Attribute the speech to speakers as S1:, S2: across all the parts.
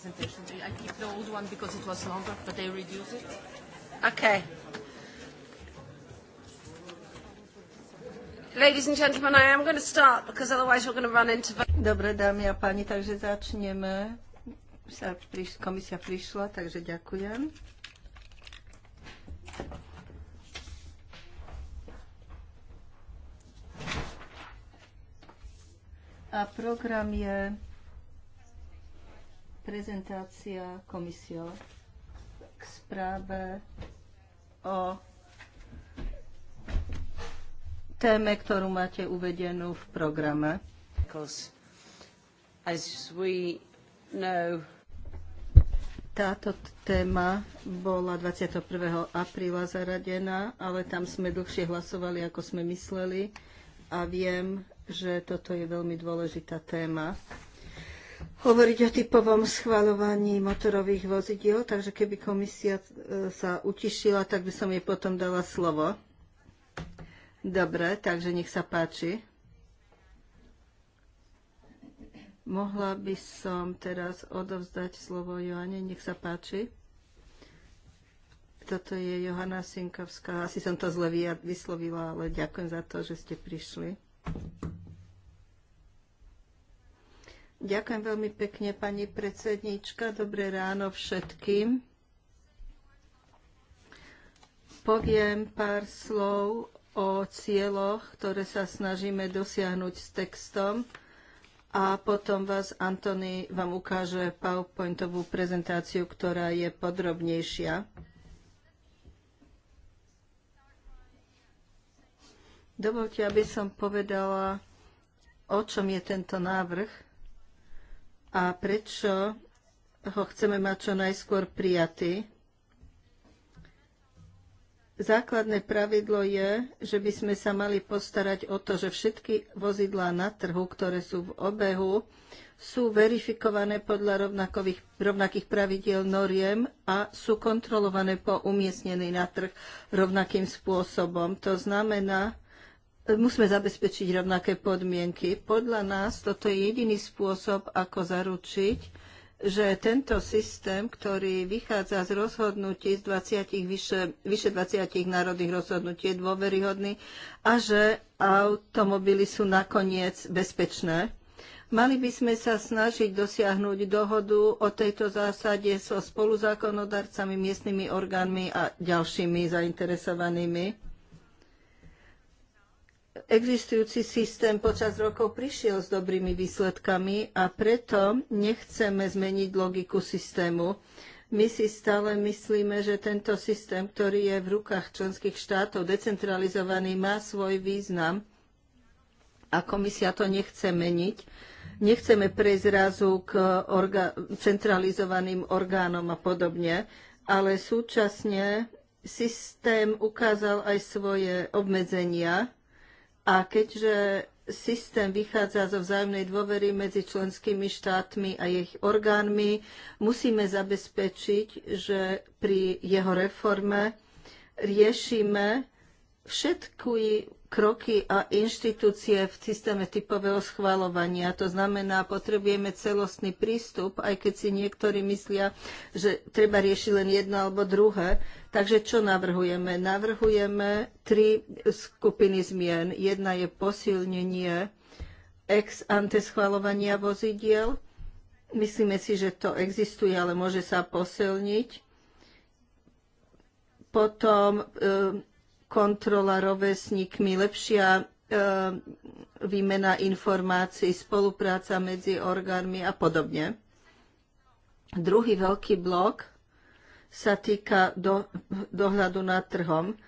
S1: presentation. I keep the old one because it was longer, but they reduced it. Okay.
S2: Ladies and gentlemen, I am going to start because otherwise we're going to run into... Dobre dámy a páni, takže začneme. komisia prišla, takže ďakujem. A program je prezentácia komisio k správe o téme, ktorú máte uvedenú v programe. Táto téma bola 21. apríla zaradená, ale tam sme dlhšie hlasovali, ako sme mysleli a viem, že toto je veľmi dôležitá téma hovoriť o typovom schvaľovaní motorových vozidiel, takže keby komisia e, sa utišila, tak by som jej potom dala slovo. Dobre, takže nech sa páči. Mohla by som teraz odovzdať slovo Joane, nech sa páči. Toto je Johana Sinkovská. Asi som to zle vyslovila, ale ďakujem za to, že ste prišli. Ďakujem veľmi pekne, pani predsednička. Dobré ráno všetkým. Poviem pár slov o cieľoch, ktoré sa snažíme dosiahnuť s textom a potom vás Antony vám ukáže PowerPointovú prezentáciu, ktorá je podrobnejšia. Dovolte, aby som povedala, o čom je tento návrh a prečo ho chceme mať čo najskôr prijatý. Základné pravidlo je, že by sme sa mali postarať o to, že všetky vozidlá na trhu, ktoré sú v obehu, sú verifikované podľa rovnakých pravidiel noriem a sú kontrolované po umiestnení na trh rovnakým spôsobom. To znamená, musíme zabezpečiť rovnaké podmienky. Podľa nás toto je jediný spôsob, ako zaručiť, že tento systém, ktorý vychádza z rozhodnutí z 20, vyše, vyše 20 národných rozhodnutí, je dôveryhodný a že automobily sú nakoniec bezpečné. Mali by sme sa snažiť dosiahnuť dohodu o tejto zásade so spoluzákonodarcami, miestnymi orgánmi a ďalšími zainteresovanými existujúci systém počas rokov prišiel s dobrými výsledkami a preto nechceme zmeniť logiku systému. My si stále myslíme, že tento systém, ktorý je v rukách členských štátov decentralizovaný, má svoj význam a komisia to nechce meniť. Nechceme prejsť zrazu k orga- centralizovaným orgánom a podobne, ale súčasne systém ukázal aj svoje obmedzenia a keďže systém vychádza zo vzájomnej dôvery medzi členskými štátmi a ich orgánmi, musíme zabezpečiť, že pri jeho reforme riešime všetky kroky a inštitúcie v systéme typového schvalovania. To znamená, potrebujeme celostný prístup, aj keď si niektorí myslia, že treba riešiť len jedno alebo druhé. Takže čo navrhujeme? Navrhujeme tri skupiny zmien. Jedna je posilnenie ex ante schvalovania vozidiel. Myslíme si, že to existuje, ale môže sa posilniť. Potom e, kontrola rovesníkmi, lepšia e, výmena informácií, spolupráca medzi orgánmi a podobne. Druhý veľký blok sa týka do, dohľadu nad trhom.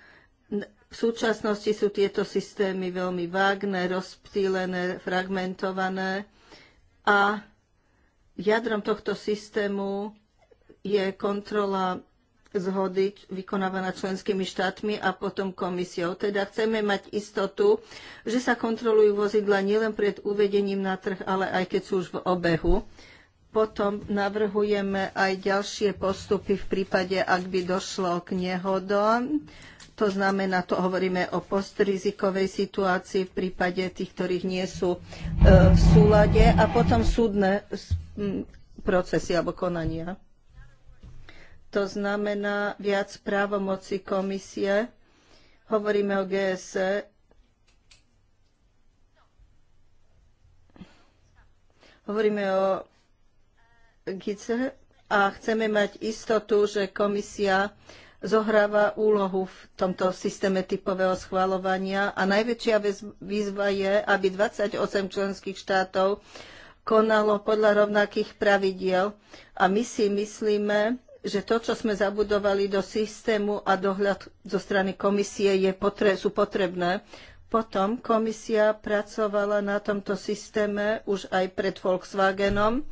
S2: V súčasnosti sú tieto systémy veľmi vágne, rozptýlené, fragmentované a jadrom tohto systému je kontrola zhody vykonávaná členskými štátmi a potom komisiou. Teda chceme mať istotu, že sa kontrolujú vozidla nielen pred uvedením na trh, ale aj keď sú už v obehu. Potom navrhujeme aj ďalšie postupy v prípade, ak by došlo k nehodom. To znamená, to hovoríme o postrizikovej situácii v prípade tých, ktorých nie sú e, v súlade a potom súdne procesy alebo konania. To znamená viac právomoci komisie. Hovoríme o GSE. Hovoríme o Gice a chceme mať istotu, že komisia zohráva úlohu v tomto systéme typového schvalovania a najväčšia výzva je, aby 28 členských štátov konalo podľa rovnakých pravidiel a my si myslíme, že to, čo sme zabudovali do systému a dohľad zo strany komisie je potre- sú potrebné. Potom komisia pracovala na tomto systéme už aj pred Volkswagenom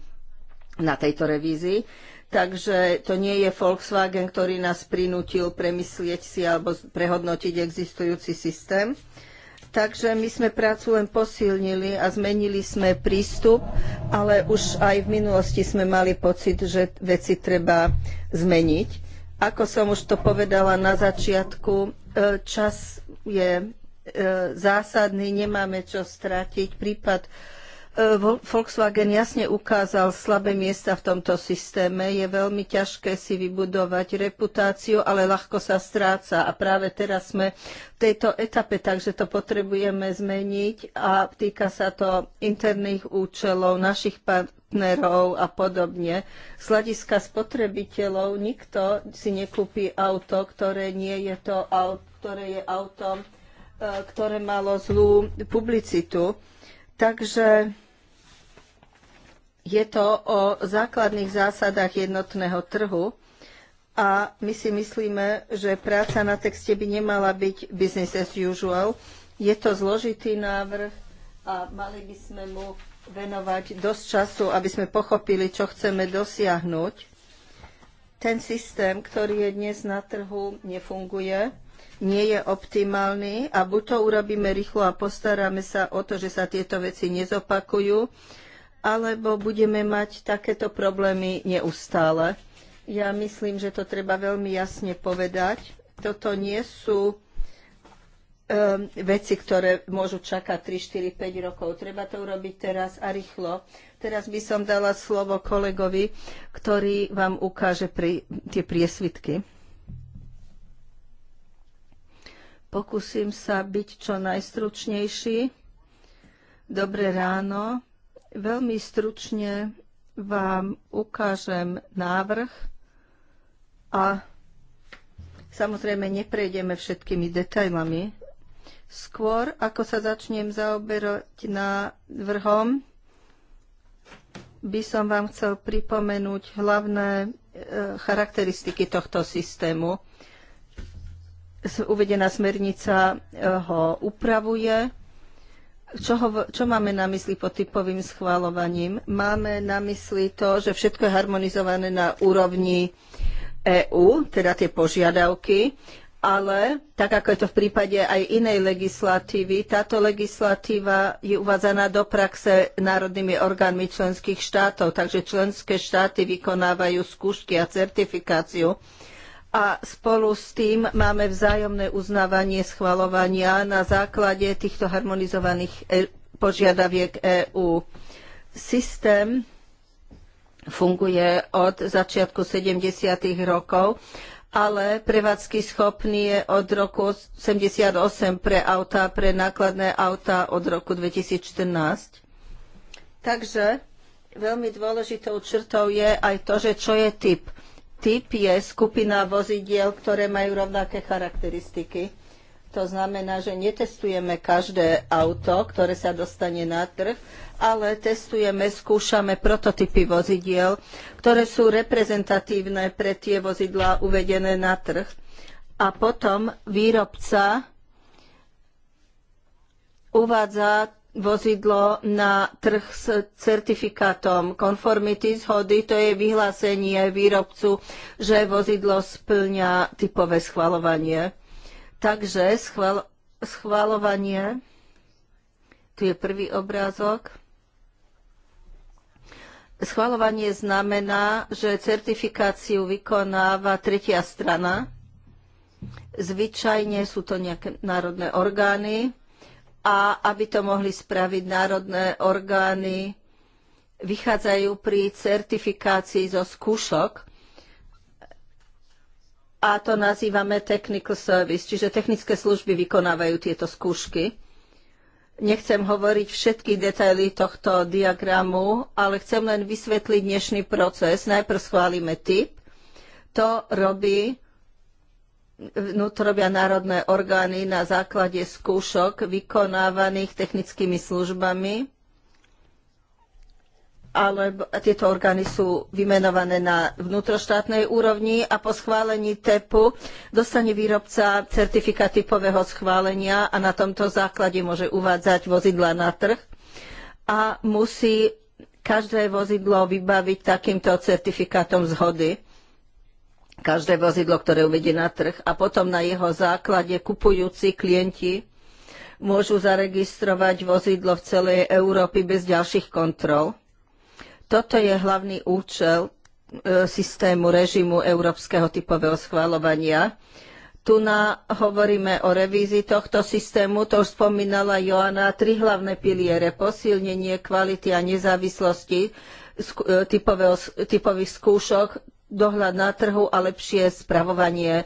S2: na tejto revízii. Takže to nie je Volkswagen, ktorý nás prinútil premyslieť si alebo prehodnotiť existujúci systém. Takže my sme prácu len posilnili a zmenili sme prístup, ale už aj v minulosti sme mali pocit, že veci treba zmeniť. Ako som už to povedala na začiatku, e, čas je e, zásadný, nemáme čo stratiť. Prípad E, Volkswagen jasne ukázal slabé miesta v tomto systéme. Je veľmi ťažké si vybudovať reputáciu, ale ľahko sa stráca. A práve teraz sme v tejto etape, takže to potrebujeme zmeniť a týka sa to interných účelov, našich partnerov a podobne. Z hľadiska spotrebiteľov nikto si nekúpi auto, ktoré nie je to auto, ktoré je autom, e, ktoré malo zlú publicitu. Takže je to o základných zásadách jednotného trhu a my si myslíme, že práca na texte by nemala byť business as usual. Je to zložitý návrh a mali by sme mu venovať dosť času, aby sme pochopili, čo chceme dosiahnuť. Ten systém, ktorý je dnes na trhu, nefunguje nie je optimálny a buď to urobíme rýchlo a postaráme sa o to, že sa tieto veci nezopakujú, alebo budeme mať takéto problémy neustále. Ja myslím, že to treba veľmi jasne povedať. Toto nie sú ehm, veci, ktoré môžu čakať 3, 4, 5 rokov. Treba to urobiť teraz a rýchlo. Teraz by som dala slovo kolegovi, ktorý vám ukáže pri, tie priesvitky. Pokúsim sa byť čo najstručnejší. Dobré ráno. Veľmi stručne vám ukážem návrh a samozrejme neprejdeme všetkými detailami. Skôr, ako sa začnem zaoberať návrhom, by som vám chcel pripomenúť hlavné e, charakteristiky tohto systému uvedená smernica e, ho upravuje. Čo, ho, čo máme na mysli pod typovým schváľovaním? Máme na mysli to, že všetko je harmonizované na úrovni EÚ, teda tie požiadavky, ale tak ako je to v prípade aj inej legislatívy, táto legislatíva je uvádzaná do praxe národnými orgánmi členských štátov, takže členské štáty vykonávajú skúšky a certifikáciu a spolu s tým máme vzájomné uznávanie schvalovania na základe týchto harmonizovaných e, požiadaviek EÚ. Systém funguje od začiatku 70. rokov, ale prevádzky schopný je od roku 88 pre autá, pre nákladné autá od roku 2014. Takže veľmi dôležitou črtou je aj to, že čo je typ typ je skupina vozidiel, ktoré majú rovnaké charakteristiky. To znamená, že netestujeme každé auto, ktoré sa dostane na trh, ale testujeme, skúšame prototypy vozidiel, ktoré sú reprezentatívne pre tie vozidlá uvedené na trh. A potom výrobca uvádza vozidlo na trh s certifikátom konformity zhody, to je vyhlásenie výrobcu, že vozidlo splňa typové schvalovanie. Takže schval- schvalovanie, tu je prvý obrázok, Schvalovanie znamená, že certifikáciu vykonáva tretia strana. Zvyčajne sú to nejaké národné orgány, a aby to mohli spraviť národné orgány, vychádzajú pri certifikácii zo skúšok a to nazývame technical service, čiže technické služby vykonávajú tieto skúšky. Nechcem hovoriť všetky detaily tohto diagramu, ale chcem len vysvetliť dnešný proces. Najprv schválime typ. To robí vnútrobia národné orgány na základe skúšok vykonávaných technickými službami, ale tieto orgány sú vymenované na vnútroštátnej úrovni a po schválení TEPu dostane výrobca certifikát typového schválenia a na tomto základe môže uvádzať vozidla na trh a musí každé vozidlo vybaviť takýmto certifikátom zhody každé vozidlo, ktoré uvedie na trh a potom na jeho základe kupujúci klienti môžu zaregistrovať vozidlo v celej Európy bez ďalších kontrol. Toto je hlavný účel e, systému režimu európskeho typového schváľovania. Tu na, hovoríme o revízii tohto systému, to už spomínala Joana, tri hlavné piliere, posilnenie kvality a nezávislosti e, typových skúšok, dohľad na trhu a lepšie spravovanie e,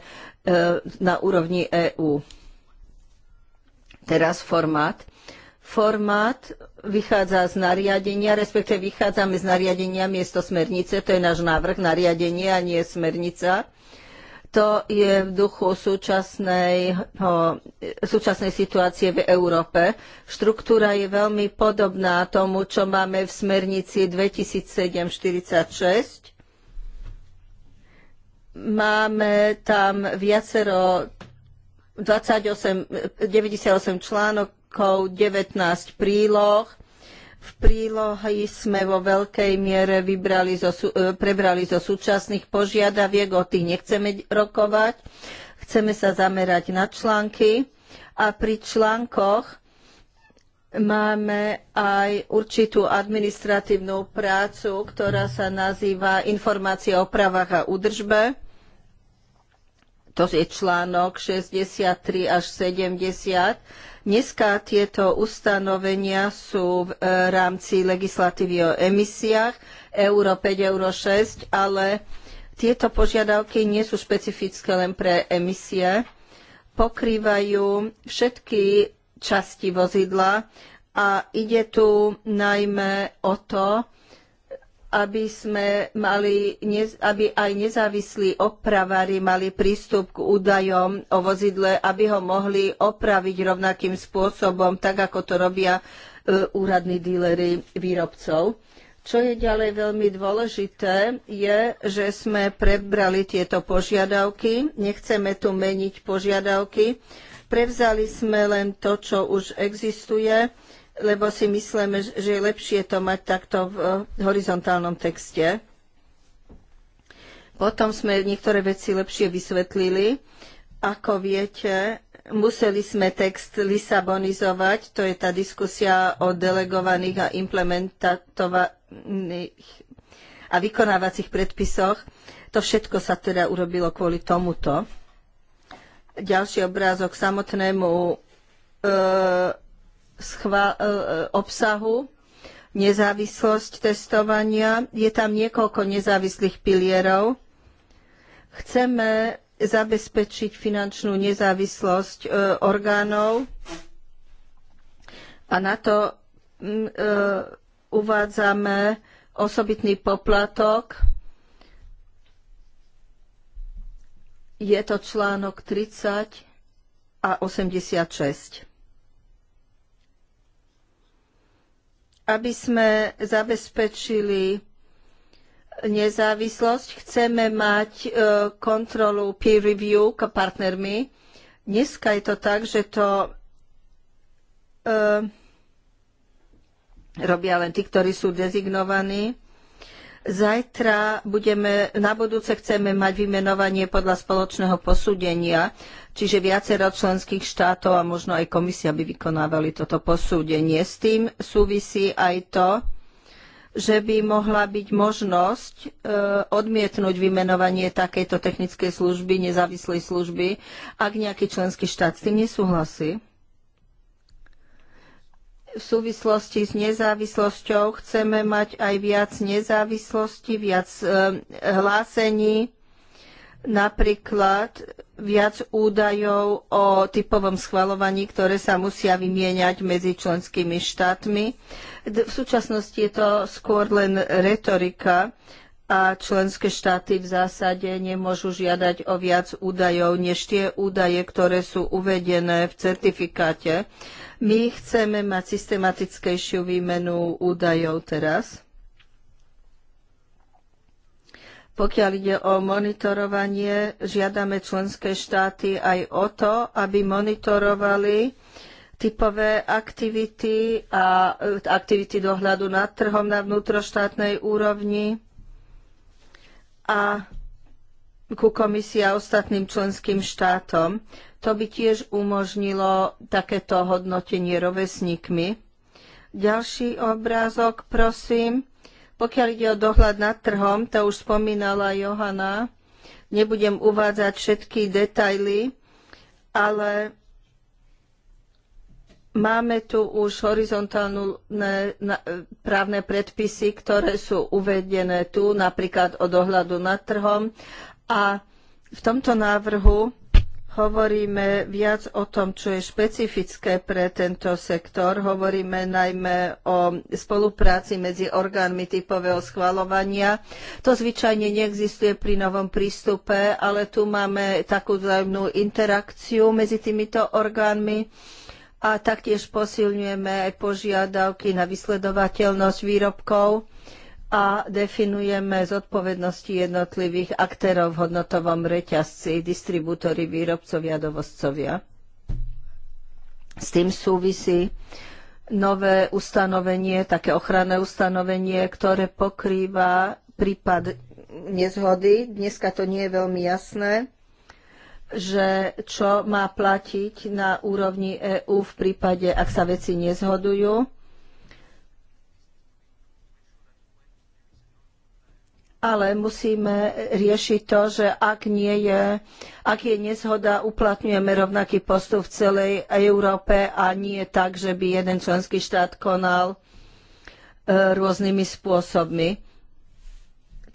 S2: na úrovni EÚ. Teraz formát. Formát vychádza z nariadenia, respektive vychádzame z nariadenia miesto smernice, to je náš návrh nariadenie a nie smernica. To je v duchu súčasnej, súčasnej situácie v Európe. Štruktúra je veľmi podobná tomu, čo máme v smernici 2007-46 Máme tam viacero 28, 98 článokov, 19 príloh. V prílohy sme vo veľkej miere vybrali zo, e, prebrali zo súčasných požiadaviek, o tých nechceme rokovať. Chceme sa zamerať na články a pri článkoch máme aj určitú administratívnu prácu, ktorá sa nazýva informácie o právach a údržbe to je článok 63 až 70. Dneska tieto ustanovenia sú v e, rámci legislatívy o emisiách Euro 5, Euro 6, ale tieto požiadavky nie sú špecifické len pre emisie. Pokrývajú všetky časti vozidla a ide tu najmä o to, aby, sme mali, aby aj nezávislí opravári mali prístup k údajom o vozidle, aby ho mohli opraviť rovnakým spôsobom, tak ako to robia e, úradní dílery výrobcov. Čo je ďalej veľmi dôležité, je, že sme prebrali tieto požiadavky. Nechceme tu meniť požiadavky. Prevzali sme len to, čo už existuje lebo si myslíme, že je lepšie to mať takto v eh, horizontálnom texte. Potom sme niektoré veci lepšie vysvetlili. Ako viete, museli sme text lisabonizovať, to je tá diskusia o delegovaných a implementovaných a vykonávacích predpisoch. To všetko sa teda urobilo kvôli tomuto. Ďalší obrázok samotnému e E, e, obsahu, nezávislosť testovania. Je tam niekoľko nezávislých pilierov. Chceme zabezpečiť finančnú nezávislosť e, orgánov a na to uvádzame osobitný poplatok. Je to článok 30 a 86. aby sme zabezpečili nezávislosť, chceme mať e, kontrolu peer review k partnermi. Dneska je to tak, že to e, robia len tí, ktorí sú dezignovaní. Zajtra budeme, na budúce chceme mať vymenovanie podľa spoločného posúdenia, čiže viacero členských štátov a možno aj komisia by vykonávali toto posúdenie. S tým súvisí aj to, že by mohla byť možnosť e, odmietnúť vymenovanie takejto technickej služby, nezávislej služby, ak nejaký členský štát s tým nesúhlasí v súvislosti s nezávislosťou chceme mať aj viac nezávislosti, viac e, hlásení, napríklad viac údajov o typovom schvalovaní, ktoré sa musia vymieňať medzi členskými štátmi. V súčasnosti je to skôr len retorika a členské štáty v zásade nemôžu žiadať o viac údajov než tie údaje, ktoré sú uvedené v certifikáte. My chceme mať systematickejšiu výmenu údajov teraz. Pokiaľ ide o monitorovanie, žiadame členské štáty aj o to, aby monitorovali typové aktivity a e, aktivity dohľadu nad trhom na vnútroštátnej úrovni a ku komisii a ostatným členským štátom. To by tiež umožnilo takéto hodnotenie rovesníkmi. Ďalší obrázok, prosím. Pokiaľ ide o dohľad nad trhom, to už spomínala Johana, nebudem uvádzať všetky detaily, ale máme tu už horizontálne právne predpisy, ktoré sú uvedené tu, napríklad o dohľadu nad trhom. A v tomto návrhu Hovoríme viac o tom, čo je špecifické pre tento sektor. Hovoríme najmä o spolupráci medzi orgánmi typového schvalovania. To zvyčajne neexistuje pri novom prístupe, ale tu máme takú vzájomnú interakciu medzi týmito orgánmi a taktiež posilňujeme aj požiadavky na vysledovateľnosť výrobkov a definujeme zodpovednosti jednotlivých aktérov v hodnotovom reťazci, distribútory, výrobcovia, dovozcovia. S tým súvisí nové ustanovenie, také ochranné ustanovenie, ktoré pokrýva prípad nezhody. Dneska to nie je veľmi jasné že čo má platiť na úrovni EÚ v prípade, ak sa veci nezhodujú ale musíme riešiť to, že ak, nie je, ak je nezhoda, uplatňujeme rovnaký postup v celej Európe a nie tak, že by jeden členský štát konal e, rôznymi spôsobmi.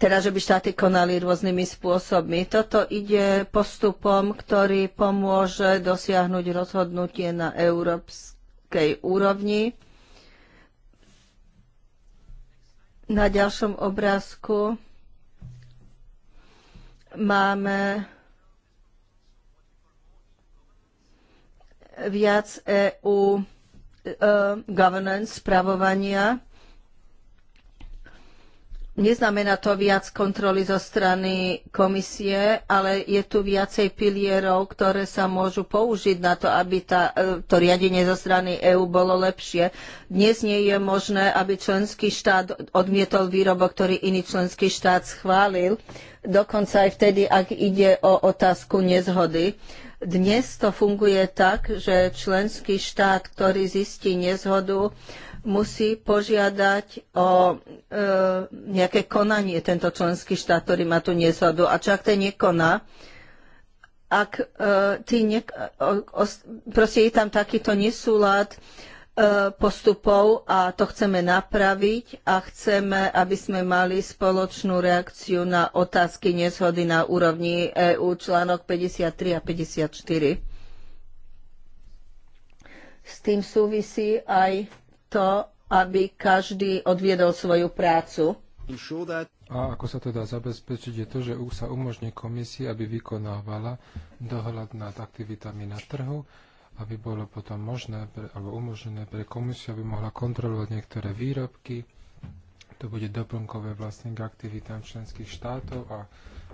S2: Teda, že by štáty konali rôznymi spôsobmi. Toto ide postupom, ktorý pomôže dosiahnuť rozhodnutie na európskej úrovni. Na ďalšom obrázku máme viac EU e, governance, spravovania Neznamená to viac kontroly zo strany komisie, ale je tu viacej pilierov, ktoré sa môžu použiť na to, aby tá, e, to riadenie zo strany EÚ bolo lepšie. Dnes nie je možné, aby členský štát odmietol výrobok, ktorý iný členský štát schválil, dokonca aj vtedy, ak ide o otázku nezhody. Dnes to funguje tak, že členský štát, ktorý zistí nezhodu, musí požiadať o e, nejaké konanie tento členský štát, ktorý má tú nezhodu. A čo ak to nekoná? Ak e, ty ne, o, o, proste je tam takýto nesúlad e, postupov a to chceme napraviť a chceme, aby sme mali spoločnú reakciu na otázky nezhody na úrovni EU článok 53 a 54. S tým súvisí aj to, aby každý odviedol svoju prácu.
S3: A ako sa to dá zabezpečiť, je to, že sa umožní komisii, aby vykonávala dohľad nad aktivitami na trhu, aby bolo potom možné, pre, alebo umožnené pre komisiu, aby mohla kontrolovať niektoré výrobky. To bude doplnkové vlastne k aktivitám členských štátov a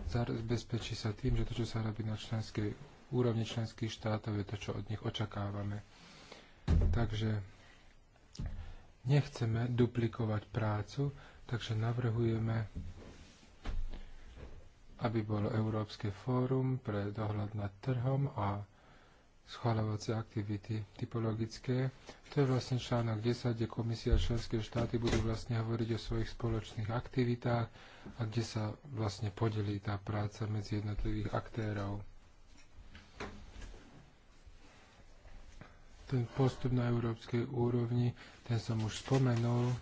S3: zabezpečí sa tým, že to, čo sa robí na členskej úrovni členských štátov, je to, čo od nich očakávame. Takže Nechceme duplikovať prácu, takže navrhujeme, aby bolo Európske fórum pre dohľad nad trhom a schváľovacie aktivity typologické. To je vlastne článok 10, kde komisia a členské štáty budú vlastne hovoriť o svojich spoločných aktivitách a kde sa vlastne podelí tá práca medzi jednotlivých aktérov. ten postup na európskej úrovni, ten som už spomenul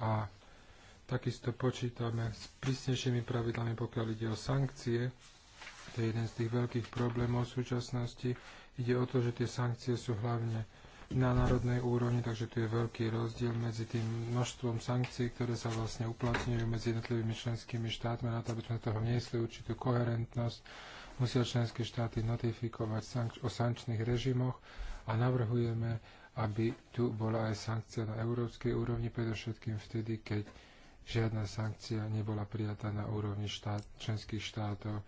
S3: a takisto počítame s prísnejšími pravidlami, pokiaľ ide o sankcie. To je jeden z tých veľkých problémov v súčasnosti. Ide o to, že tie sankcie sú hlavne na národnej úrovni, takže tu je veľký rozdiel medzi tým množstvom sankcií, ktoré sa vlastne uplatňujú medzi jednotlivými členskými štátmi, na to, aby sme toho vniesli určitú koherentnosť. Musia členské štáty notifikovať sank- o sankčných režimoch a navrhujeme, aby tu bola aj sankcia na európskej úrovni, predovšetkým vtedy, keď žiadna sankcia nebola prijatá na úrovni štát, členských štátov.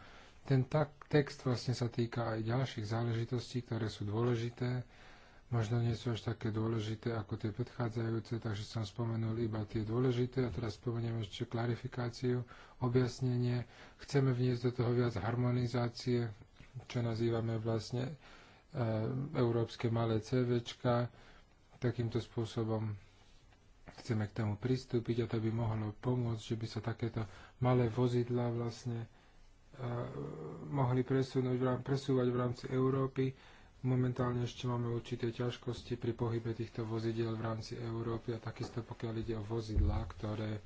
S3: Ten tak, text vlastne sa týka aj ďalších záležitostí, ktoré sú dôležité, možno nie sú až také dôležité ako tie predchádzajúce, takže som spomenul iba tie dôležité a teraz spomeniem ešte klarifikáciu, objasnenie. Chceme vniesť do toho viac harmonizácie, čo nazývame vlastne E, európske malé CVčka. Takýmto spôsobom chceme k tomu pristúpiť a to by mohlo pomôcť, že by sa takéto malé vozidla vlastne e, mohli presunúť, presúvať v rámci Európy. Momentálne ešte máme určité ťažkosti pri pohybe týchto vozidiel v rámci Európy a takisto pokiaľ ide o vozidlá, ktoré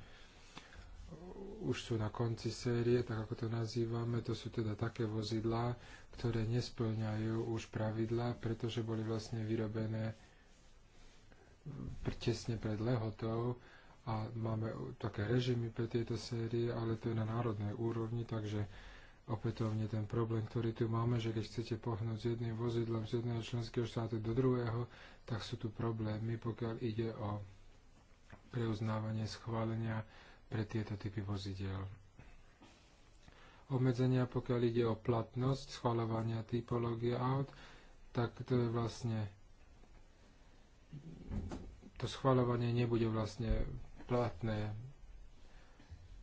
S3: už sú na konci série, tak ako to nazývame. To sú teda také vozidlá, ktoré nesplňajú už pravidla, pretože boli vlastne vyrobené tesne pred lehotou a máme také režimy pre tieto série, ale to je na národnej úrovni, takže opätovne ten problém, ktorý tu máme, že keď chcete pohnúť s jedným vozidlom z jedného členského štátu do druhého, tak sú tu problémy, pokiaľ ide o preuznávanie schválenia pre tieto typy vozidel. Obmedzenia, pokiaľ ide o platnosť schvalovania typológie aut, tak to je vlastne to schvalovanie nebude vlastne platné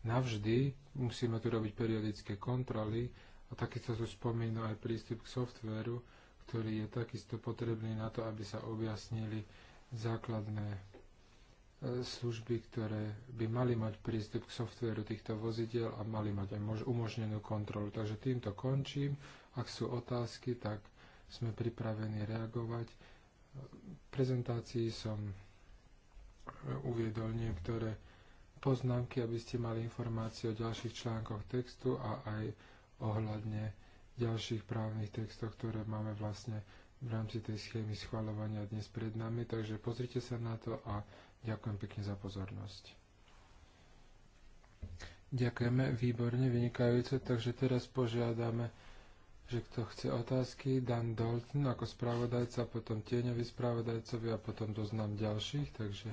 S3: navždy. Musíme tu robiť periodické kontroly a takisto tu spomínu aj prístup k softveru, ktorý je takisto potrebný na to, aby sa objasnili základné služby, ktoré by mali mať prístup k softvéru týchto vozidiel a mali mať aj umožnenú kontrolu. Takže týmto končím. Ak sú otázky, tak sme pripravení reagovať. V prezentácii som uviedol niektoré poznámky, aby ste mali informácie o ďalších článkoch textu a aj ohľadne ďalších právnych textov, ktoré máme vlastne v rámci tej schémy schvaľovania dnes pred nami. Takže pozrite sa na to a Ďakujem pekne za pozornosť. Ďakujeme, výborne, vynikajúce. Takže teraz požiadame, že kto chce otázky, Dan Dalton ako spravodajca, potom tieňový spravodajcovi a potom doznám ďalších. Takže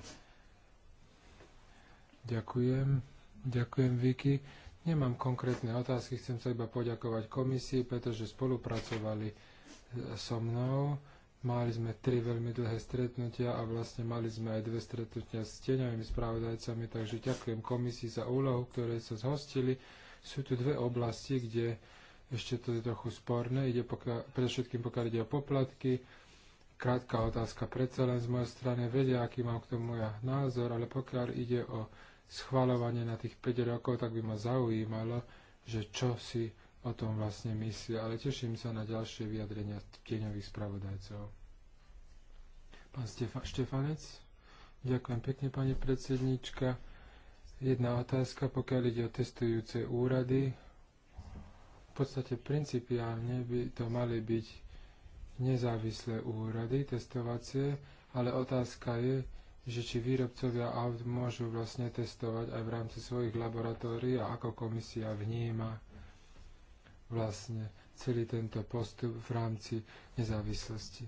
S3: ďakujem. Ďakujem, Vicky. Nemám konkrétne otázky, chcem sa iba poďakovať komisii, pretože spolupracovali so mnou Mali sme tri veľmi dlhé stretnutia a vlastne mali sme aj dve stretnutia s tieňovými správodajcami, takže ďakujem komisii za úlohu, ktoré sa zhostili. Sú tu dve oblasti, kde ešte to je trochu sporné. Ide pokiaľ, predovšetkým pokiaľ ide o poplatky. Krátka otázka predsa len z mojej strany. Vedia, aký mám k tomu ja názor, ale pokiaľ ide o schvalovanie na tých 5 rokov, tak by ma zaujímalo, že čo si o tom vlastne myslia, ale teším sa na ďalšie vyjadrenia tieňových spravodajcov. Pán Stefa- Štefanec, ďakujem pekne, pani predsednička. Jedna otázka, pokiaľ ide o testujúce úrady. V podstate principiálne by to mali byť nezávislé úrady testovacie, ale otázka je, že či výrobcovia aut môžu vlastne testovať aj v rámci svojich laboratórií a ako komisia vníma vlastne celý tento postup v rámci nezávislosti.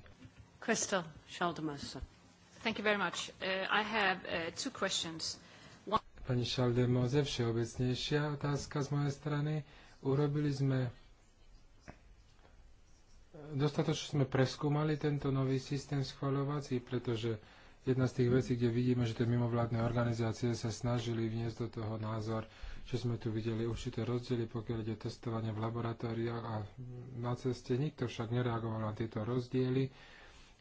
S1: Crystal Schaldemose. Thank you very much. Uh, I have uh, two questions. One...
S3: Pani Schaldemose, všeobecnejšia otázka z mojej strany. Urobili sme dostatočne sme preskúmali tento nový systém schvaľovací, pretože jedna z tých vecí, kde vidíme, že tie mimovládne organizácie sa snažili vniesť do toho názor že sme tu videli určité rozdiely, pokiaľ ide testovanie v laboratóriách a na ceste. Nikto však nereagoval na tieto rozdiely.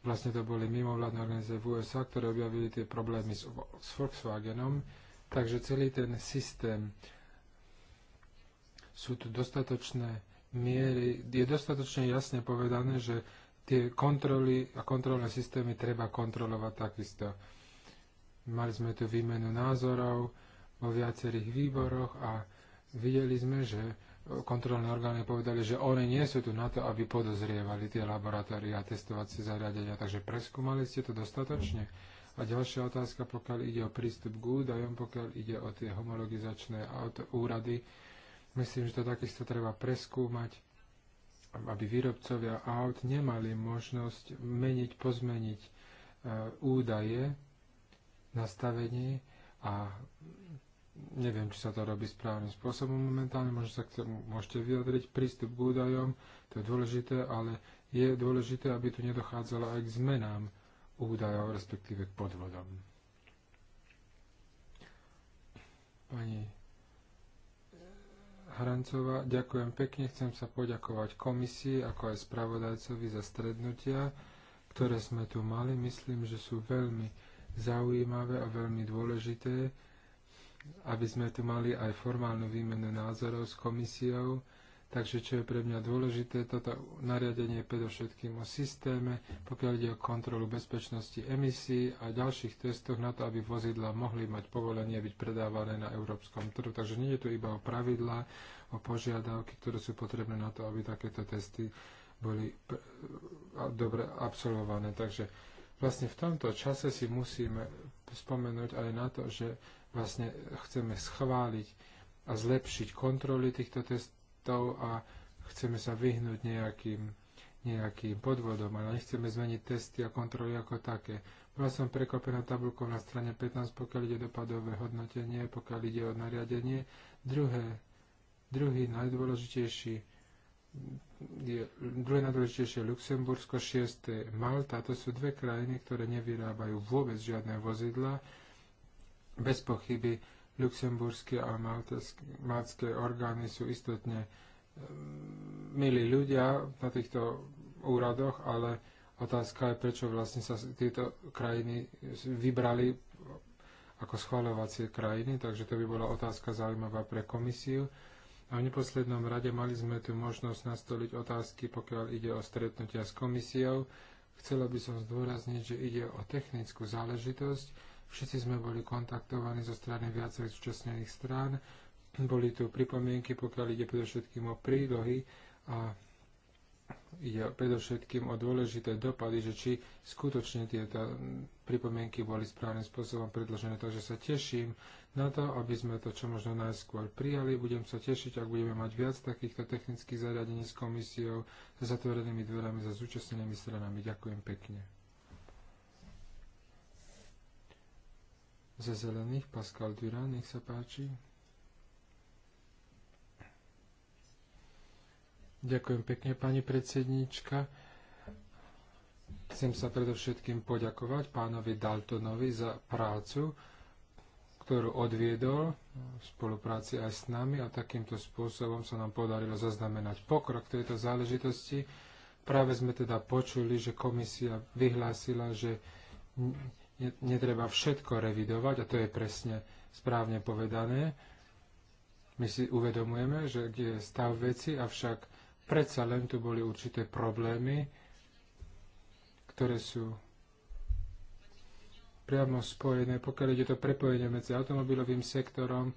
S3: Vlastne to boli mimovládne organizácie v USA, ktoré objavili tie problémy s, s Volkswagenom. Takže celý ten systém sú tu dostatočné miery, je dostatočne jasne povedané, že tie kontroly a kontrolné systémy treba kontrolovať takisto. Mali sme tu výmenu názorov, vo viacerých výboroch a videli sme, že kontrolné orgány povedali, že oni nie sú tu na to, aby podozrievali tie laboratória a testovacie zariadenia. Takže preskúmali ste to dostatočne? A ďalšia otázka, pokiaľ ide o prístup k údajom, pokiaľ ide o tie homologizačné úrady, myslím, že to takisto treba preskúmať, aby výrobcovia aut nemali možnosť meniť, pozmeniť e, údaje nastavení a Neviem, či sa to robí správnym spôsobom momentálne, možno sa chcem, môžete vyjadriť. Prístup k údajom, to je dôležité, ale je dôležité, aby tu nedochádzalo aj k zmenám údajov, respektíve k podvodom. Pani eh, Hrancová, ďakujem pekne. Chcem sa poďakovať komisii, ako aj spravodajcovi za strednutia, ktoré sme tu mali. Myslím, že sú veľmi zaujímavé a veľmi dôležité aby sme tu mali aj formálnu výmenu názorov s komisiou. Takže čo je pre mňa dôležité, toto nariadenie je predovšetkým o systéme, pokiaľ ide o kontrolu bezpečnosti emisí a ďalších testoch na to, aby vozidla mohli mať povolenie byť predávané na európskom trhu. Takže nie je tu iba o pravidlá, o požiadavky, ktoré sú potrebné na to, aby takéto testy boli dobre absolvované. Takže vlastne v tomto čase si musíme spomenúť aj na to, že vlastne chceme schváliť a zlepšiť kontroly týchto testov a chceme sa vyhnúť nejakým, nejakým podvodom, ale nechceme zmeniť testy a kontroly ako také. Bola som prekopená tabulkou na strane 15, pokiaľ ide dopadové hodnotenie, pokiaľ ide o nariadenie. Druhé, druhý najdôležitejší je druhé najdôležitejšie Luxembursko, šieste Malta. To sú dve krajiny, ktoré nevyrábajú vôbec žiadne vozidla bez pochyby luxemburské a maltské orgány sú istotne eh, milí ľudia na týchto úradoch, ale otázka je, prečo vlastne sa tieto krajiny vybrali ako schváľovacie krajiny, takže to by bola otázka zaujímavá pre komisiu. A v neposlednom rade mali sme tu možnosť nastoliť otázky, pokiaľ ide o stretnutia s komisiou. Chcela by som zdôrazniť, že ide o technickú záležitosť, Všetci sme boli kontaktovaní zo strany viacerých zúčastnených strán. Boli tu pripomienky, pokiaľ ide predovšetkým o prílohy a ide predovšetkým o dôležité dopady, že či skutočne tieto pripomienky boli správnym spôsobom predložené. Takže sa teším na to, aby sme to čo možno najskôr prijali. Budem sa tešiť, ak budeme mať viac takýchto technických zariadení s komisiou, s zatvorenými dverami, za zúčastnenými stranami. Ďakujem pekne. ze zelených Pascal Durán, nech sa páči. Ďakujem pekne, pani predsednička. Chcem sa predovšetkým poďakovať pánovi Daltonovi za prácu, ktorú odviedol v spolupráci aj s nami a takýmto spôsobom sa nám podarilo zaznamenať pokrok tejto záležitosti. Práve sme teda počuli, že komisia vyhlásila, že netreba všetko revidovať, a to je presne správne povedané. My si uvedomujeme, že je stav veci, avšak predsa len tu boli určité problémy, ktoré sú priamo spojené, pokiaľ ide to prepojenie medzi automobilovým sektorom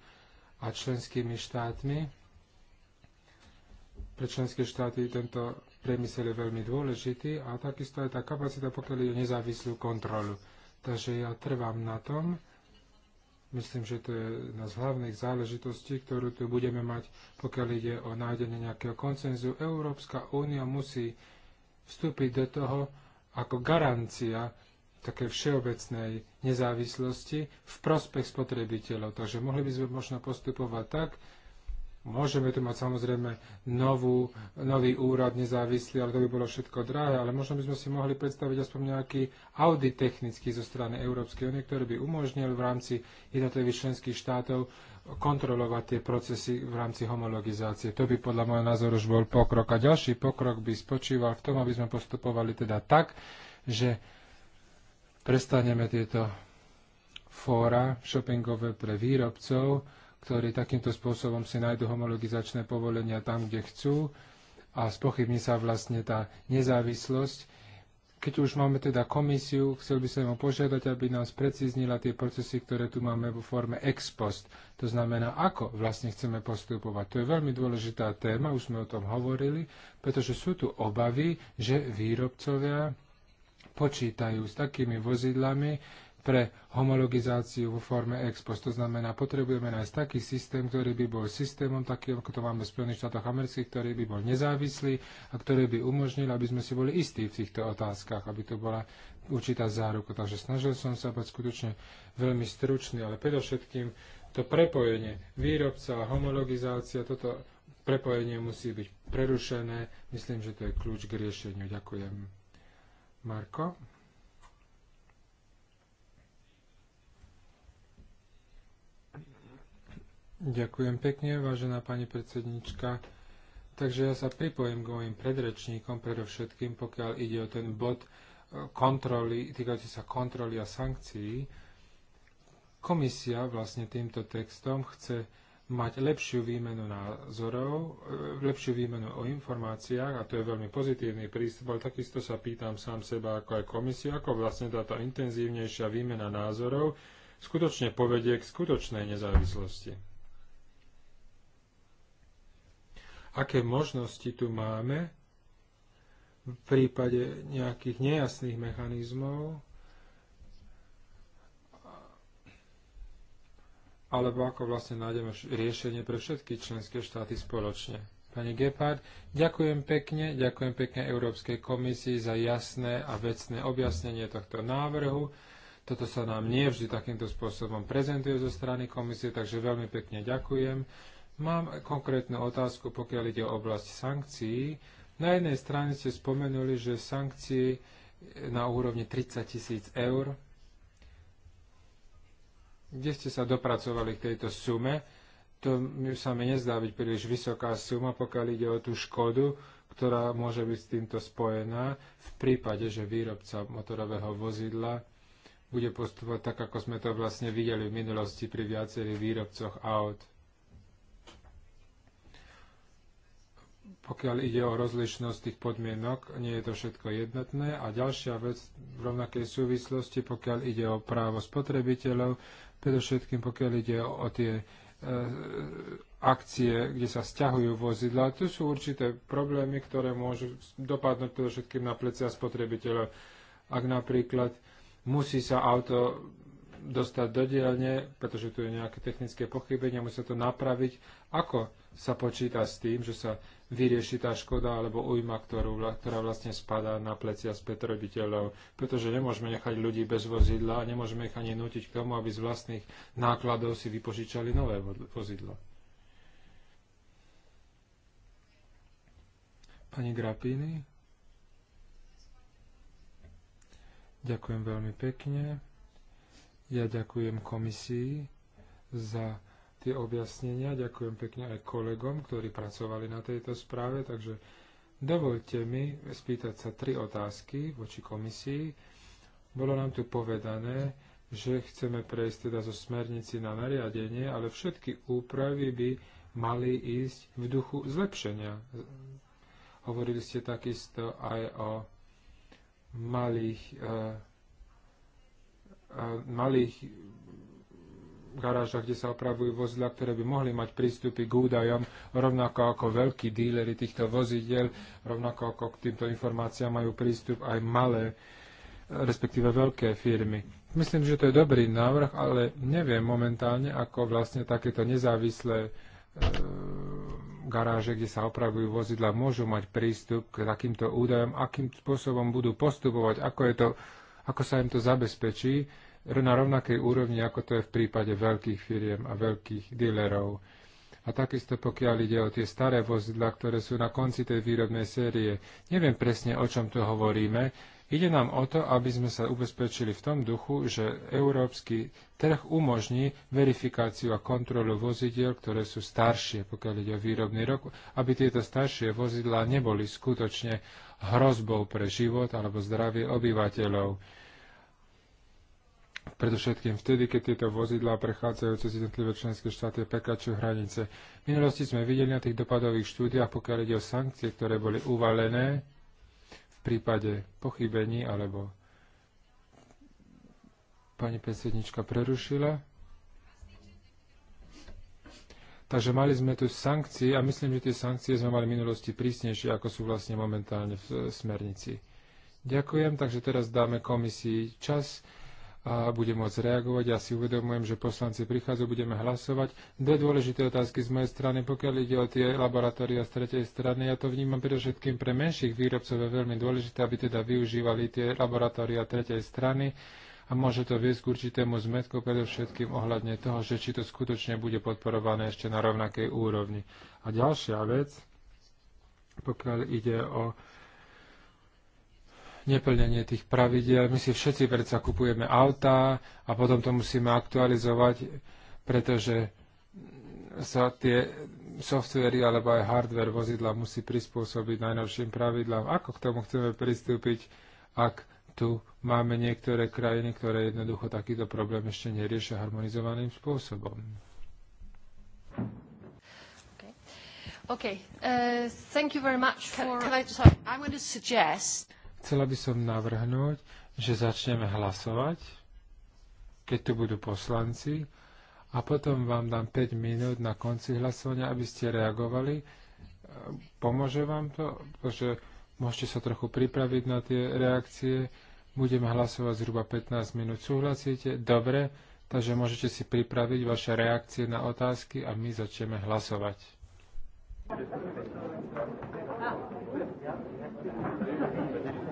S3: a členskými štátmi. Pre členské štáty tento priemysel je veľmi dôležitý a takisto aj tá kapacita, pokiaľ ide nezávislú kontrolu. Takže ja trvám na tom, myslím, že to je jedna z hlavných záležitostí, ktorú tu budeme mať, pokiaľ ide o nájdenie nejakého koncenzu. Európska únia musí vstúpiť do toho ako garancia také všeobecnej nezávislosti v prospech spotrebiteľov. Takže mohli by sme možno postupovať tak, Môžeme tu mať samozrejme novú, nový úrad nezávislý, ale to by bolo všetko drahé, ale možno by sme si mohli predstaviť aspoň nejaký audit technický zo strany Európskej únie, ktorý by umožnil v rámci jednotlivých členských štátov kontrolovať tie procesy v rámci homologizácie. To by podľa môjho názoru už bol pokrok. A ďalší pokrok by spočíval v tom, aby sme postupovali teda tak, že prestaneme tieto fóra shoppingové pre výrobcov, ktorí takýmto spôsobom si nájdu homologizačné povolenia tam, kde chcú a spochybní sa vlastne tá nezávislosť. Keď už máme teda komisiu, chcel by som ho požiadať, aby nás precíznila tie procesy, ktoré tu máme vo forme ex post. To znamená, ako vlastne chceme postupovať. To je veľmi dôležitá téma, už sme o tom hovorili, pretože sú tu obavy, že výrobcovia počítajú s takými vozidlami, pre homologizáciu vo forme ex post. To znamená, potrebujeme nájsť taký systém, ktorý by bol systémom, taký, ako to máme v Spojených štátoch amerických, ktorý by bol nezávislý a ktorý by umožnil, aby sme si boli istí v týchto otázkach, aby to bola určitá záruka. Takže snažil som sa byť skutočne veľmi stručný, ale predovšetkým to prepojenie výrobca a homologizácia, toto prepojenie musí byť prerušené. Myslím, že to je kľúč k riešeniu. Ďakujem. Marko? Ďakujem pekne, vážená pani predsednička. Takže ja sa pripojím k mojim predrečníkom, predovšetkým pokiaľ ide o ten bod e, kontroly, týkajúci sa kontroly a sankcií. Komisia vlastne týmto textom chce mať lepšiu výmenu názorov, e, lepšiu výmenu o informáciách a to je veľmi pozitívny prístup, ale takisto sa pýtam sám seba ako aj komisia, ako vlastne táto intenzívnejšia výmena názorov skutočne povedie k skutočnej nezávislosti. aké možnosti tu máme v prípade nejakých nejasných mechanizmov, alebo ako vlastne nájdeme riešenie pre všetky členské štáty spoločne. Pani Gepard, ďakujem pekne, ďakujem pekne Európskej komisii za jasné a vecné objasnenie tohto návrhu. Toto sa nám nie vždy takýmto spôsobom prezentuje zo strany komisie, takže veľmi pekne ďakujem. Mám konkrétnu otázku, pokiaľ ide o oblasť sankcií. Na jednej strane ste spomenuli, že sankcií na úrovni 30 tisíc eur. Kde ste sa dopracovali k tejto sume? To sa mi nezdá byť príliš vysoká suma, pokiaľ ide o tú škodu, ktorá môže byť s týmto spojená v prípade, že výrobca motorového vozidla bude postupovať tak, ako sme to vlastne videli v minulosti pri viacerých výrobcoch aut. pokiaľ ide o rozlišnosť tých podmienok, nie je to všetko jednotné. A ďalšia vec v rovnakej súvislosti, pokiaľ ide o právo spotrebiteľov, predovšetkým pokiaľ ide o, o tie e, akcie, kde sa stiahujú vozidla, tu sú určité problémy, ktoré môžu dopadnúť predovšetkým na plecia spotrebiteľov. Ak napríklad musí sa auto dostať do dielne, pretože tu je nejaké technické pochybenie, musia to napraviť. Ako sa počíta s tým, že sa vyrieši tá škoda alebo ujma, ktorú, ktorá vlastne spadá na plecia spotrebiteľov. Pretože nemôžeme nechať ľudí bez vozidla a nemôžeme ich ani nútiť k tomu, aby z vlastných nákladov si vypožičali nové vozidlo. Pani Grapini. Ďakujem veľmi pekne. Ja ďakujem komisii za tie objasnenia. Ďakujem pekne aj kolegom, ktorí pracovali na tejto správe, takže dovolte mi spýtať sa tri otázky voči komisii. Bolo nám tu povedané, že chceme prejsť teda zo smernici na nariadenie, ale všetky úpravy by mali ísť v duchu zlepšenia. Hovorili ste takisto aj o malých, e, e, malých garážach, kde sa opravujú vozidla, ktoré by mohli mať prístupy k údajom, rovnako ako veľkí díleri týchto vozidel, rovnako ako k týmto informáciám majú prístup aj malé, respektíve veľké firmy. Myslím, že to je dobrý návrh, ale neviem momentálne, ako vlastne takéto nezávislé e, garáže, kde sa opravujú vozidla, môžu mať prístup k takýmto údajom, akým spôsobom budú postupovať, ako, je to, ako sa im to zabezpečí na rovnakej úrovni, ako to je v prípade veľkých firiem a veľkých dealerov. A takisto pokiaľ ide o tie staré vozidla, ktoré sú na konci tej výrobnej série, neviem presne, o čom tu hovoríme. Ide nám o to, aby sme sa ubezpečili v tom duchu, že európsky trh umožní verifikáciu a kontrolu vozidiel, ktoré sú staršie, pokiaľ ide o výrobný rok, aby tieto staršie vozidlá neboli skutočne hrozbou pre život alebo zdravie obyvateľov predovšetkým vtedy, keď tieto vozidlá prechádzajú cez jednotlivé členské štáty a prekračujú hranice. V minulosti sme videli na tých dopadových štúdiách, pokiaľ ide o sankcie, ktoré boli uvalené v prípade pochybení alebo pani predsednička prerušila. Takže mali sme tu sankcie a myslím, že tie sankcie sme mali v minulosti prísnejšie, ako sú vlastne momentálne v smernici. Ďakujem, takže teraz dáme komisii čas a bude môcť reagovať. Ja si uvedomujem, že poslanci prichádzajú, budeme hlasovať. Dve dôležité otázky z mojej strany, pokiaľ ide o tie laboratória z tretej strany. Ja to vnímam predovšetkým pre menších výrobcov je veľmi dôležité, aby teda využívali tie laboratória tretej strany a môže to viesť k určitému zmetku, predovšetkým ohľadne toho, že či to skutočne bude podporované ešte na rovnakej úrovni. A ďalšia vec, pokiaľ ide o neplnenie tých pravidiel. My si všetci predsa kupujeme autá a potom to musíme aktualizovať, pretože sa tie softvery alebo aj hardware vozidla musí prispôsobiť najnovším pravidlám. Ako k tomu chceme pristúpiť, ak tu máme niektoré krajiny, ktoré jednoducho takýto problém ešte neriešia harmonizovaným spôsobom.
S1: Okay. Okay. Uh, thank you very much for... Can, can I just... I'm going to suggest...
S3: Chcela by som navrhnúť, že začneme hlasovať, keď tu budú poslanci, a potom vám dám 5 minút na konci hlasovania, aby ste reagovali. Pomôže vám to, pretože môžete sa trochu pripraviť na tie reakcie. Budeme hlasovať zhruba 15 minút. Súhlasíte? Dobre, takže môžete si pripraviť vaše reakcie na otázky a my začneme hlasovať. Thank
S4: ah. you.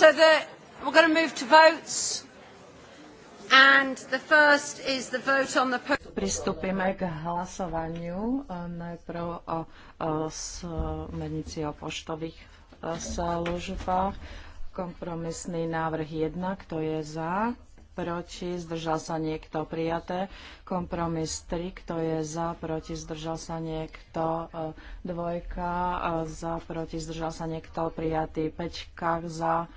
S1: So the, we're going to move to votes. And the first is the vote on the... Pristúpime
S5: k hlasovaniu eh, najprv o, o smernici o poštových eh, službách. Kompromisný návrh 1, kto je za, proti, zdržal sa niekto prijaté. Kompromis 3, kto je za, proti, zdržal sa niekto eh, dvojka, za, proti, zdržal sa niekto prijatý. Peťka za,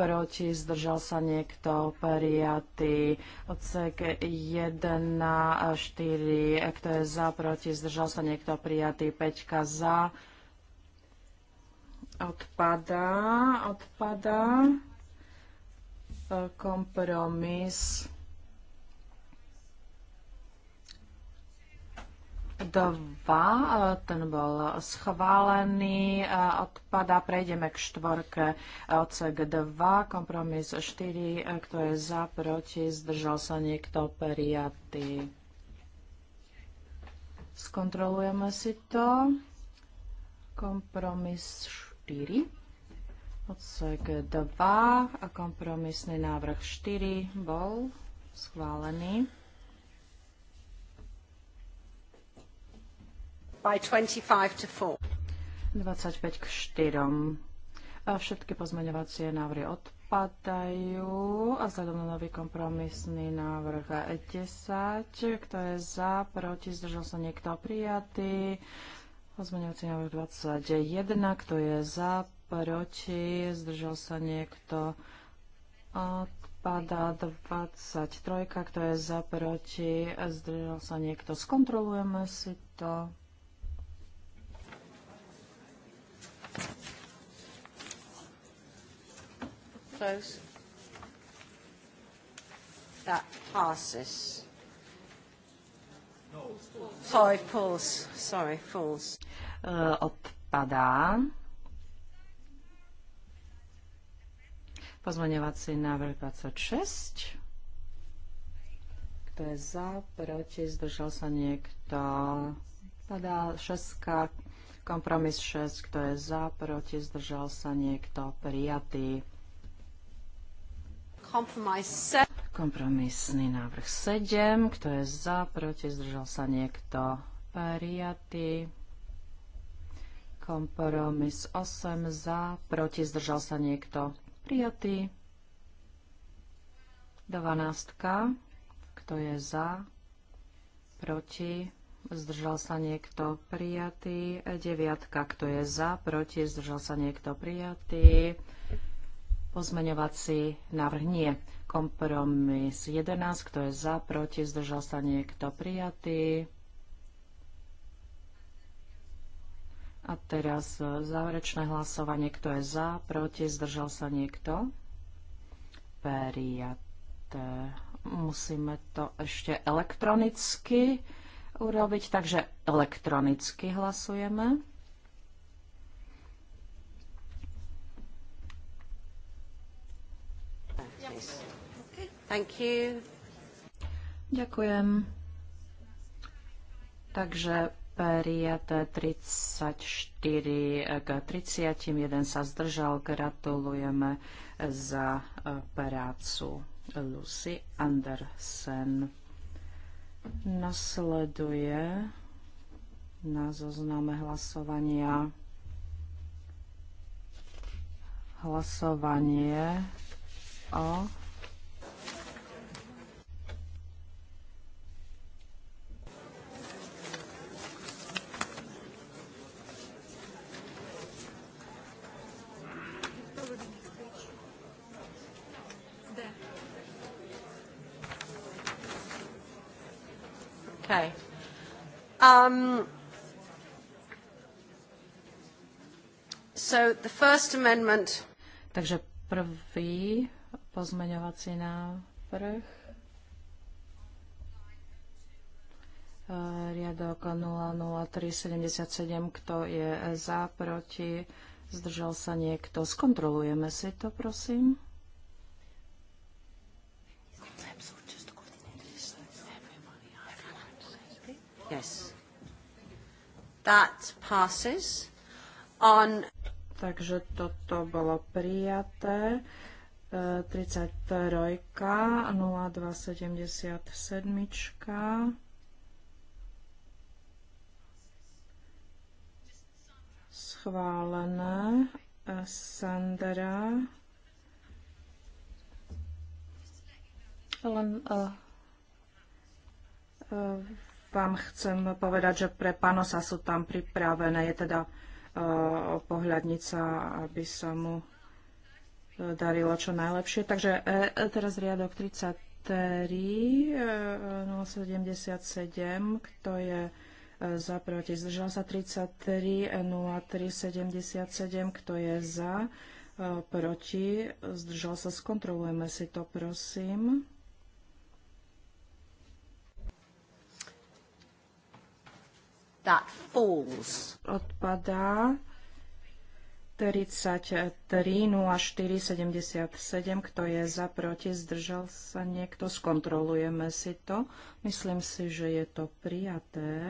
S5: proti, zdržal sa niekto, prijatý. Odsek 1, 4, kto je za, proti, zdržal sa niekto, prijatý. 5 za, odpadá, odpadá. Kompromis. 2, ten bol schválený, odpada, prejdeme k štvorke OCG 2, kompromis 4, kto je za, proti, zdržal sa niekto, periaty. Skontrolujeme si to. Kompromis 4, OCG 2 a kompromisný návrh 4 bol schválený.
S1: by 25
S5: to 4. 25 k 4. A všetky pozmeňovacie návrhy odpadajú a vzhľadom na nový kompromisný návrh 10, kto je za, proti, zdržal sa niekto prijatý. Pozmeňovací návrh 21, kto je za, proti, zdržal sa niekto odpada 23, kto je za, proti, zdržal sa niekto. Skontrolujeme si to.
S1: close? That passes.
S5: Sorry, falls. Sorry, falls. Uh, odpadá. Pozmeňovací návrh 26. Kto je za, proti, zdržal sa niekto? Padá šestka, kompromis 6. Kto je za, proti, zdržal sa niekto? Prijatý. Kompromisný návrh 7. Kto je za, proti, zdržal sa niekto? Prijatý. Kompromis 8. Za, proti, zdržal sa niekto? Prijatý. 12. Kto je za, proti, zdržal sa niekto prijatý. Deviatka, kto je za, proti, zdržal sa niekto prijatý. Pozmeňovací návrh nie. Kompromis 11, kto je za, proti, zdržal sa niekto prijatý. A teraz záverečné hlasovanie, kto je za, proti, zdržal sa niekto. Prijaté. Musíme to ešte elektronicky urobiť, takže elektronicky hlasujeme. Thank you. Ďakujem. Takže prijaté 34 k 30, jeden sa zdržal. Gratulujeme za e, prácu Lucy Andersen. Nasleduje na zozname hlasovania hlasovanie o
S1: Um, so
S5: the First Amendment. Takže prvý pozmeňovací návrh. E, riadok 00377, kto je za, proti, zdržal sa niekto. Skontrolujeme si to, prosím. Yes. That passes. On... Takže toto bolo prijaté. 33, e, 0277. Schválené. E, Sandra. Len uh, uh, vám chcem povedať, že pre Panosa sú tam pripravené. Je teda e, pohľadnica, aby sa mu e, darilo čo najlepšie. Takže e, teraz riadok 33 077, kto je za proti, zdržal sa 33 0377, kto je za proti, zdržal sa, skontrolujeme si to, prosím. That falls. Odpadá. 33 04 77, kto je za, proti, zdržal sa niekto, skontrolujeme si to. Myslím si, že je to prijaté.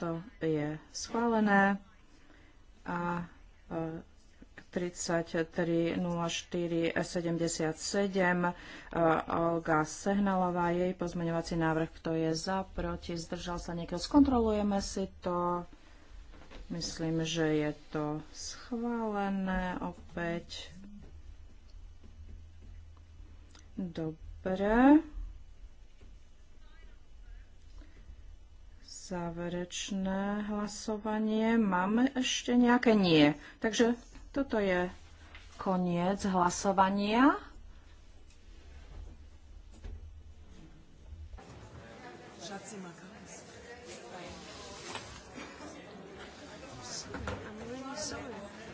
S5: To je schválené a e, 33 e, Olga Sehnalová, jej pozmeňovací návrh, kto je za, proti, zdržal sa niekto. Skontrolujeme si to. Myslím, že je to schválené opäť. Dobre. Záverečné hlasovanie. Máme ešte nejaké? Nie. Takže toto je koniec hlasovania.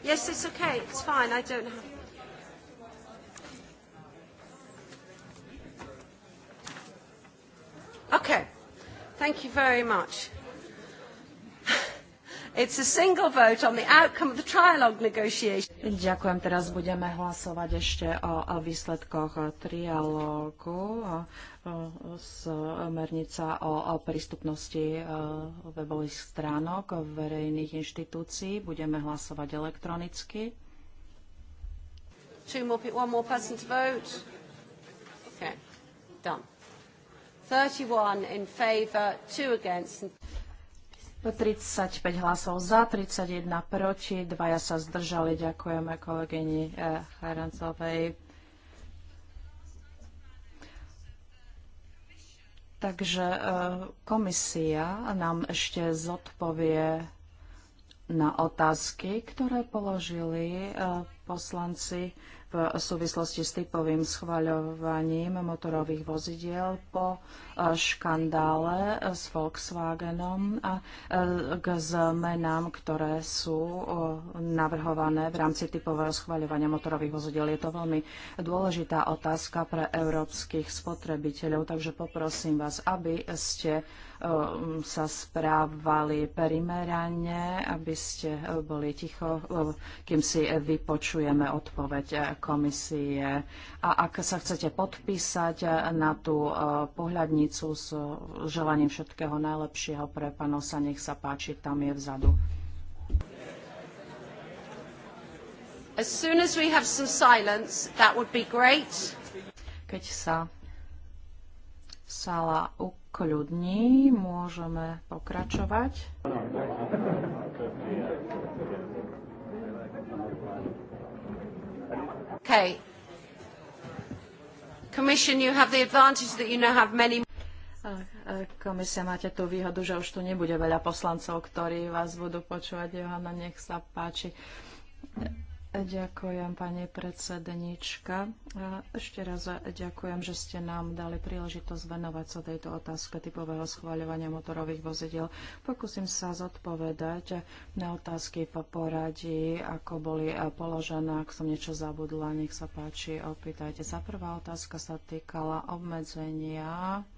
S4: Yes, it's okay. It's fine. I don't have.
S1: Okay. Thank you very much. It's a single vote on the outcome of the trialogue negotiation.
S5: Ďakujem, teraz budeme hlasovať ešte o, o výsledkoch trialógu smernica o, o prístupnosti e, webových stránok verejných inštitúcií. Budeme hlasovať elektronicky.
S1: Two more, one more person to vote. Okay, done. 31 in two against.
S5: 35 hlasov za, 31 proti, dvaja sa zdržali. Ďakujeme kolegyni Charancovej. Eh, Takže eh, komisia nám ešte zodpovie na otázky, ktoré položili eh, poslanci v súvislosti s typovým schvaľovaním motorových vozidiel po škandále s Volkswagenom a e, k zmenám, ktoré sú e, navrhované v rámci typového schváľovania motorových vozidel. Je to veľmi dôležitá otázka pre európskych spotrebiteľov, takže poprosím vás, aby ste e, sa správali primerane, aby ste boli ticho, kým si vypočujeme odpoveď komisie. A ak sa chcete podpísať na tú pohľadnicu, stolnicu s želaním všetkého najlepšieho pre panosa. Nech sa páči, tam je vzadu.
S1: As soon as we have some silence, that would be
S5: great. Keď sa sála ukľudní, môžeme pokračovať. Okay.
S1: Commission, you have the advantage that you now have many
S5: Komisia, máte tú výhodu, že už tu nebude veľa poslancov, ktorí vás budú počúvať. Johana, nech sa páči. Ďakujem, pani predsednička. Ešte raz ďakujem, že ste nám dali príležitosť venovať sa tejto otázke typového schváľovania motorových vozidel. Pokúsim sa zodpovedať na otázky po poradí, ako boli položené. Ak som niečo zabudla, nech sa páči, opýtajte. Za prvá otázka sa týkala obmedzenia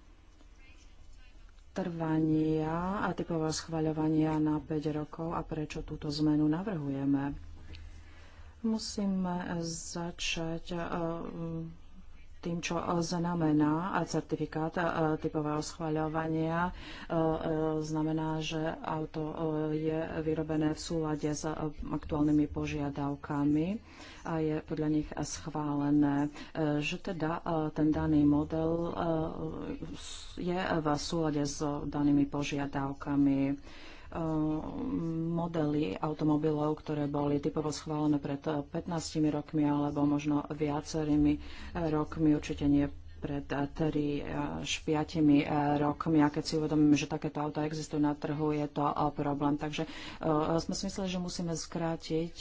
S5: trvania a typového schvaľovania na 5 rokov a prečo túto zmenu navrhujeme. Musíme začať eh, tým, čo e, znamená certifikát e, typového schváľovania. E, znamená, že auto je vyrobené v súlade s aktuálnymi požiadavkami a je podľa nich schválené, že teda ten daný model je v súlade s danými požiadavkami. Eh, modely automobilov, ktoré boli typovo schválené pred eh, 15 rokmi alebo možno viacerými rokmi, určite nie pred 3 eh, eh, až 5 eh, rokmi a keď si uvedomíme, že takéto auta existujú na trhu, je to problém. Takže sme si mysleli, že musíme skrátiť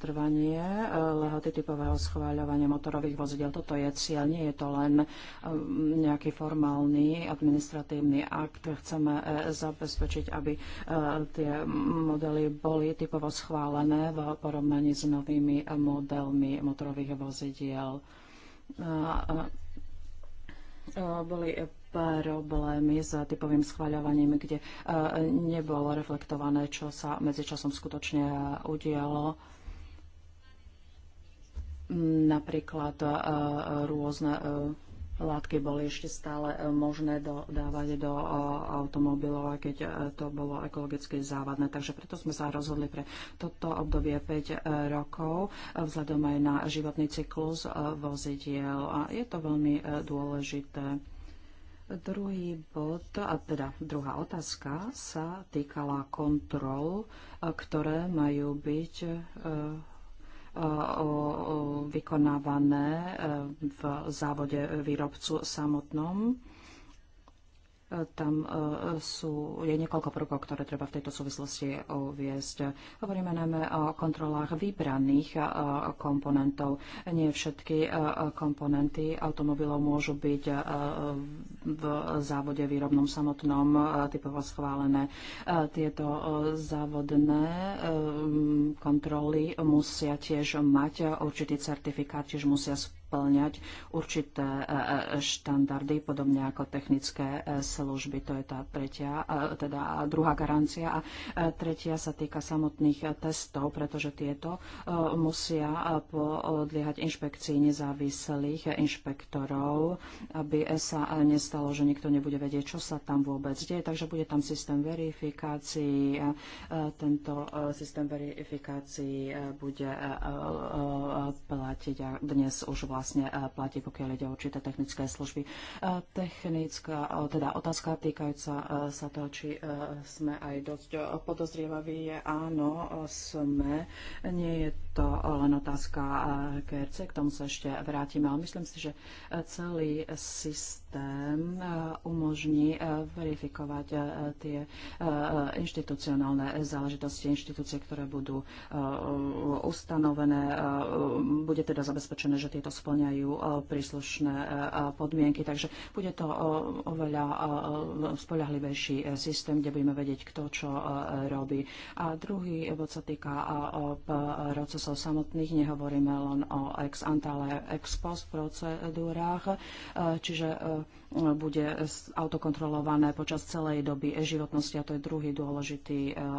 S5: trvanie lehoty typového schváľovania motorových vozidel. Toto je cieľ, nie je to len nejaký formálny administratívny akt. Chceme zabezpečiť, aby tie modely boli typovo schválené v porovnaní s novými modelmi motorových vozidiel. Eh, boli problémy s typovým schváľovaním, kde eh, nebolo reflektované, čo sa medzičasom skutočne udialo napríklad eh, rôzne látky boli ešte stále e, možné dodávať do e, automobilov, aj keď e, to bolo ekologicky závadné. Takže preto sme sa rozhodli pre toto obdobie 5 rokov vzhľadom aj na životný cyklus vozidiel. A je to veľmi dôležité. Druhý bod, a teda druhá otázka sa týkala kontrol, ktoré majú byť vykonávané e, v závode výrobcu samotnom. Tam e, sú, je niekoľko prvkov, ktoré treba v tejto súvislosti uviezť. Hovoríme najmä o kontrolách vybraných e, komponentov. Nie všetky e, komponenty automobilov môžu byť v závode výrobnom samotnom typovo schválené. Tieto závodné kontroly musia tiež mať určitý certifikát, tiež musia splňať určité e, e, štandardy, podobne ako technické e, služby. To je tá tretia, teda druhá garancia. A tretia sa týka samotných testov, pretože tieto musia podliehať inšpekcii nezávislých inšpektorov, aby sa nestalo, že nikto nebude vedieť, čo sa tam vôbec deje. Takže bude tam systém verifikácií. Tento systém verifikácií bude platiť a dnes už vlastne vlastne eh, platí, pokiaľ ide o určité technické služby. Eh, technická, eh, teda otázka týkajúca sa toho, či sme aj dosť podozrievaví, áno, sme. Nie je to len otázka KRC, eh, k tomu sa ešte vrátime, ale myslím si, že eh, celý systém eh, umožní verifikovať tie inštitucionálne záležitosti, inštitúcie, ktoré budú ustanovené. Bude teda zabezpečené, že tieto splňajú príslušné podmienky, takže bude to oveľa spolahlivejší systém, kde budeme vedieť, kto čo robí. A druhý bod sa týka procesu procesov samotných, nehovoríme len o ex ante, ale ex post procedúrách, e, čiže e, bude autokontrolované počas celej doby životnosti a to je druhý dôležitý e,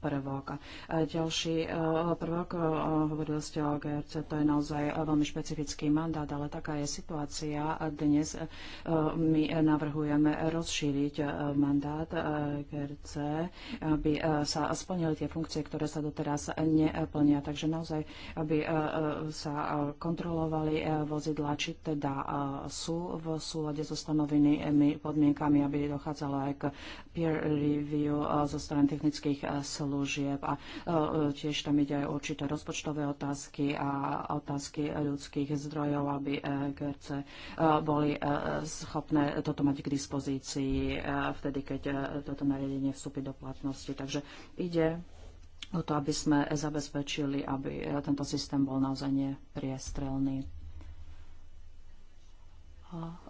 S5: prvok. Ďalší e, prvok, e, hovorili ste o GRC, to je naozaj e, veľmi špecifický mandát, ale taká je situácia. Dnes my navrhujeme rozšíriť mandát GRC, aby sa splnili tie funkcie, ktoré sa doteraz neplnia. Takže naozaj, aby sa kontrolovali vozidla, či teda sú v súlade so stanovenými podmienkami, aby dochádzalo aj k peer review zo strany technických služieb služieb a e, e, tiež tam ide aj určité rozpočtové otázky a otázky ľudských zdrojov, aby e, GRC boli schopné toto mať k dispozícii vtedy, keď toto nariadenie vstúpi do platnosti. Takže ide o to, aby sme zabezpečili, aby tento systém bol naozaj nepriestrelný.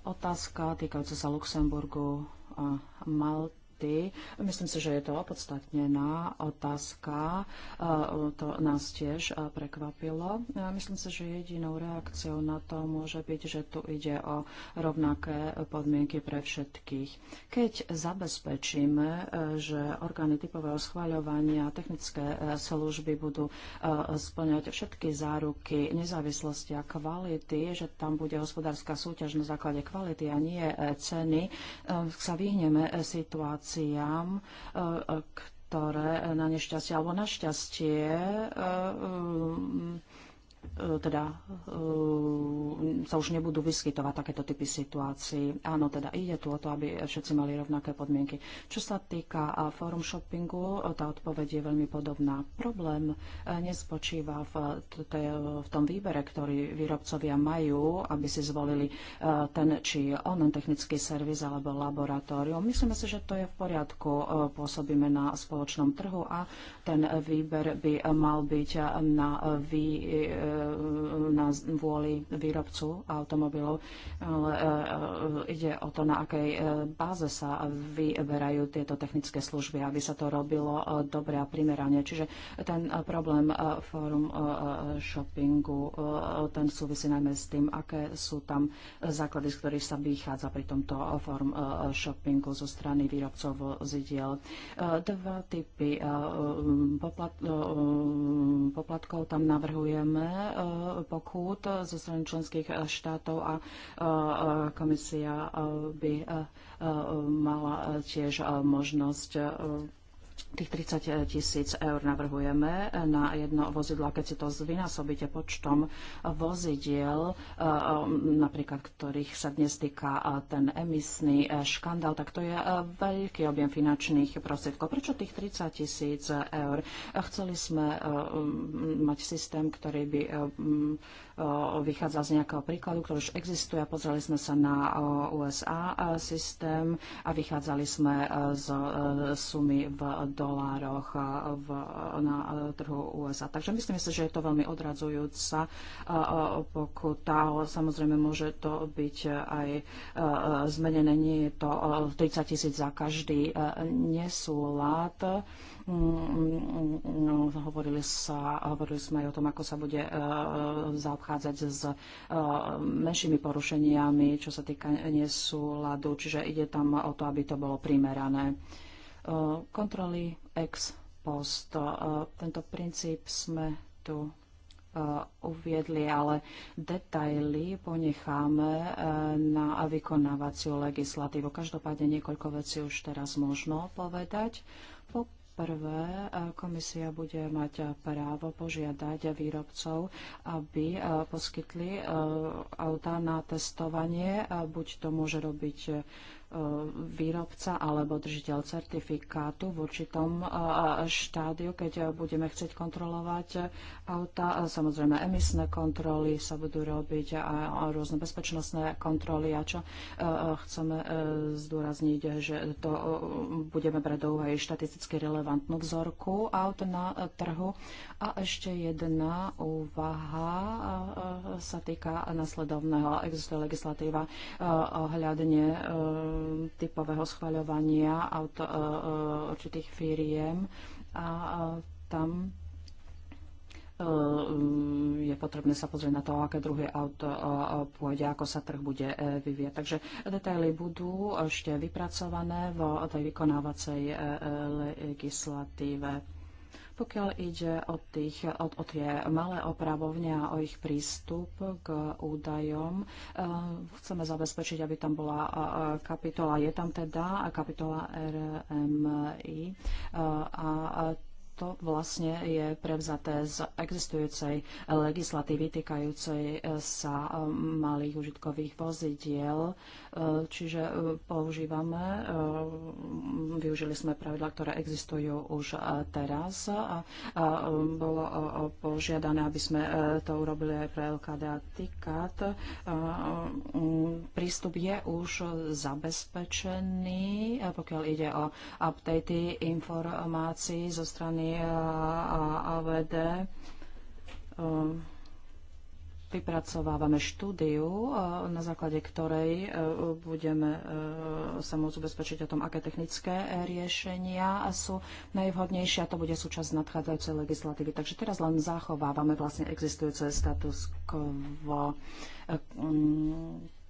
S5: Otázka týkajúca sa Luxemburgu a Malt hodnoty. Myslím si, že je to opodstatnená otázka. E, to nás tiež e, prekvapilo. E, myslím si, že jedinou reakciou na to môže byť, že tu ide o rovnaké podmienky pre všetkých. Keď zabezpečíme, že orgány typového schváľovania a technické služby budú splňať všetky záruky nezávislosti a kvality, že tam bude hospodárska súťaž na základe kvality a nie ceny, sa vyhneme situácii, situáciám, e, e, ktoré na nešťastie alebo na šťastie e, E, teda e, sa už nebudú vyskytovať takéto typy situácií. Áno, teda ide tu o to, aby všetci mali rovnaké podmienky. Čo sa týka forum shoppingu, tá odpoveď je veľmi podobná. Problém e, nespočíva v, v tom výbere, ktorý výrobcovia majú, aby si zvolili ten či onen technický servis alebo laboratórium. Myslíme si, že to je v poriadku. Pôsobíme na spoločnom trhu a ten výber by mal byť na vý E, na vôli výrobcu automobilov, ale e, e, ide o to, na akej báze sa vyberajú tieto technické služby, aby sa to robilo dobre a primerane. Čiže ten problém fórum shoppingu, ten súvisí najmä s tým, aké sú tam základy, z ktorých sa vychádza pri tomto fórum shoppingu zo strany výrobcov vozidiel. Dva typy poplatkov tam navrhujeme Eh, pokút zo strany členských eh, štátov a eh, komisia by mala tiež možnosť Tých 30 eh, tisíc eur navrhujeme na jedno vozidlo a keď si to zvynásobíte počtom eh, vozidiel, eh, napríklad ktorých sa dnes týka ten emisný škandál, tak to je veľký objem finančných prostriedkov. Prečo tých 30 tisíc eur? Chceli sme mať systém, ktorý by vychádza z nejakého príkladu, ktorý už existuje. Pozreli sme sa na USA e, systém a vychádzali sme e, z e, sumy v dolároch na trhu USA. Takže myslím si, že je to veľmi odradzujúca pokuta. Samozrejme, môže to byť aj zmenené. Nie je to 30 tisíc za každý nesúlad Mm, mm, mm, hovorili, sa, hovorili sme aj o tom, ako sa bude e, zaobchádzať s e, menšími porušeniami, čo sa týka nesúladu, čiže ide tam o to, aby to bolo primerané. E, kontroly ex post. Tento princíp sme tu uviedli, ale detaily ponecháme na vykonávaciu legislatívu. Každopádne niekoľko vecí už teraz možno povedať prvé, komisia bude mať právo požiadať výrobcov, aby poskytli autá na testovanie. Buď to môže robiť E, výrobca alebo držiteľ certifikátu v určitom e, štádiu, keď e, budeme chcieť kontrolovať auta. Samozrejme, emisné kontroly sa budú robiť a rôzne bezpečnostné kontroly. A čo chceme zdôrazniť, že to budeme brať do úvahy štatisticky relevantnú vzorku aut na trhu. A ešte jedna úvaha sa týka nasledovného. Existuje legislatíva ohľadne typového schvaľovania auto, e, e, určitých firiem a tam e, je potrebné sa pozrieť na to, aké druhé auto pôjde, ako sa trh bude vyvieť. Takže detaily budú ešte vypracované v tej vykonávacej legislatíve. Pokiaľ ide o, tých, o, o tie malé opravovne a o ich prístup k údajom, e, chceme zabezpečiť, aby tam bola e, e, kapitola, je tam teda kapitola RMI a to vlastne je prevzaté z existujúcej legislatívy týkajúcej e, sa e, malých užitkových vozidiel. E, čiže používame, využili sme pravidla, ktoré existujú už teraz a bolo požiadané, aby sme to urobili aj pre LKD a TICAT. Prístup je už zabezpečený, pokiaľ ide o updaty informácií zo strany a AVD um, vypracovávame štúdiu, na základe ktorej e, budeme e, sa môcť ubezpečiť o tom, aké technické riešenia sú najvhodnejšie a to bude súčasť nadchádzajúcej legislatívy. Takže teraz len zachovávame vlastne existujúce status quo e,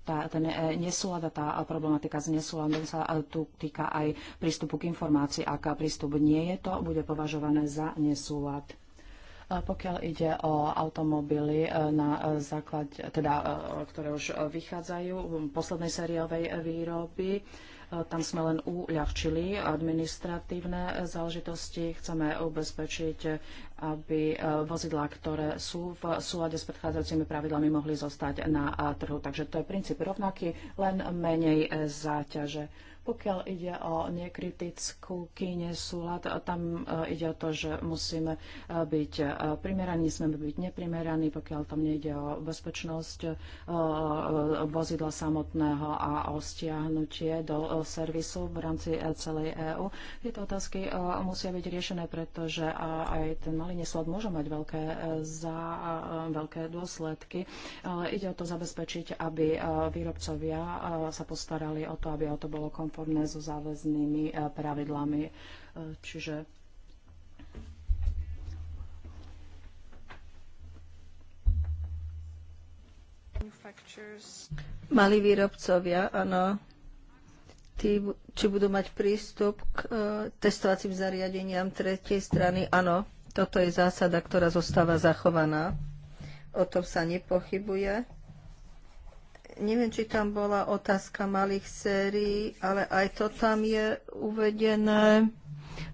S5: tá, ten e, nesúlad a tá problematika s nesúladom sa e, tu týka aj prístupu k informácii. Ak prístup nie je to, bude považované za nesúlad. E, pokiaľ ide o automobily, na základ, teda, ktoré už vychádzajú v poslednej sériovej výroby, Eh, tam sme len uľahčili administratívne záležitosti. Chceme ubezpečiť, eh, aby eh, vozidlá, ktoré sú v súlade s predchádzajúcimi pravidlami, mohli zostať na trhu. Takže to je princíp rovnaký, len menej záťaže. Pokiaľ ide o nekritickú súlad, tam e, ide o to, že musíme e, byť e, primeraní, sme byť neprimeraní, pokiaľ tam nejde o bezpečnosť vozidla samotného a o stiahnutie do servisu v rámci celej EÚ. Tieto otázky musia byť riešené, pretože aj ten malý neslad môže mať veľké, za, veľké dôsledky, ale ide o to zabezpečiť, aby výrobcovia sa postarali o to, aby o to bolo komfortné rozporné so záväznými e, pravidlami. E, čiže
S2: Mali výrobcovia, áno, tí, či budú mať prístup k e, testovacím zariadeniam tretej strany, áno, toto je zásada, ktorá zostáva zachovaná. O tom sa nepochybuje. Neviem, či tam bola otázka malých sérií, ale aj to tam je uvedené.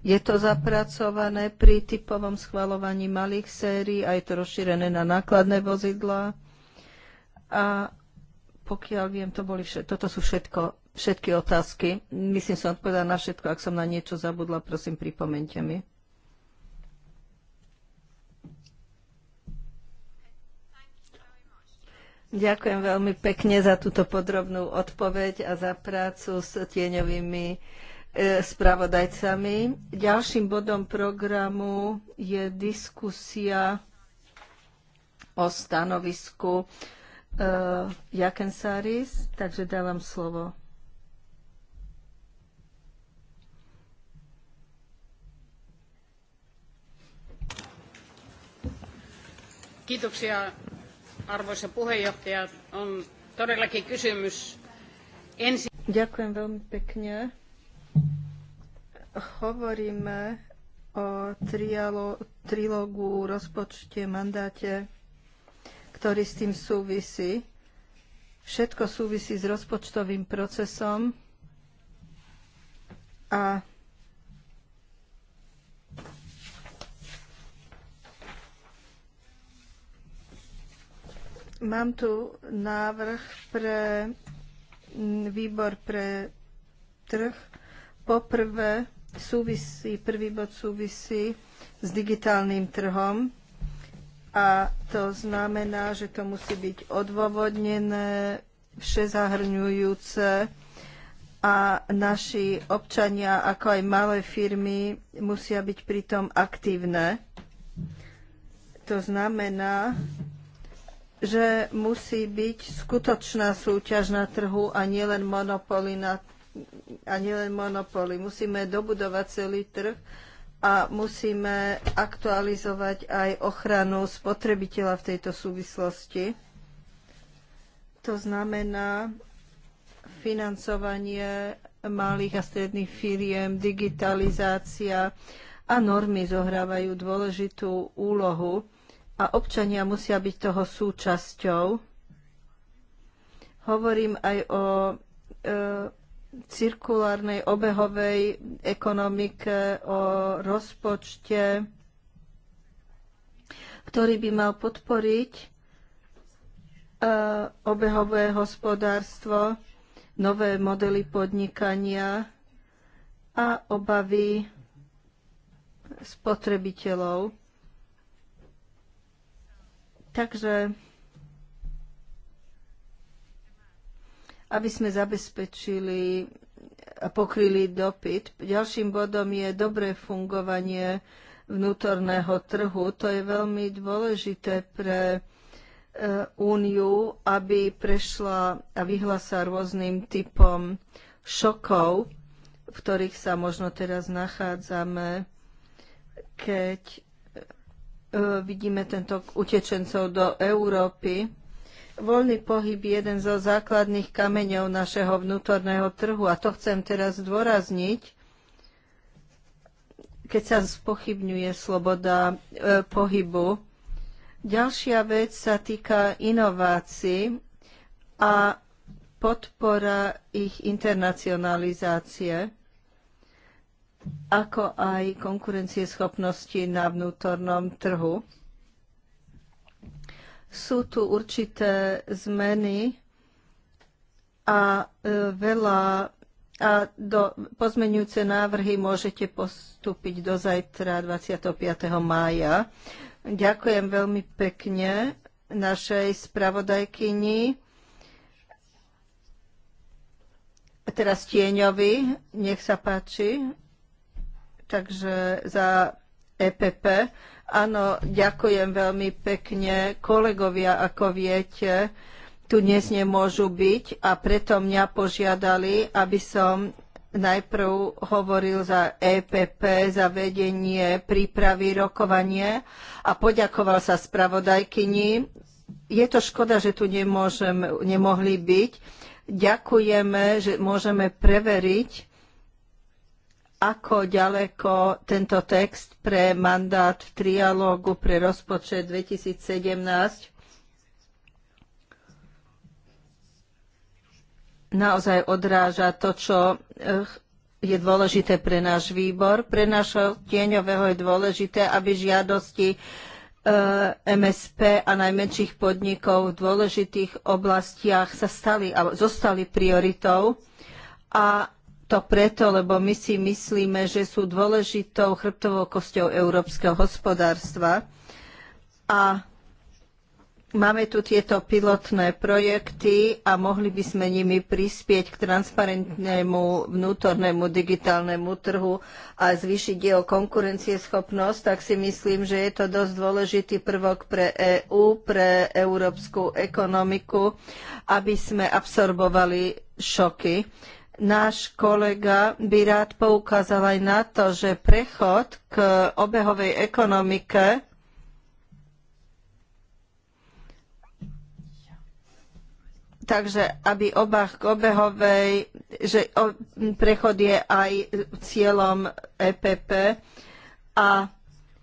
S2: Je to zapracované pri typovom schvalovaní malých sérií a je to rozšírené na nákladné vozidlá. A pokiaľ viem, to boli všetko, toto sú všetko, všetky otázky. Myslím, som odpovedala na všetko. Ak som na niečo zabudla, prosím, pripomente mi. Ďakujem veľmi pekne za túto podrobnú odpoveď a za prácu s tieňovými e, spravodajcami. Ďalším bodom programu je diskusia o stanovisku uh, e, Jakensaris, takže dávam slovo.
S5: Kiitoksia arvoisa puheenjohtaja. On todellakin kysymys
S2: ensi... Ďakujem veľmi pekne. Hovoríme o trialo, trilógu, rozpočte, mandáte, ktorý s tým súvisí. Všetko súvisí s rozpočtovým procesom a Mám tu návrh pre výbor pre trh. Poprvé súvisí, prvý bod súvisí s digitálnym trhom a to znamená, že to musí byť odôvodnené, všezahrňujúce a naši občania, ako aj malé firmy, musia byť pritom aktívne. To znamená, že musí byť skutočná súťaž na trhu a nielen monopoly, na, a nielen monopoly. Musíme dobudovať celý trh a musíme aktualizovať aj ochranu spotrebiteľa v tejto súvislosti. To znamená financovanie malých a stredných firiem, digitalizácia a normy zohrávajú dôležitú úlohu a občania musia byť toho súčasťou. Hovorím aj o e, cirkulárnej obehovej ekonomike, o rozpočte, ktorý by mal podporiť e, obehové hospodárstvo, nové modely podnikania a obavy spotrebiteľov Takže aby sme zabezpečili a pokryli dopyt. Ďalším bodom je dobré fungovanie vnútorného trhu. To je veľmi dôležité pre eh, úniu, aby prešla a vyhla sa rôznym typom šokov, v ktorých sa možno teraz nachádzame, keď E, vidíme tento utečencov do Európy. Voľný pohyb je jeden zo základných kameňov našeho vnútorného trhu a to chcem teraz zdôrazniť, keď sa spochybňuje sloboda e, pohybu. Ďalšia vec sa týka inovácií a podpora ich internacionalizácie ako aj konkurencieschopnosti na vnútornom trhu. Sú tu určité zmeny a e, veľa a do pozmenujúce návrhy môžete postúpiť do zajtra 25. mája. Ďakujem veľmi pekne našej spravodajkyni. Teraz Tieňovi, nech sa páči. Takže za EPP. Áno, ďakujem veľmi pekne. Kolegovia, ako viete, tu dnes nemôžu byť a preto mňa požiadali, aby som najprv hovoril za EPP, za vedenie prípravy rokovanie a poďakoval sa spravodajkyni. Je to škoda, že tu nemôžem, nemohli byť. Ďakujeme, že môžeme preveriť, ako ďaleko tento text pre mandát v trialógu pre rozpočet 2017 naozaj odráža to, čo eh, je dôležité pre náš výbor. Pre nášho tieňového je dôležité, aby žiadosti eh, MSP a najmenších podnikov v dôležitých oblastiach sa stali zostali prioritou. A to preto, lebo my si myslíme, že sú dôležitou chrbtovou kosťou európskeho hospodárstva. A máme tu tieto pilotné projekty a mohli by sme nimi prispieť k transparentnému vnútornému digitálnemu trhu a zvýšiť jeho konkurencieschopnosť, tak si myslím, že je to dosť dôležitý prvok pre EÚ, pre európsku ekonomiku, aby sme absorbovali šoky. Náš kolega by rád poukázal aj na to, že prechod k obehovej ekonomike Takže aby obah k obehovej, že prechod je aj cieľom EPP a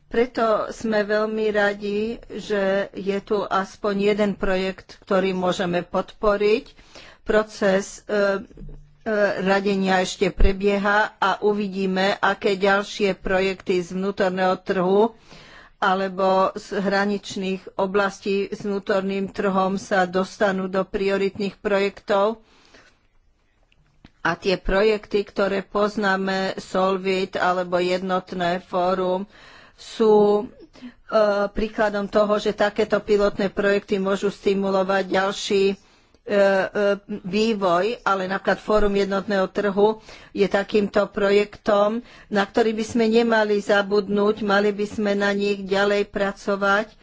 S2: preto sme veľmi radi, že je tu aspoň jeden projekt, ktorý môžeme podporiť. Proces e, E, radenia ešte prebieha a uvidíme, aké ďalšie projekty z vnútorného trhu alebo z hraničných oblastí s vnútorným trhom sa dostanú do prioritných projektov. A tie projekty, ktoré poznáme, Solvit alebo jednotné fórum, sú e, príkladom toho, že takéto pilotné projekty môžu stimulovať ďalší E, e, vývoj, ale napríklad Fórum jednotného trhu je takýmto projektom, na ktorý by sme nemali zabudnúť, mali by sme na nich ďalej pracovať,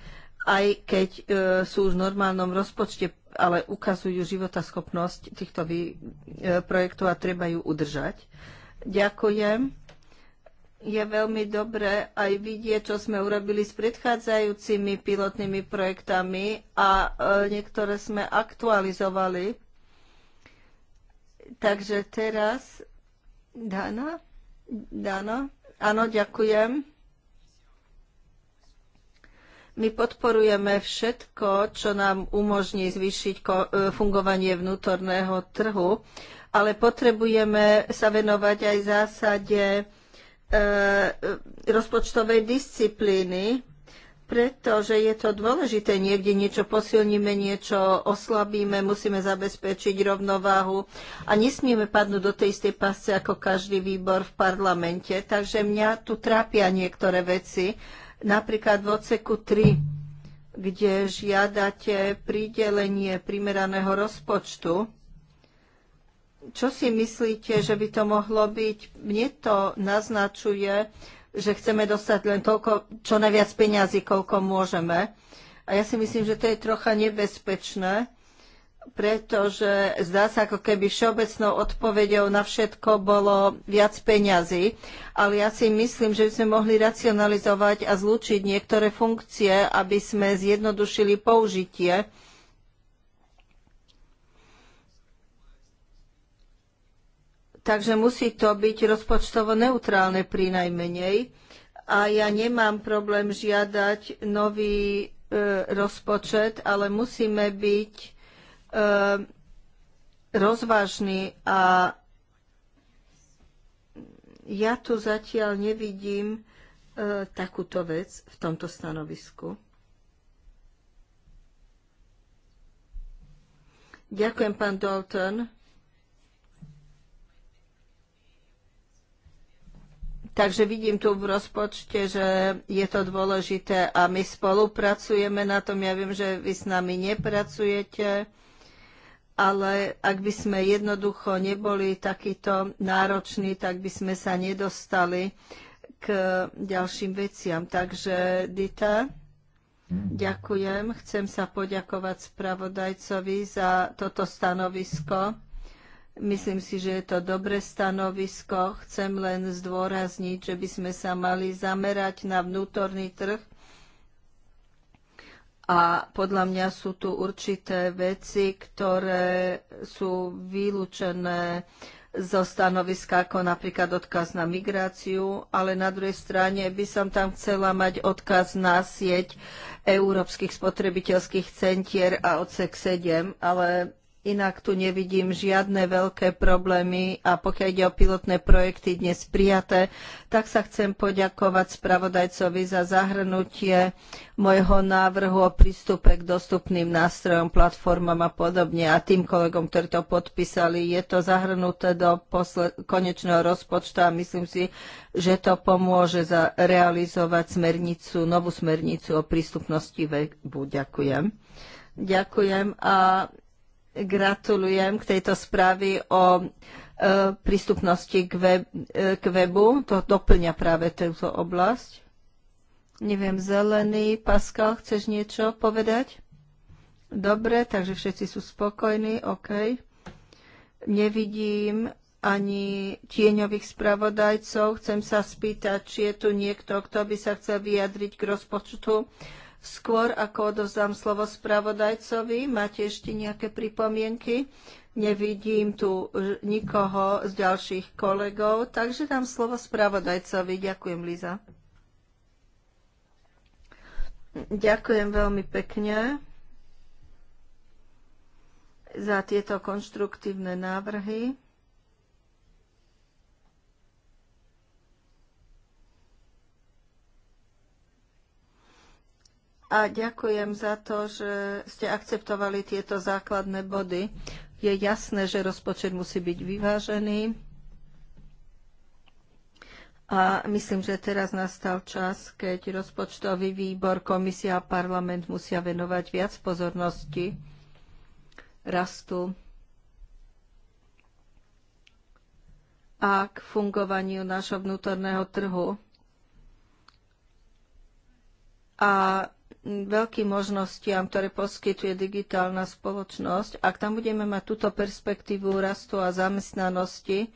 S2: aj keď e, sú v normálnom rozpočte, ale ukazujú životaschopnosť týchto projektov a treba ju udržať. Ďakujem je veľmi dobré aj vidieť, čo sme urobili s predchádzajúcimi pilotnými projektami a e, niektoré sme aktualizovali. Takže teraz Dana? Dana? Áno, ďakujem. My podporujeme všetko, čo nám umožní zvýšiť e, fungovanie vnútorného trhu, ale potrebujeme sa venovať aj zásade E, rozpočtovej disciplíny, pretože je to dôležité. Niekde niečo posilníme, niečo oslabíme, musíme zabezpečiť rovnováhu a nesmieme padnúť do tej istej pasce ako každý výbor v parlamente. Takže mňa tu trápia niektoré veci, napríklad v odseku 3, kde žiadate pridelenie primeraného rozpočtu čo si myslíte, že by to mohlo byť? Mne to naznačuje, že chceme dostať len toľko, čo najviac peňazí, koľko môžeme. A ja si myslím, že to je trocha nebezpečné, pretože zdá sa, ako keby všeobecnou odpoveďou na všetko bolo viac peňazí, ale ja si myslím, že by sme mohli racionalizovať a zlúčiť niektoré funkcie, aby sme zjednodušili použitie Takže musí to byť rozpočtovo neutrálne pri najmenej. A ja nemám problém žiadať nový e, rozpočet, ale musíme byť e, rozvážni a ja tu zatiaľ nevidím e, takúto vec v tomto stanovisku. Ďakujem, pán Dalton. Takže vidím tu v rozpočte, že je to dôležité a my spolupracujeme na tom. Ja viem, že vy s nami nepracujete, ale ak by sme jednoducho neboli takýto nároční, tak by sme sa nedostali k ďalším veciam. Takže Dita, ďakujem. Chcem sa poďakovať spravodajcovi za toto stanovisko Myslím si, že je to dobré stanovisko. Chcem len zdôrazniť, že by sme sa mali zamerať na vnútorný trh. A podľa mňa sú tu určité veci, ktoré sú vylúčené zo stanoviska, ako napríklad odkaz na migráciu, ale na druhej strane by som tam chcela mať odkaz na sieť európskych spotrebiteľských centier a odsek 7, ale Inak tu nevidím žiadne veľké problémy a pokiaľ ide o pilotné projekty dnes prijaté, tak sa chcem poďakovať spravodajcovi za zahrnutie môjho návrhu o prístupe k dostupným nástrojom, platformám a podobne a tým kolegom, ktorí to podpísali. Je to zahrnuté do konečného rozpočtu a myslím si, že to pomôže za realizovať smernicu, novú smernicu o prístupnosti webu. Ďakujem. Ďakujem a Gratulujem k tejto správy o e, prístupnosti k, web, e, k webu. To doplňa práve túto oblasť. Neviem, zelený. Pascal, chceš niečo povedať? Dobre, takže všetci sú spokojní, OK. Nevidím ani tieňových spravodajcov. Chcem sa spýtať, či je tu niekto, kto by sa chcel vyjadriť k rozpočtu Skôr ako odovzdám slovo spravodajcovi, máte ešte nejaké pripomienky? Nevidím tu nikoho z ďalších kolegov, takže dám slovo spravodajcovi. Ďakujem, Liza. Ďakujem veľmi pekne za tieto konštruktívne návrhy. a ďakujem za to, že ste akceptovali tieto základné body. Je jasné, že rozpočet musí byť vyvážený a myslím, že teraz nastal čas, keď rozpočtový výbor, komisia a parlament musia venovať viac pozornosti rastu a k fungovaniu nášho vnútorného trhu. A veľkým možnostiam, ktoré poskytuje digitálna spoločnosť. Ak tam budeme mať túto perspektívu rastu a zamestnanosti,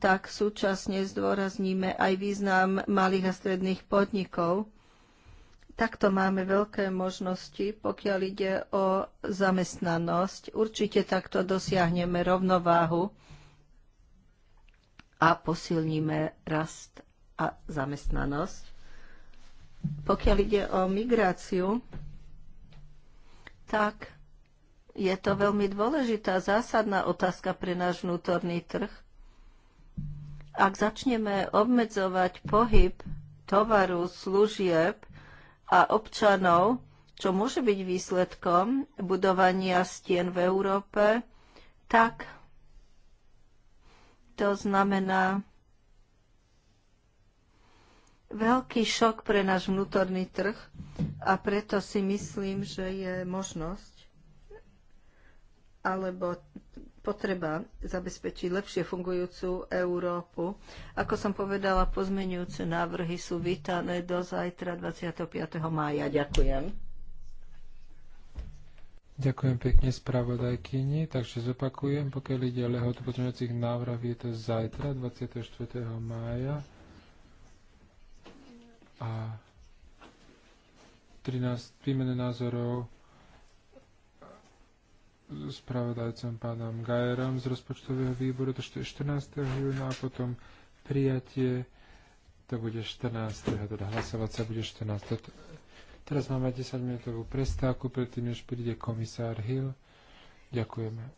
S2: tak súčasne zdôrazníme aj význam malých a stredných podnikov. Takto máme veľké možnosti, pokiaľ ide o zamestnanosť. Určite takto dosiahneme rovnováhu a posilníme rast a zamestnanosť. Pokiaľ ide o migráciu, tak je to veľmi dôležitá, zásadná otázka pre náš vnútorný trh. Ak začneme obmedzovať pohyb tovaru, služieb a občanov, čo môže byť výsledkom budovania stien v Európe, tak to znamená veľký šok pre náš vnútorný trh a preto si myslím, že je možnosť alebo potreba zabezpečiť lepšie fungujúcu Európu. Ako som povedala, pozmeňujúce návrhy sú vítané do zajtra 25. mája. Ďakujem.
S3: Ďakujem pekne spravodajkyni. Takže zopakujem, pokiaľ ide o lehotu pozmeňujúcich návrh, je to zajtra 24. mája a 13 výmene názorov s pravodajcom pánom Gajerom z rozpočtového výboru, to je 14. júna a potom prijatie, to bude 14. teda hlasovať sa bude 14. Teraz máme 10 minútovú prestávku, predtým než príde komisár Hill. Ďakujeme.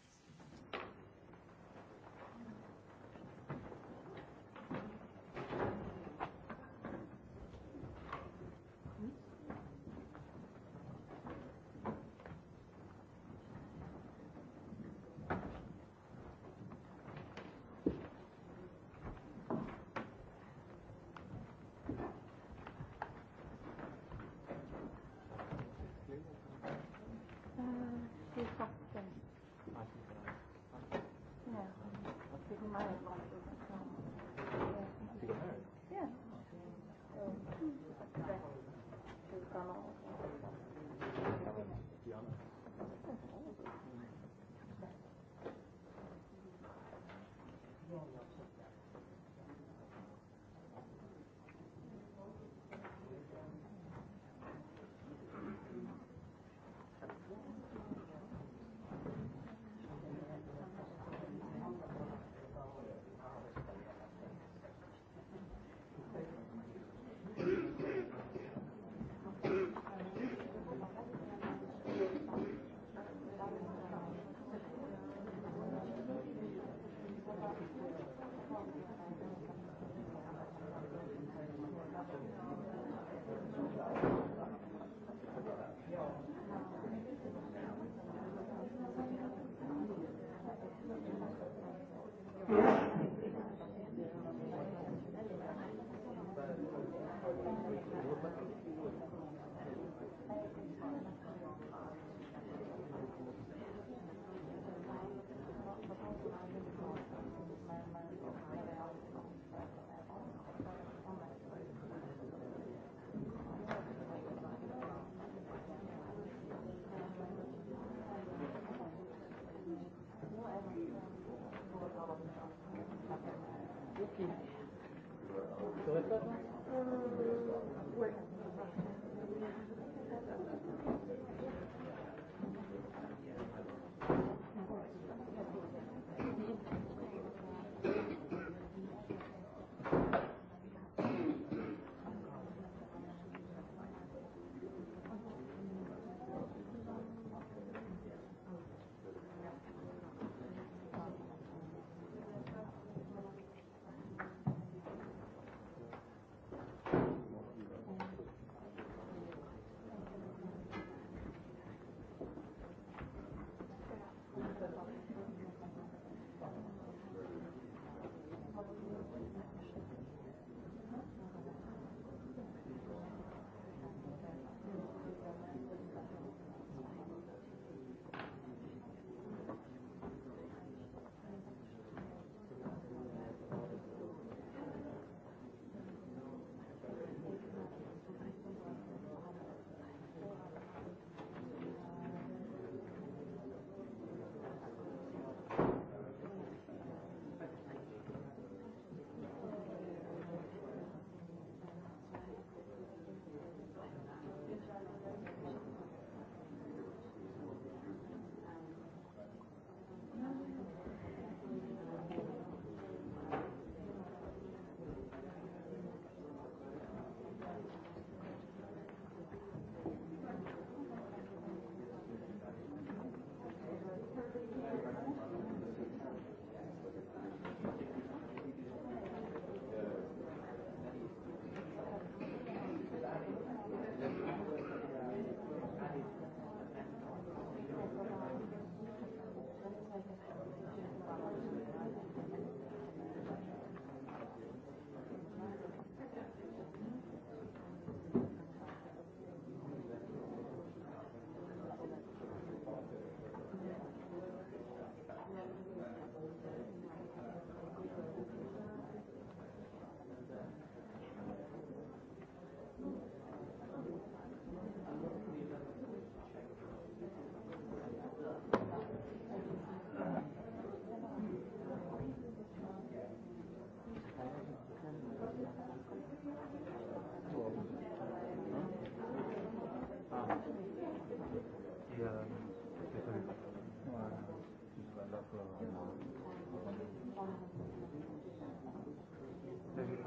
S4: Thank you.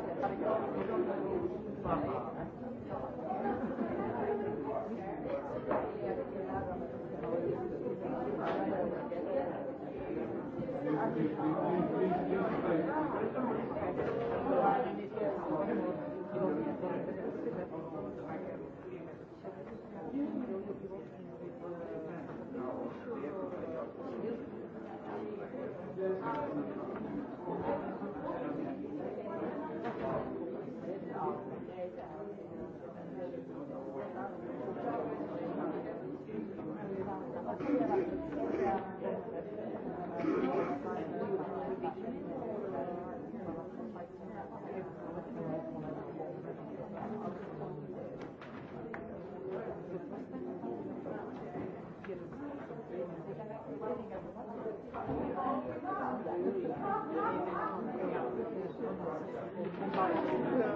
S4: Thank you.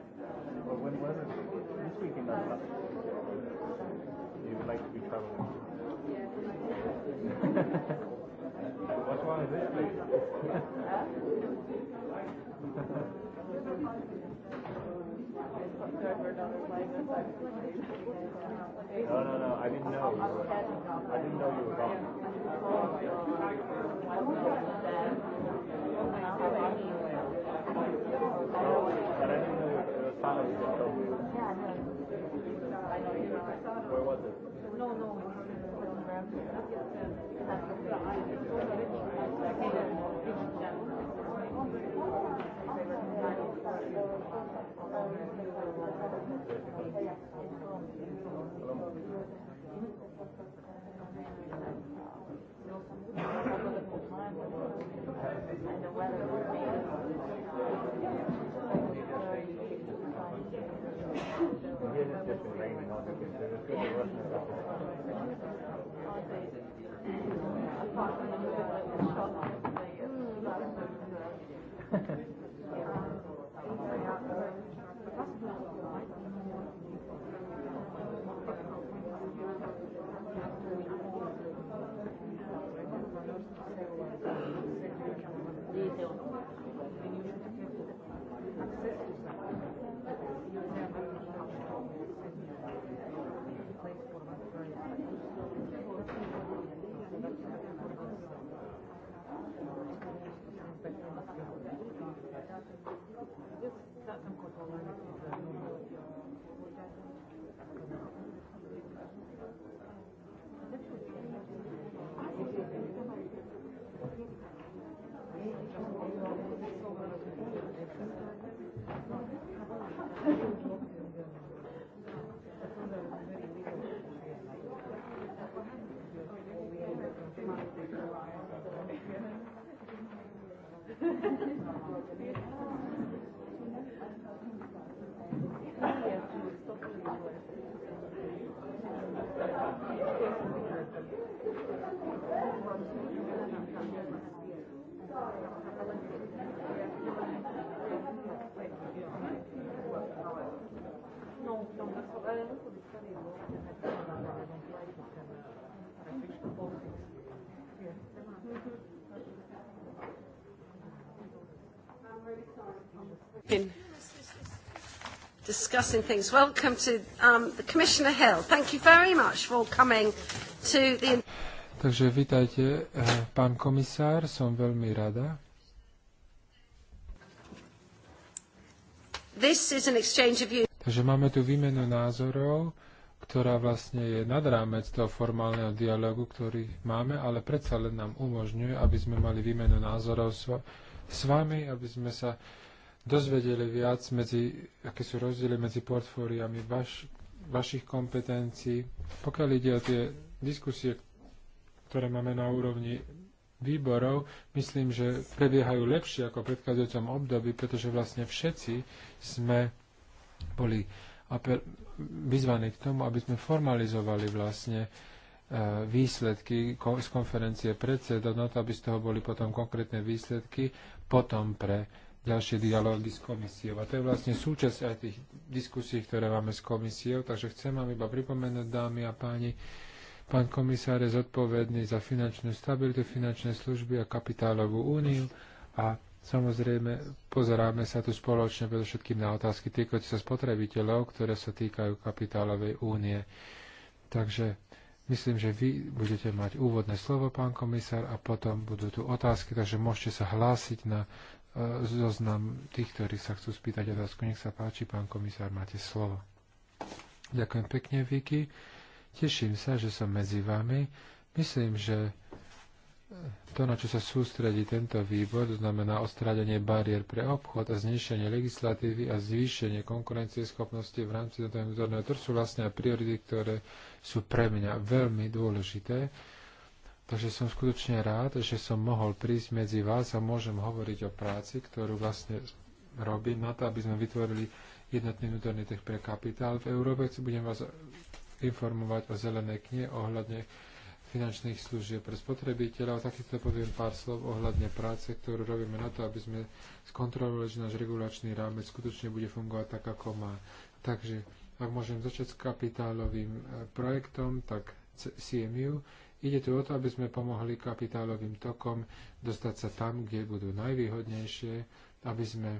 S4: Well, when was it? This weekend, not last You would like to be traveling. What's wrong with this place? no, no, no. I didn't know you were. I didn't know you were gone. And the weather som kotová.
S1: discussing things. Welcome to um, the Commissioner Hill. Thank you very much for coming to the...
S3: Takže vítajte, eh, pán komisár, som veľmi rada.
S1: This is an exchange
S3: of you. Takže máme tu výmenu názorov, ktorá vlastne je nad rámec toho formálneho dialogu, ktorý máme, ale predsa len nám umožňuje, aby sme mali výmenu názorov s vami, aby sme sa dozvedeli viac, medzi, aké sú rozdiely medzi portfóriami vaš, vašich kompetencií. Pokiaľ ide o tie diskusie, ktoré máme na úrovni výborov, myslím, že prebiehajú lepšie ako v predchádzajúcom období, pretože vlastne všetci sme boli vyzvaní k tomu, aby sme formalizovali vlastne e, výsledky z konferencie predseda, na no to, aby z toho boli potom konkrétne výsledky potom pre ďalšie dialógy s komisiou. A to je vlastne súčasť aj tých diskusí, ktoré máme s komisiou. Takže chcem vám iba pripomenúť, dámy a páni, pán komisár je zodpovedný za finančnú stabilitu, finančné služby a kapitálovú úniu a samozrejme pozeráme sa tu spoločne predovšetkým na otázky týkajúce sa spotrebiteľov, ktoré sa týkajú kapitálovej únie. Takže Myslím, že vy budete mať úvodné slovo, pán komisár, a potom budú tu otázky, takže môžete sa hlásiť na E, zoznam tých, ktorí sa chcú spýtať otázku. Nech sa páči, pán komisár, máte slovo. Ďakujem pekne, Viki. Teším sa, že som medzi vami. Myslím, že to, na čo sa sústredí tento výbor, to znamená ostrádenie bariér pre obchod a znišenie legislatívy a zvýšenie konkurencieschopnosti v rámci toho vzorného trhu sú vlastne priority, ktoré sú pre mňa veľmi dôležité Takže som skutočne rád, že som mohol prísť medzi vás a môžem hovoriť o práci, ktorú vlastne robím na to, aby sme vytvorili jednotný vnútorný trh pre kapitál. V Európe chcem budem vás informovať o zelenej knihe ohľadne finančných služieb pre spotrebiteľov. Takisto poviem pár slov ohľadne práce, ktorú robíme na to, aby sme skontrolovali, že náš regulačný rámec skutočne bude fungovať tak, ako má. Takže ak môžem začať s kapitálovým eh, projektom, tak CMU Ide tu o to, aby sme pomohli kapitálovým tokom dostať sa tam, kde budú najvýhodnejšie, aby sme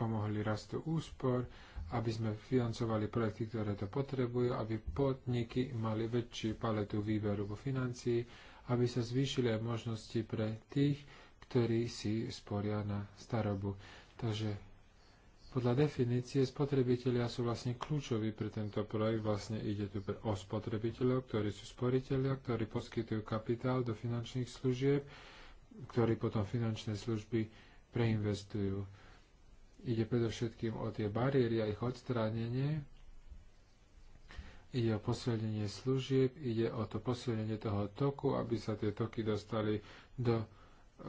S3: pomohli rastu úspor, aby sme financovali projekty, ktoré to potrebujú, aby podniky mali väčšiu paletu výberu vo financií, aby sa zvýšili aj možnosti pre tých, ktorí si sporia na starobu. Takže podľa definície spotrebitelia sú vlastne kľúčoví pre tento projekt. Vlastne ide tu o spotrebiteľov, ktorí sú sporiteľia, ktorí poskytujú kapitál do finančných služieb, ktorí potom finančné služby preinvestujú. Ide predovšetkým o tie bariéry a ich odstránenie, ide o posilnenie služieb, ide o to posilnenie toho toku, aby sa tie toky dostali do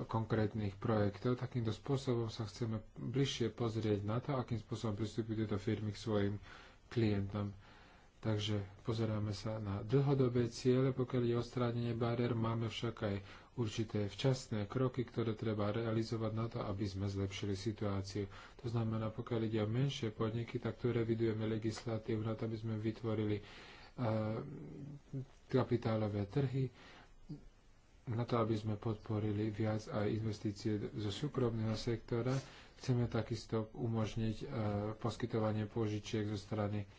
S3: konkrétnych projektov. Takýmto spôsobom sa chceme bližšie pozrieť na to, akým spôsobom pristupujú tieto firmy k svojim klientom. Takže pozeráme sa na dlhodobé ciele, pokiaľ je odstránenie bariér, máme však aj určité včasné kroky, ktoré treba realizovať na to, aby sme zlepšili situáciu. To znamená, pokiaľ ide o menšie podniky, tak tu revidujeme legislatívu na to, aby sme vytvorili uh, kapitálové trhy, na to, aby sme podporili viac aj investície zo súkromného sektora, chceme takisto umožniť e, poskytovanie požičiek zo strany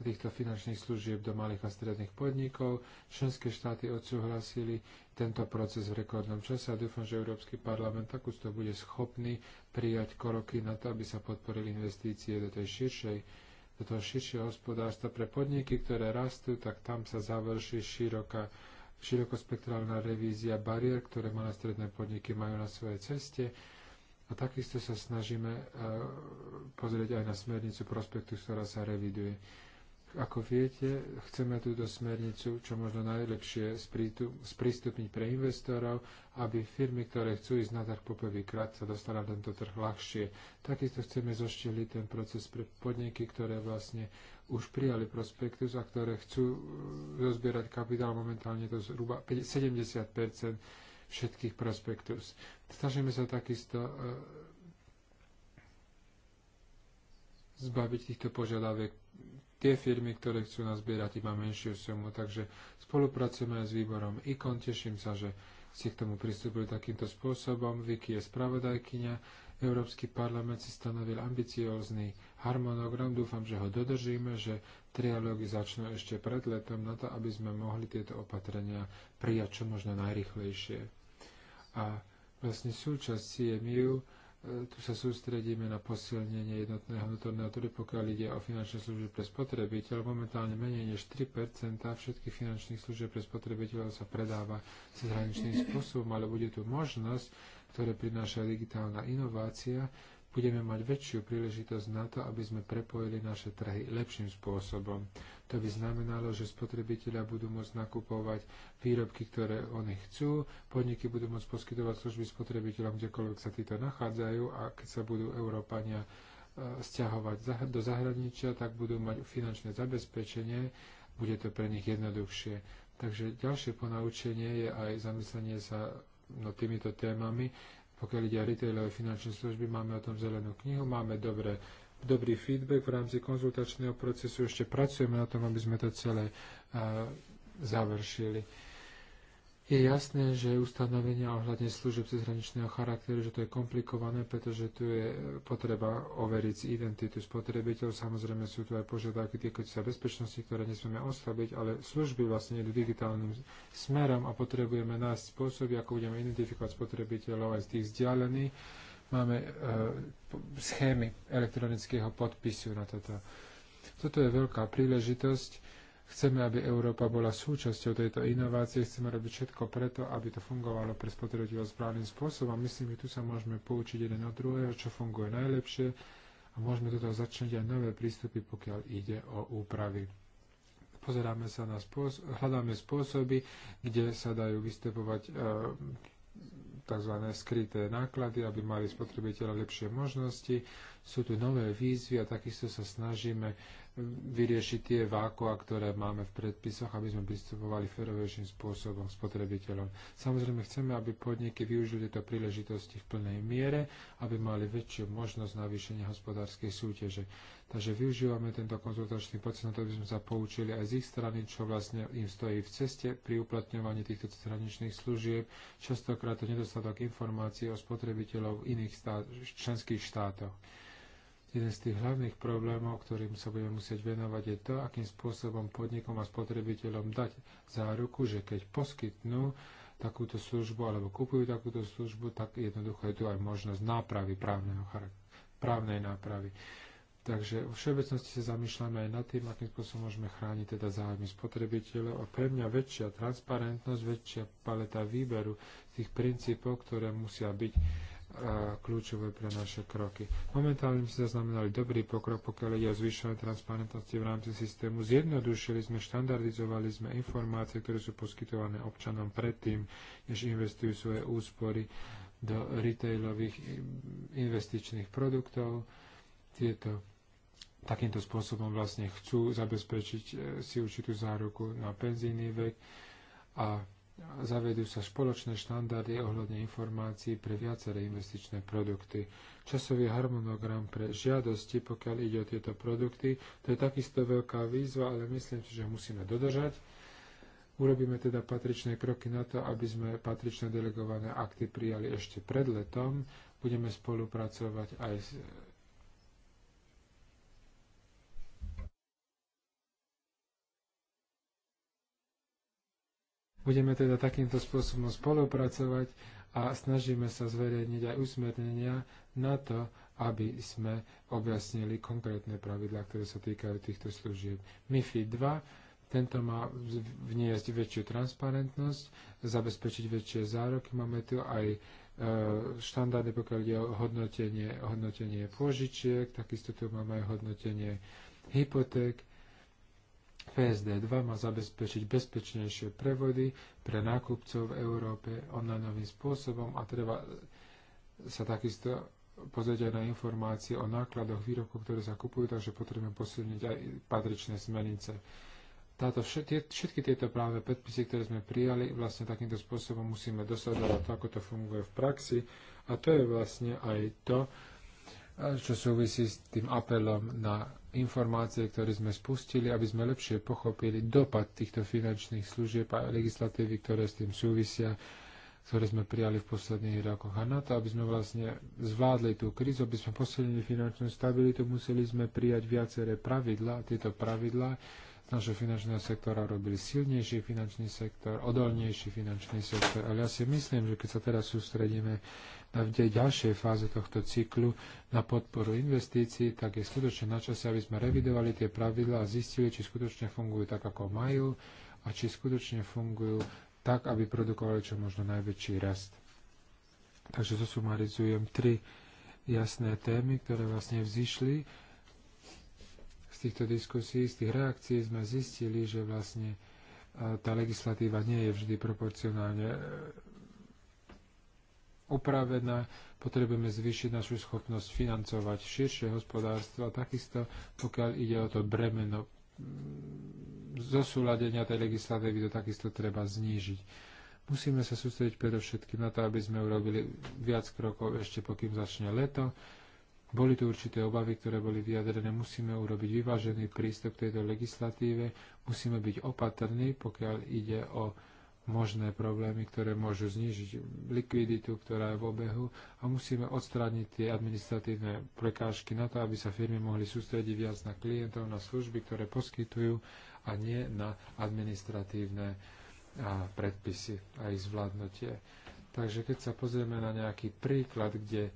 S3: týchto finančných služieb do malých a stredných podnikov. Členské štáty odsúhlasili tento proces v rekordnom čase a dúfam, že Európsky parlament takisto bude schopný prijať kroky na to, aby sa podporili investície do tej širšej do toho širšieho hospodárstva pre podniky, ktoré rastú, tak tam sa završí široká širokospektrálna revízia bariér, ktoré malé stredné podniky majú na svojej ceste. A takisto sa snažíme e, pozrieť aj na smernicu prospektu, ktorá sa reviduje. Ako viete, chceme túto smernicu čo možno najlepšie sprístupniť pre investorov, aby firmy, ktoré chcú ísť na trh poprvýkrát, sa dostali na tento trh ľahšie. Takisto chceme zoštiliť ten proces pre podniky, ktoré vlastne už prijali prospektus a ktoré chcú e, rozbierať kapitál. Momentálne to zhruba 70 všetkých prospektus. Snažíme sa takisto e, zbaviť týchto požiadaviek tie firmy, ktoré chcú nazbierať iba menšiu sumu. Takže spolupracujeme s výborom IKON. Teším sa, že si k tomu pristúpili takýmto spôsobom. Vicky je spravodajkyňa. Európsky parlament si stanovil ambiciózny harmonogram, dúfam, že ho dodržíme, že trialógy začnú ešte pred letom na to, aby sme mohli tieto opatrenia prijať čo možno najrychlejšie. A vlastne súčasť CMU, e, tu sa sústredíme na posilnenie jednotného vnútorného trhu, pokiaľ ide o finančné služby pre spotrebiteľ. Momentálne menej než 3 všetkých finančných služieb pre spotrebiteľov sa predáva zahraničným spôsobom, ale bude tu možnosť, ktoré prináša digitálna inovácia, budeme mať väčšiu príležitosť na to, aby sme prepojili naše trhy lepším spôsobom. To by znamenalo, že spotrebitelia budú môcť nakupovať výrobky, ktoré oni chcú, podniky budú môcť poskytovať služby spotrebiteľom, kdekoľvek sa títo nachádzajú a keď sa budú Európania stiahovať e, do zahraničia, tak budú mať finančné zabezpečenie, bude to pre nich jednoduchšie. Takže ďalšie ponaučenie je aj zamyslenie sa no, týmito témami pokiaľ ide o retailové finančné služby, máme o tom zelenú knihu, máme dobré, dobrý feedback v rámci konzultačného procesu, ešte pracujeme na tom, aby sme to celé uh, završili. Je jasné, že ustanovenia ohľadne služieb cezhraničného charakteru, že to je komplikované, pretože tu je potreba overiť identitu spotrebiteľov. Samozrejme sú tu aj požiadavky týkajúce sa bezpečnosti, ktoré nesmieme oslabiť, ale služby vlastne idú digitálnym smerom a potrebujeme nájsť spôsoby, ako budeme identifikovať spotrebiteľov aj z tých vzdialených. Máme e, schémy elektronického podpisu na toto. Toto je veľká príležitosť Chceme, aby Európa bola súčasťou tejto inovácie, chceme robiť všetko preto, aby to fungovalo pre spotrebiteľov správnym spôsobom. Myslím, že tu sa môžeme poučiť jeden od druhého, čo funguje najlepšie a môžeme do toho začať aj nové prístupy, pokiaľ ide o úpravy. Pozeráme sa na spôsob, hľadáme spôsoby, kde sa dajú vystupovať e, tzv. skryté náklady, aby mali spotrebiteľa lepšie možnosti sú tu nové výzvy a takisto sa snažíme vyriešiť tie vákoa, ktoré máme v predpisoch, aby sme pristupovali ferovejším spôsobom spotrebiteľom. Samozrejme, chceme, aby podniky využili tieto príležitosti v plnej miere, aby mali väčšiu možnosť navýšenia hospodárskej súťaže. Takže využívame tento konzultačný proces na to, aby sme sa poučili aj z ich strany, čo vlastne im stojí v ceste pri uplatňovaní týchto straničných služieb. Častokrát to nedostatok informácií o spotrebiteľov v iných štát, členských štátoch. Jeden z tých hlavných problémov, ktorým sa budeme musieť venovať, je to, akým spôsobom podnikom a spotrebiteľom dať záruku, že keď poskytnú takúto službu alebo kupujú takúto službu, tak jednoducho je tu aj možnosť nápravy právneho právnej nápravy. Takže v všeobecnosti sa zamýšľame aj nad tým, akým spôsobom môžeme chrániť teda záujmy spotrebiteľov a pre mňa väčšia transparentnosť, väčšia paleta výberu tých princípov, ktoré musia byť kľúčové pre naše kroky. Momentálne sme zaznamenali dobrý pokrok, pokiaľ ide o zvýšenie transparentnosti v rámci systému. Zjednodušili sme, štandardizovali sme informácie, ktoré sú poskytované občanom predtým, než investujú svoje úspory do retailových investičných produktov. Tieto takýmto spôsobom vlastne chcú zabezpečiť eh, si určitú záruku na penzíny vek a zavedú sa spoločné štandardy ohľadne informácií pre viaceré investičné produkty. Časový harmonogram pre žiadosti, pokiaľ ide o tieto produkty, to je takisto veľká výzva, ale myslím si, že musíme dodržať. Urobíme teda patričné kroky na to, aby sme patričné delegované akty prijali ešte pred letom. Budeme spolupracovať aj s Budeme teda takýmto spôsobom spolupracovať a snažíme sa zverejniť aj usmernenia na to, aby sme objasnili konkrétne pravidlá, ktoré sa týkajú týchto služieb. MIFI 2, tento má vniesť väčšiu transparentnosť, zabezpečiť väčšie zároky. Máme tu aj e, štandardy, pokiaľ ide o hodnotenie, hodnotenie pôžičiek, takisto tu máme aj hodnotenie hypoték PSD2 má zabezpečiť bezpečnejšie prevody pre nákupcov v Európe onlineovým spôsobom a treba sa takisto pozrieť aj na informácie o nákladoch výrobkov, ktoré sa kupujú, takže potrebujeme posilniť aj patričné smernice. Táto, všetky tieto práve predpisy, ktoré sme prijali, vlastne takýmto spôsobom musíme dosadovať to, ako to funguje v praxi. A to je vlastne aj to, čo súvisí s tým apelom na informácie, ktoré sme spustili, aby sme lepšie pochopili dopad týchto finančných služieb a legislatívy, ktoré s tým súvisia, ktoré sme prijali v posledných rokoch. A na to, aby sme vlastne zvládli tú krízu, aby sme posilnili finančnú stabilitu, museli sme prijať viaceré pravidla. Tieto pravidla nášho finančného sektora robili silnejší finančný sektor, odolnejší finančný sektor. Ale ja si myslím, že keď sa teraz sústredíme na v ďalšej fáze tohto cyklu na podporu investícií, tak je skutočne na čase, aby sme revidovali tie pravidla a zistili, či skutočne fungujú tak, ako majú a či skutočne fungujú tak, aby produkovali čo možno najväčší rast. Takže zosumarizujem tri jasné témy, ktoré vlastne vzýšli týchto diskusí, z tých reakcií sme zistili, že vlastne e, tá legislatíva nie je vždy proporcionálne e, upravená, potrebujeme zvýšiť našu schopnosť financovať širšie hospodárstvo a takisto, pokiaľ ide o to bremeno zosúladenia tej legislatívy, to takisto treba znížiť. Musíme sa sústrediť predovšetkým na to, aby sme urobili viac krokov ešte pokým začne leto, boli tu určité obavy, ktoré boli vyjadrené. Musíme urobiť vyvážený prístup k tejto legislatíve, musíme byť opatrní, pokiaľ ide o možné problémy, ktoré môžu znižiť likviditu, ktorá je v obehu a musíme odstrániť tie administratívne prekážky na to, aby sa firmy mohli sústrediť viac na klientov, na služby, ktoré poskytujú a nie na administratívne predpisy a ich zvládnutie. Takže keď sa pozrieme na nejaký príklad, kde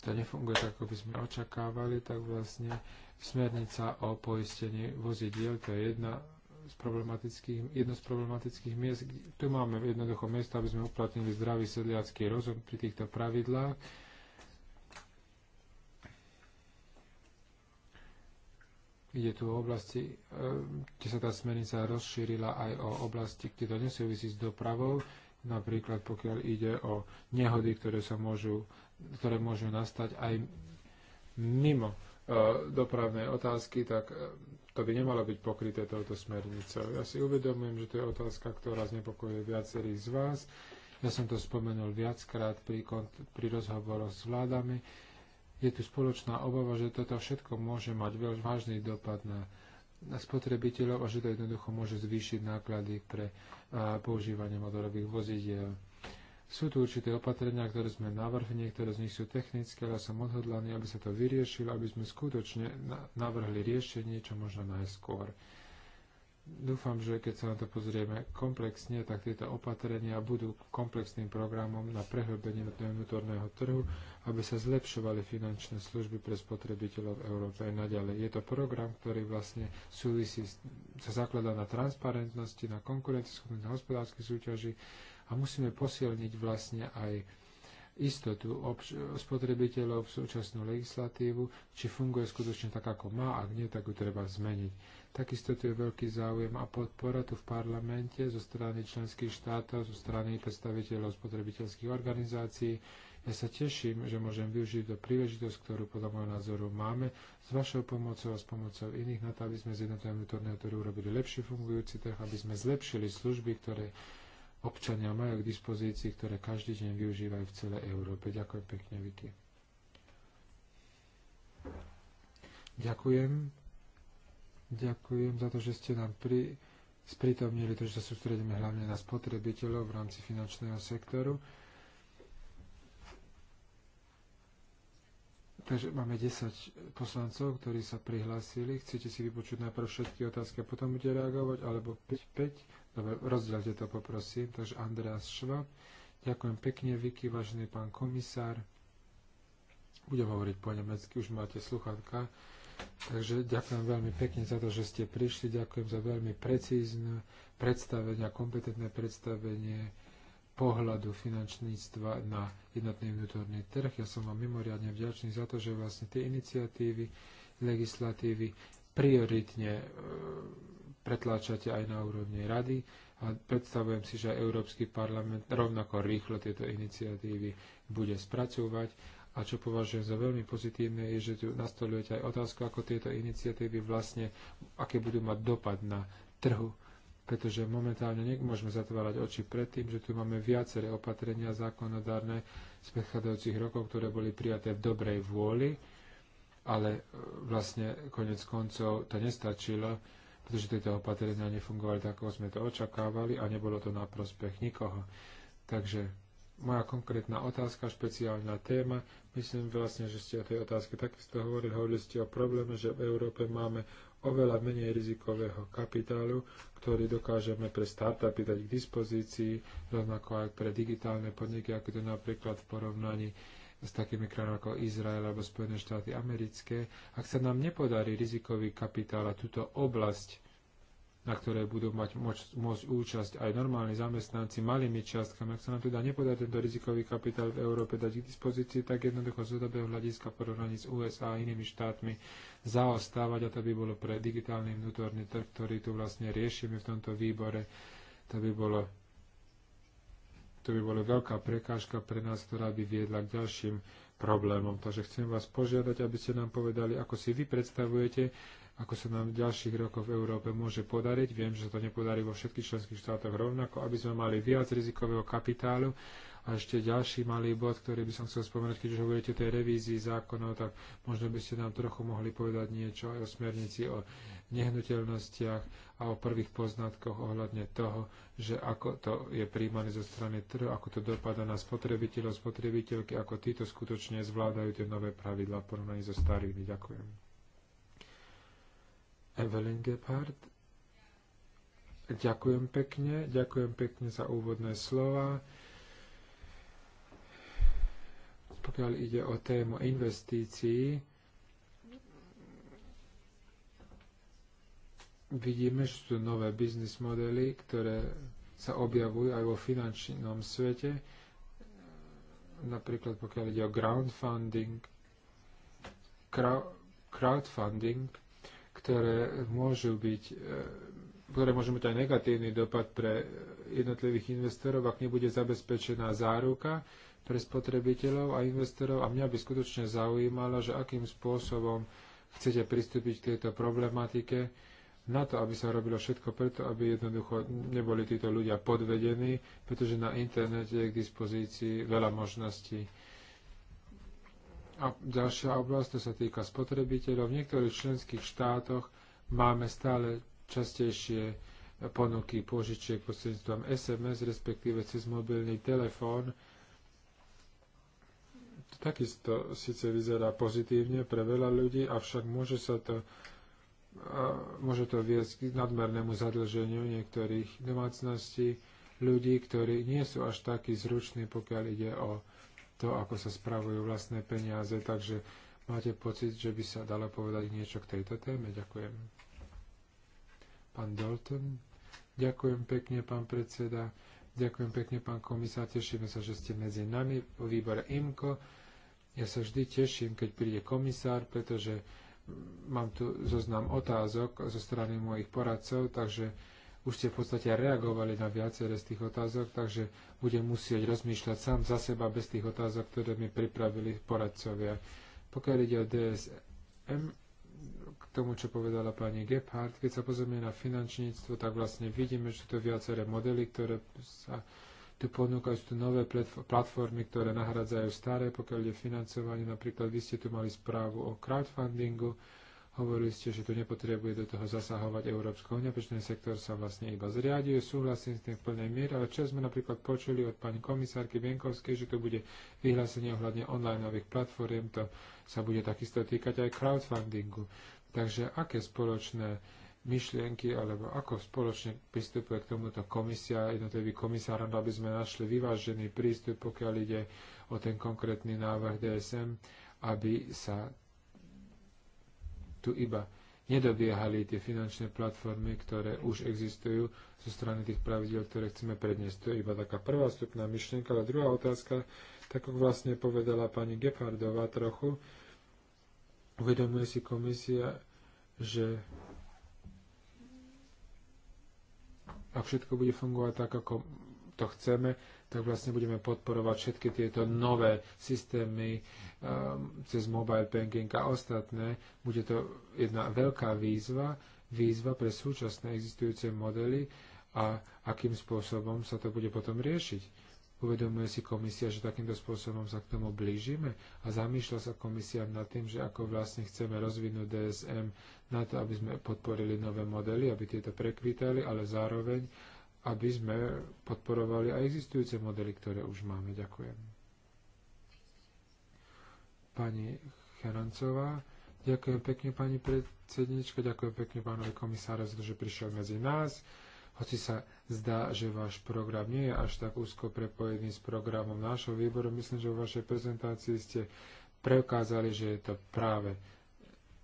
S3: to nefunguje tak, ako by sme očakávali, tak vlastne smernica o poistení vozidiel, to je jedna z problematických, jedno z problematických miest. Tu máme jednoducho miesto, aby sme uplatnili zdravý sedliacký rozum pri týchto pravidlách. Ide tu o oblasti, e, kde sa tá smernica rozšírila aj o oblasti, kde to nesúvisí s dopravou, napríklad pokiaľ ide o nehody, ktoré sa môžu ktoré môžu nastať aj mimo e, dopravnej otázky, tak e, to by nemalo byť pokryté touto smernicou. Ja si uvedomujem, že to je otázka, ktorá znepokojuje viacerých z vás. Ja som to spomenul viackrát pri, pri rozhovoroch s vládami. Je tu spoločná obava, že toto všetko môže mať veľmi vážny dopad na, na spotrebiteľov a že to jednoducho môže zvýšiť náklady pre a, e, používanie motorových vozidiel. Sú tu určité opatrenia, ktoré sme navrhli, niektoré z nich sú technické, ale som odhodlaný, aby sa to vyriešilo, aby sme skutočne navrhli riešenie čo možno najskôr. Dúfam, že keď sa na to pozrieme komplexne, tak tieto opatrenia budú komplexným programom na prehlbenie vnútorného trhu, aby sa zlepšovali finančné služby pre spotrebiteľov v Európe aj naďalej. Je to program, ktorý vlastne súvisí, sa zakladá na transparentnosti, na na hospodárskej súťaži a musíme posilniť vlastne aj istotu spotrebiteľov v súčasnú legislatívu, či funguje skutočne tak, ako má, ak nie, tak ju treba zmeniť. Takisto tu je veľký záujem a podpora tu v parlamente zo strany členských štátov, zo strany predstaviteľov spotrebiteľských organizácií. Ja sa teším, že môžem využiť tú príležitosť, ktorú podľa môjho názoru máme, s vašou pomocou a s pomocou iných na to, aby sme z jednotného vnútorného trhu urobili lepšie fungujúci trh, aby sme zlepšili služby, ktoré občania majú k dispozícii, ktoré každý deň využívajú v celej Európe. Ďakujem pekne, Vicky. Ďakujem. Ďakujem za to, že ste nám pri, sprítomnili to, že sa sústredíme hlavne na spotrebiteľov v rámci finančného sektoru. Takže máme 10 poslancov, ktorí sa prihlásili. Chcete si vypočuť najprv všetky otázky a potom bude reagovať, alebo 5, 5 Dobre, rozdielte to poprosím. Takže Andreas Švab. Ďakujem pekne, Vicky, vážený pán komisár. Budem hovoriť po nemecky, už máte sluchátka. Takže ďakujem veľmi pekne za to, že ste prišli. Ďakujem za veľmi precízne predstavenie kompetentné predstavenie pohľadu finančníctva na jednotný vnútorný trh. Ja som vám mimoriadne vďačný za to, že vlastne tie iniciatívy, legislatívy prioritne e, pretláčate aj na úrovni rady a predstavujem si, že Európsky parlament rovnako rýchlo tieto iniciatívy bude spracovať. A čo považujem za veľmi pozitívne, je, že tu nastolujete aj otázku, ako tieto iniciatívy vlastne, aké budú mať dopad na trhu pretože momentálne nemôžeme zatvárať oči pred tým, že tu máme viaceré opatrenia zákonodárne z predchádzajúcich rokov, ktoré boli prijaté v dobrej vôli, ale e, vlastne konec koncov to nestačilo pretože tieto opatrenia nefungovali tak, ako sme to očakávali a nebolo to na prospech nikoho. Takže moja konkrétna otázka, špeciálna téma, myslím vlastne, že ste o tej otázke takisto hovorili, hovorili ste o probléme, že v Európe máme oveľa menej rizikového kapitálu, ktorý dokážeme pre startupy dať k dispozícii, rovnako aj pre digitálne podniky, ako to napríklad v porovnaní s takými krajinami ako Izrael alebo Spojené štáty americké, ak sa nám nepodarí rizikový kapitál a túto oblasť, na ktorej budú mať moč, môcť účasť aj normálni zamestnanci malými čiastkami, ak sa nám teda nepodarí tento rizikový kapitál v Európe dať k dispozícii, tak jednoducho z dlhodobého hľadiska porovnaní s USA a inými štátmi zaostávať a to by bolo pre digitálny vnútorný trh, ktorý tu vlastne riešime v tomto výbore, to by bolo to by bola veľká prekážka pre nás, ktorá by viedla k ďalším problémom. Takže chcem vás požiadať, aby ste nám povedali, ako si vy predstavujete, ako sa nám v ďalších rokoch v Európe môže podariť. Viem, že sa to nepodarí vo všetkých členských štátoch rovnako, aby sme mali viac rizikového kapitálu, a ešte ďalší malý bod, ktorý by som chcel spomenúť, keď už hovoríte o tej revízii zákonov, tak možno by ste nám trochu mohli povedať niečo aj o smernici o nehnuteľnostiach a o prvých poznatkoch ohľadne toho, že ako to je príjmané zo strany trhu, ako to dopada na spotrebiteľov, spotrebiteľky, ako títo skutočne zvládajú tie nové pravidlá v porovnaní so starými. Ďakujem. Evelyn Gephardt. Ďakujem pekne, ďakujem pekne za úvodné slova. pokiaľ ide o tému investícií, vidíme, že sú nové biznis modely, ktoré sa objavujú aj vo finančnom svete, napríklad pokiaľ ide o groundfunding, crowdfunding, ktoré môžu byť e, ktoré môžu mať aj negatívny dopad pre jednotlivých investorov, ak nebude zabezpečená záruka, pre spotrebiteľov a investorov a mňa by skutočne zaujímalo, že akým spôsobom chcete pristúpiť k tejto problematike na to, aby sa robilo všetko preto, aby jednoducho neboli títo ľudia podvedení, pretože na internete je k dispozícii veľa možností. A ďalšia oblasť, to sa týka spotrebiteľov. V niektorých členských štátoch máme stále častejšie ponuky požičiek prostredníctvom SMS, respektíve cez mobilný telefón. To takisto síce vyzerá pozitívne pre veľa ľudí, avšak môže sa to môže to viesť k nadmernému zadlženiu niektorých domácností, ľudí, ktorí nie sú až takí zruční, pokiaľ ide o to, ako sa spravujú vlastné peniaze. Takže máte pocit, že by sa dalo povedať niečo k tejto téme? Ďakujem. Pán Dalton. Ďakujem pekne, pán predseda. Ďakujem pekne, pán komisár. Tešíme sa, že ste medzi nami vo výbore IMCO. Ja sa vždy teším, keď príde komisár, pretože mám tu zoznam otázok zo strany mojich poradcov, takže už ste v podstate reagovali na viaceré z tých otázok, takže budem musieť rozmýšľať sám za seba bez tých otázok, ktoré mi pripravili poradcovia. Pokiaľ ide o DSM, k tomu, čo povedala pani Gebhardt, keď sa pozrieme na finančníctvo, tak vlastne vidíme, že sú to viaceré modely, ktoré sa tu ponúkajú tu nové platformy, ktoré nahradzajú staré, pokiaľ je financovanie. Napríklad vy ste tu mali správu o crowdfundingu, hovorili ste, že tu nepotrebuje do toho zasahovať Európska únia, pretože sektor sa vlastne iba zriadiuje, súhlasím s tým v plnej miere, ale čo sme napríklad počuli od pani komisárky Vienkovskej, že tu bude vyhlásenie ohľadne onlineových platform, to sa bude takisto týkať aj crowdfundingu. Takže aké spoločné myšlienky, alebo ako spoločne pristupuje k tomuto komisia, jednotlivý komisár, aby sme našli vyvážený prístup, pokiaľ ide o ten konkrétny návrh DSM, aby sa tu iba nedobiehali tie finančné platformy, ktoré už existujú zo strany tých pravidel, ktoré chceme predniesť. To je iba taká prvá stupná myšlienka, ale druhá otázka, tak ako vlastne povedala pani Gepardová trochu, uvedomuje si komisia, že ak všetko bude fungovať tak, ako to chceme, tak vlastne budeme podporovať všetky tieto nové systémy um, cez mobile banking a ostatné. Bude to jedna veľká výzva, výzva pre súčasné existujúce modely a akým spôsobom sa to bude potom riešiť. Uvedomuje si komisia, že takýmto spôsobom sa k tomu blížime a zamýšľa sa komisia nad tým, že ako vlastne chceme rozvinúť DSM na to, aby sme podporili nové modely, aby tieto prekvítali, ale zároveň, aby sme podporovali aj existujúce modely, ktoré už máme. Ďakujem. Pani Cherancová, ďakujem pekne pani predsednička, ďakujem pekne pánovi za to, že prišiel medzi nás. Hoci sa zdá, že váš program nie je až tak úzko prepojený s programom nášho výboru, myslím, že vo vašej prezentácii ste preukázali, že je to práve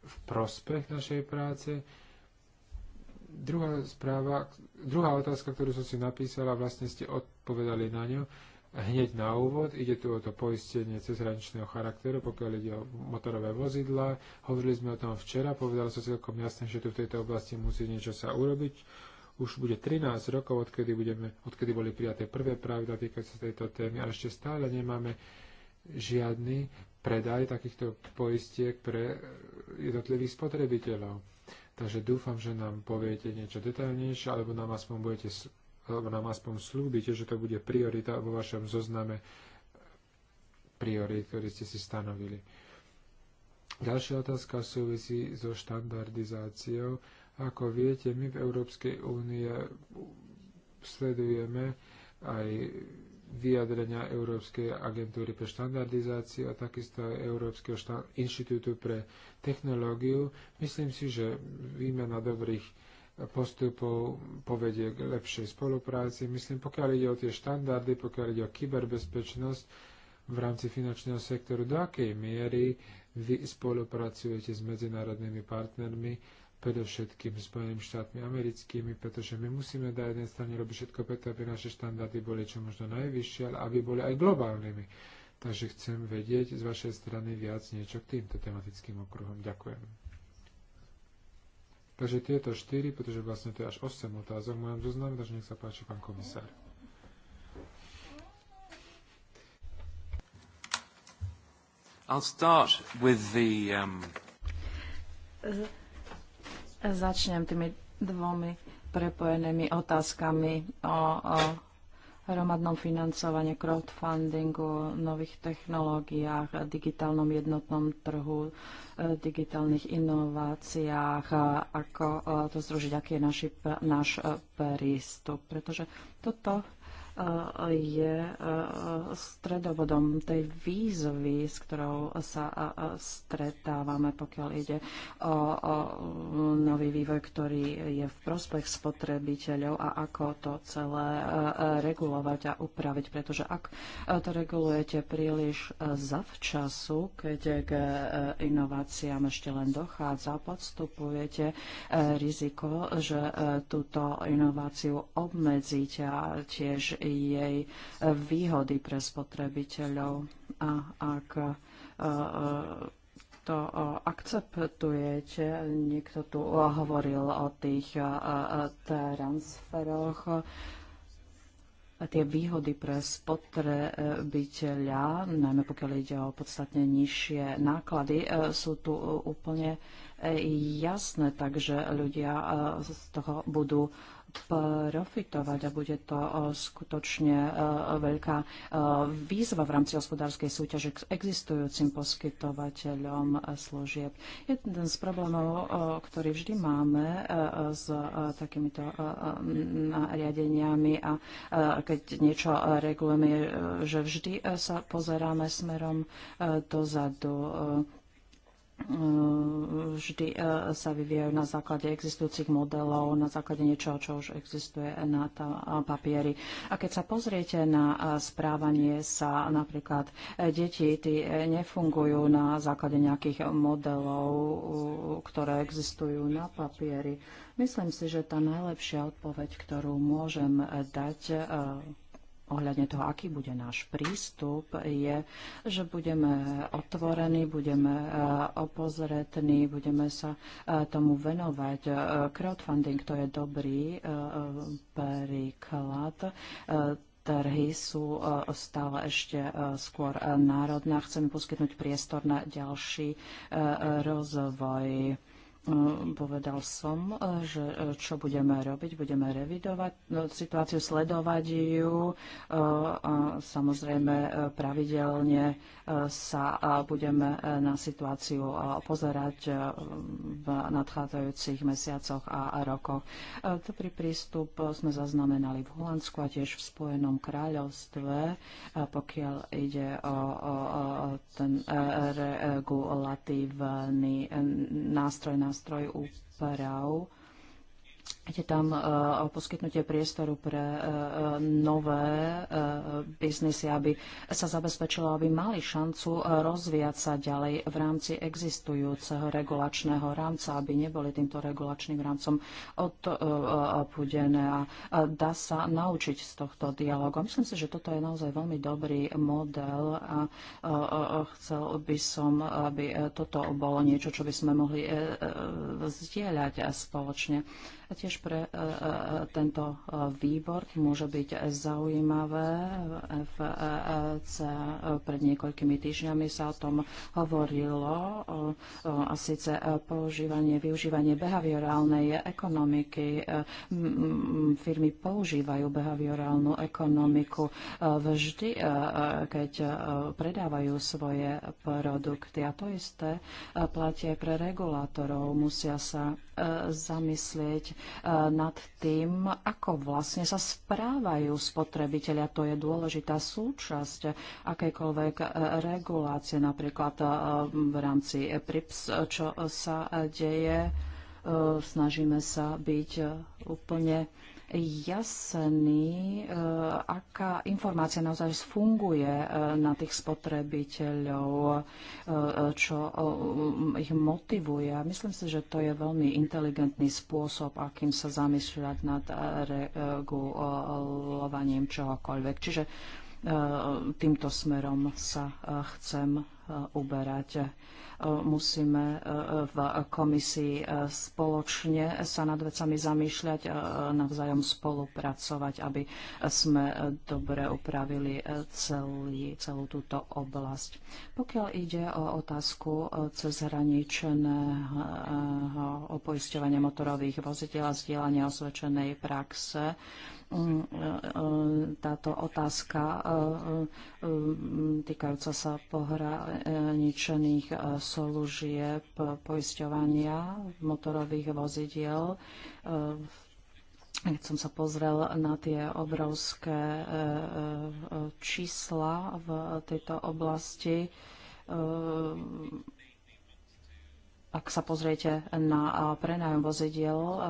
S3: v prospech našej práce. Druhá, správa, druhá otázka, ktorú som si napísala, vlastne ste odpovedali na ňu hneď na úvod. Ide tu o to poistenie cezhraničného charakteru, pokiaľ ide o motorové vozidla. Hovorili sme o tom včera, som si celkom jasne, že tu v tejto oblasti musí niečo sa urobiť už bude 13 rokov, odkedy, budeme, odkedy boli prijaté prvé pravidla týkajúce sa tejto témy a ešte stále nemáme žiadny predaj takýchto poistiek pre jednotlivých spotrebiteľov. Takže dúfam, že nám poviete niečo detaľnejšie, alebo nám aspoň budete alebo nám aspoň slúbite, že to bude priorita vo vašom zozname priorit, ktorý ste si stanovili. Ďalšia otázka súvisí so štandardizáciou ako viete, my v Európskej únie sledujeme aj vyjadrenia Európskej agentúry pre štandardizáciu a takisto aj Európskeho šta- inštitútu pre technológiu. Myslím si, že výmena dobrých postupov povedie k lepšej spolupráci. Myslím, pokiaľ ide o tie štandardy, pokiaľ ide o kyberbezpečnosť v rámci finančného sektoru, do akej miery vy spolupracujete s medzinárodnými partnermi predovšetkým Spojenými štátmi americkými, pretože my musíme na jednej strane robiť všetko preto, aby naše štandardy boli čo možno najvyššie, ale aby boli aj globálnymi. Takže chcem vedieť z vašej strany viac niečo k týmto tematickým okruhom. Ďakujem. Takže tieto štyri, pretože vlastne to je až 8 otázok v mojom zozname, takže nech sa páči, pán komisár. I'll start with the um...
S5: Eh, Začnem tými dvomi prepojenými otázkami o, o hromadnom financovaní, crowdfundingu, nových technológiách, digitálnom jednotnom trhu, e, digitálnych inováciách, ako e, to združiť, aký je naši, náš e, prístup. Pretože toto je stredobodom tej výzvy, s ktorou sa stretávame, pokiaľ ide o, o nový vývoj, ktorý je v prospech spotrebiteľov a ako to celé regulovať a upraviť. Pretože ak to regulujete príliš zavčasu, keď k inováciám ešte len dochádza, podstupujete riziko, že túto inováciu obmedzíte a tiež jej výhody pre spotrebiteľov. A ak e, e, to akceptujete. Niekto tu hovoril o tých e, transferoch. Tie výhody pre spotrebiteľa, najmä pokiaľ ide o podstatne nižšie náklady, sú tu úplne jasné, takže ľudia z toho budú profitovať a bude to e, skutočne e, veľká e, výzva v rámci hospodárskej súťaže k existujúcim poskytovateľom služieb. Jeden z problémov, ktorý vždy máme s takýmito nariadeniami a keď niečo regulujeme, je, že vždy sa pozeráme smerom dozadu Eh, vždy eh, sa vyvíjajú na základe existujúcich modelov, na základe niečoho, čo už existuje na papieri. A keď sa pozriete na eh, správanie sa napríklad detí, tí nefungujú na základe nejakých modelov, ktoré existujú na papieri. Myslím si, že tá najlepšia odpoveď, ktorú môžem dať ohľadne toho, aký bude náš prístup, je, že budeme otvorení, budeme eh, opozretní, budeme sa eh, tomu venovať. Eh, crowdfunding to je dobrý príklad trhy sú stále ešte skôr národné a chceme poskytnúť priestor na ďalší rozvoj. Mm, povedal som, eh, že eh, čo budeme robiť, budeme revidovať no, situáciu, sledovať ju. Eh, a samozrejme, pravidelne sa budeme na situáciu pozerať v nadchádzajúcich mesiacoch a rokoch. Dobrý prístup sme zaznamenali v Holandsku a tiež v Spojenom kráľovstve, pokiaľ ide o, ten regulatívny nástroj na nástroj úprav je tam e, poskytnutie priestoru pre e, e, nové biznisy, aby sa zabezpečilo, aby mali šancu rozvíjať sa ďalej v rámci existujúceho regulačného rámca, aby neboli týmto regulačným rámcom odpudené. A dá sa naučiť z tohto dialogu. Myslím si, že toto je naozaj veľmi dobrý model a chcel by som, aby toto bolo niečo, čo by sme mohli zdieľať spoločne. A tiež pre e, e, e, tento výbor môže byť zaujímavé. FEC pred niekoľkými týždňami sa o tom hovorilo, a síce používanie, využívanie behaviorálnej ekonomiky. Firmy používajú behaviorálnu ekonomiku vždy, keď predávajú svoje produkty. A to isté platie pre regulátorov. Musia sa zamyslieť Eh, nad tým, ako vlastne sa správajú spotrebitelia. To je dôležitá súčasť akejkoľvek eh, regulácie, napríklad eh, v rámci PRIPS, čo sa deje. Snažíme sa byť úplne jasný, eh, aká informácia naozaj funguje eh, na tých spotrebiteľov, eh, čo ich motivuje. Myslím si, že to je veľmi inteligentný spôsob, akým sa zamýšľať nad regulovaním čohokoľvek. Čiže týmto smerom sa chcem uberať musíme e, v komisii e, spoločne sa nad vecami zamýšľať, e, navzájom spolupracovať, aby sme dobre upravili celý, celú túto oblasť. Pokiaľ ide o otázku cezhraničného opoisťovania motorových vozidel a zdieľania osvedčenej praxe, Mm, e, e, táto otázka e, týkajúca sa pohraničených služieb poisťovania motorových vozidiel keď som sa pozrel na tie obrovské čísla v tejto oblasti, ak sa pozriete na prenájom vozidiel e, e,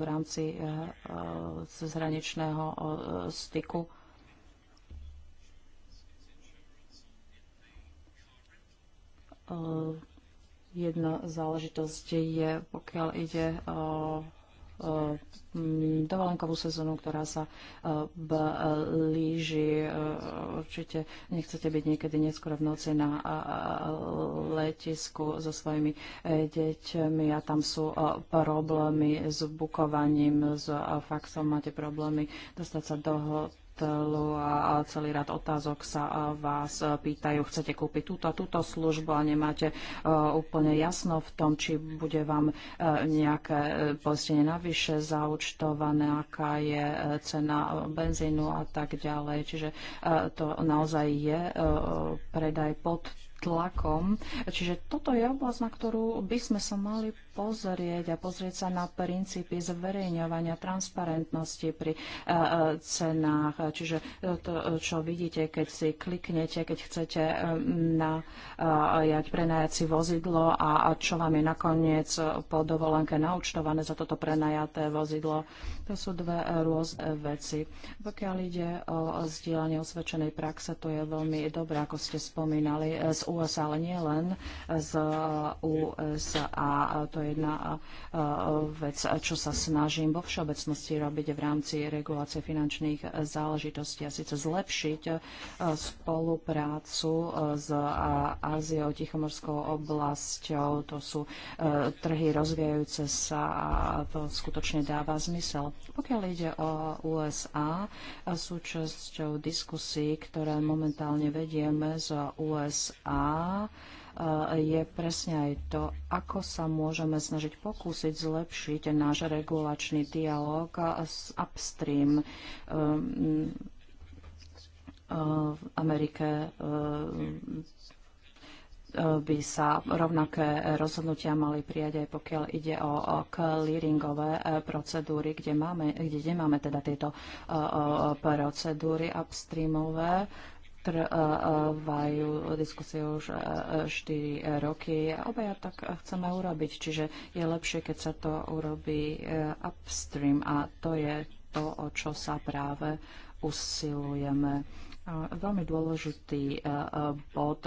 S5: v rámci e, cezhraničného styku, jedna záležitosť je, pokiaľ ide o Eh, dovolenkovú sezónu, ktorá sa eh, blíži. Eh, určite nechcete byť niekedy neskoro v noci na letisku so svojimi deťmi a tam sú problémy s bukovaním, s faxom, máte problémy dostať sa do hotelu poskytovateľu a celý rad otázok sa vás e, pýtajú, chcete kúpiť túto a túto službu a nemáte e, úplne jasno v tom, či bude vám e, nejaké poistenie navyše zaučtované, aká je cena benzínu a tak ďalej. Čiže to naozaj je predaj pod tlakom. Čiže toto je oblasť, na ktorú by sme sa mali pozrieť a pozrieť sa na princípy zverejňovania transparentnosti pri e, e, cenách. Čiže e, to, čo vidíte, keď si kliknete, keď chcete najať, prenajať si vozidlo a čo vám je nakoniec po dovolenke naučtované za toto prenajaté vozidlo. To sú dve rôzne veci. Pokiaľ ide o zdieľanie osvedčenej praxe, to je veľmi dobré, ako ste spomínali, z USA, ale nie len z USA. To je jedna e, vec, čo sa snažím vo všeobecnosti robiť v rámci regulácie finančných záležitostí a síce zlepšiť e, spoluprácu e, s Áziou, Tichomorskou oblasťou. To sú trhy rozvíjajúce sa a to skutočne dáva zmysel. Pokiaľ ide o USA, súčasťou diskusí, ktoré momentálne vedieme z USA, téma je presne aj to, ako sa môžeme snažiť pokúsiť zlepšiť náš regulačný dialog s upstream ehm, ehm, v Amerike
S4: ehm,
S5: by sa rovnaké rozhodnutia mali prijať aj pokiaľ ide o, clearingové e, procedúry, kde máme, kde nemáme teda tieto e, e, procedúry upstreamové trvajú diskusie už 4 e, e, roky. Obaja tak chceme urobiť, čiže je lepšie, keď sa to urobí e, upstream a to je to, o čo sa práve usilujeme. Veľmi dôležitý bod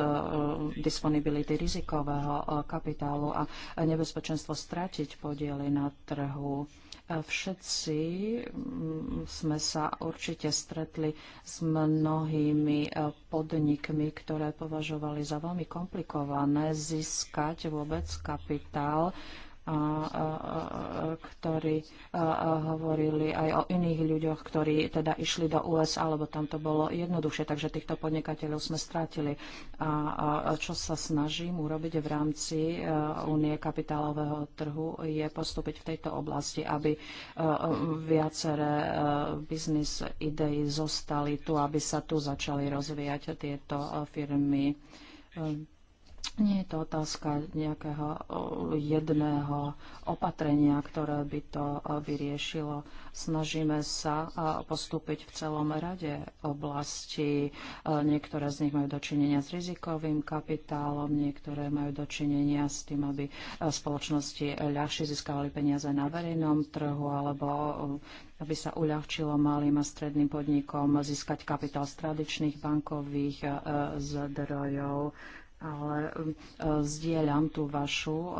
S5: disponibility rizikového kapitálu a nebezpečenstvo stratiť podiely na trhu Všetci mm, sme sa určite stretli s mnohými e, podnikmi, ktoré považovali za veľmi komplikované získať vôbec kapitál ktorí hovorili aj o iných ľuďoch, ktorí teda išli do USA, alebo tam to bolo jednoduchšie, takže týchto podnikateľov sme strátili. A čo sa snažím urobiť v rámci Únie e, kapitálového trhu je postúpiť v tejto oblasti, aby e, viaceré e, biznis idei zostali tu, aby sa tu začali rozvíjať tieto firmy. Nie je to otázka nejakého jedného opatrenia, ktoré by to vyriešilo. Snažíme sa postúpiť v celom rade oblasti. Niektoré z nich majú dočinenia s rizikovým kapitálom, niektoré majú dočinenia s tým, aby spoločnosti ľahšie získavali peniaze na verejnom trhu alebo aby sa uľahčilo malým a stredným podnikom získať kapitál z tradičných bankových zdrojov ale um, e, zdieľam tú vašu e,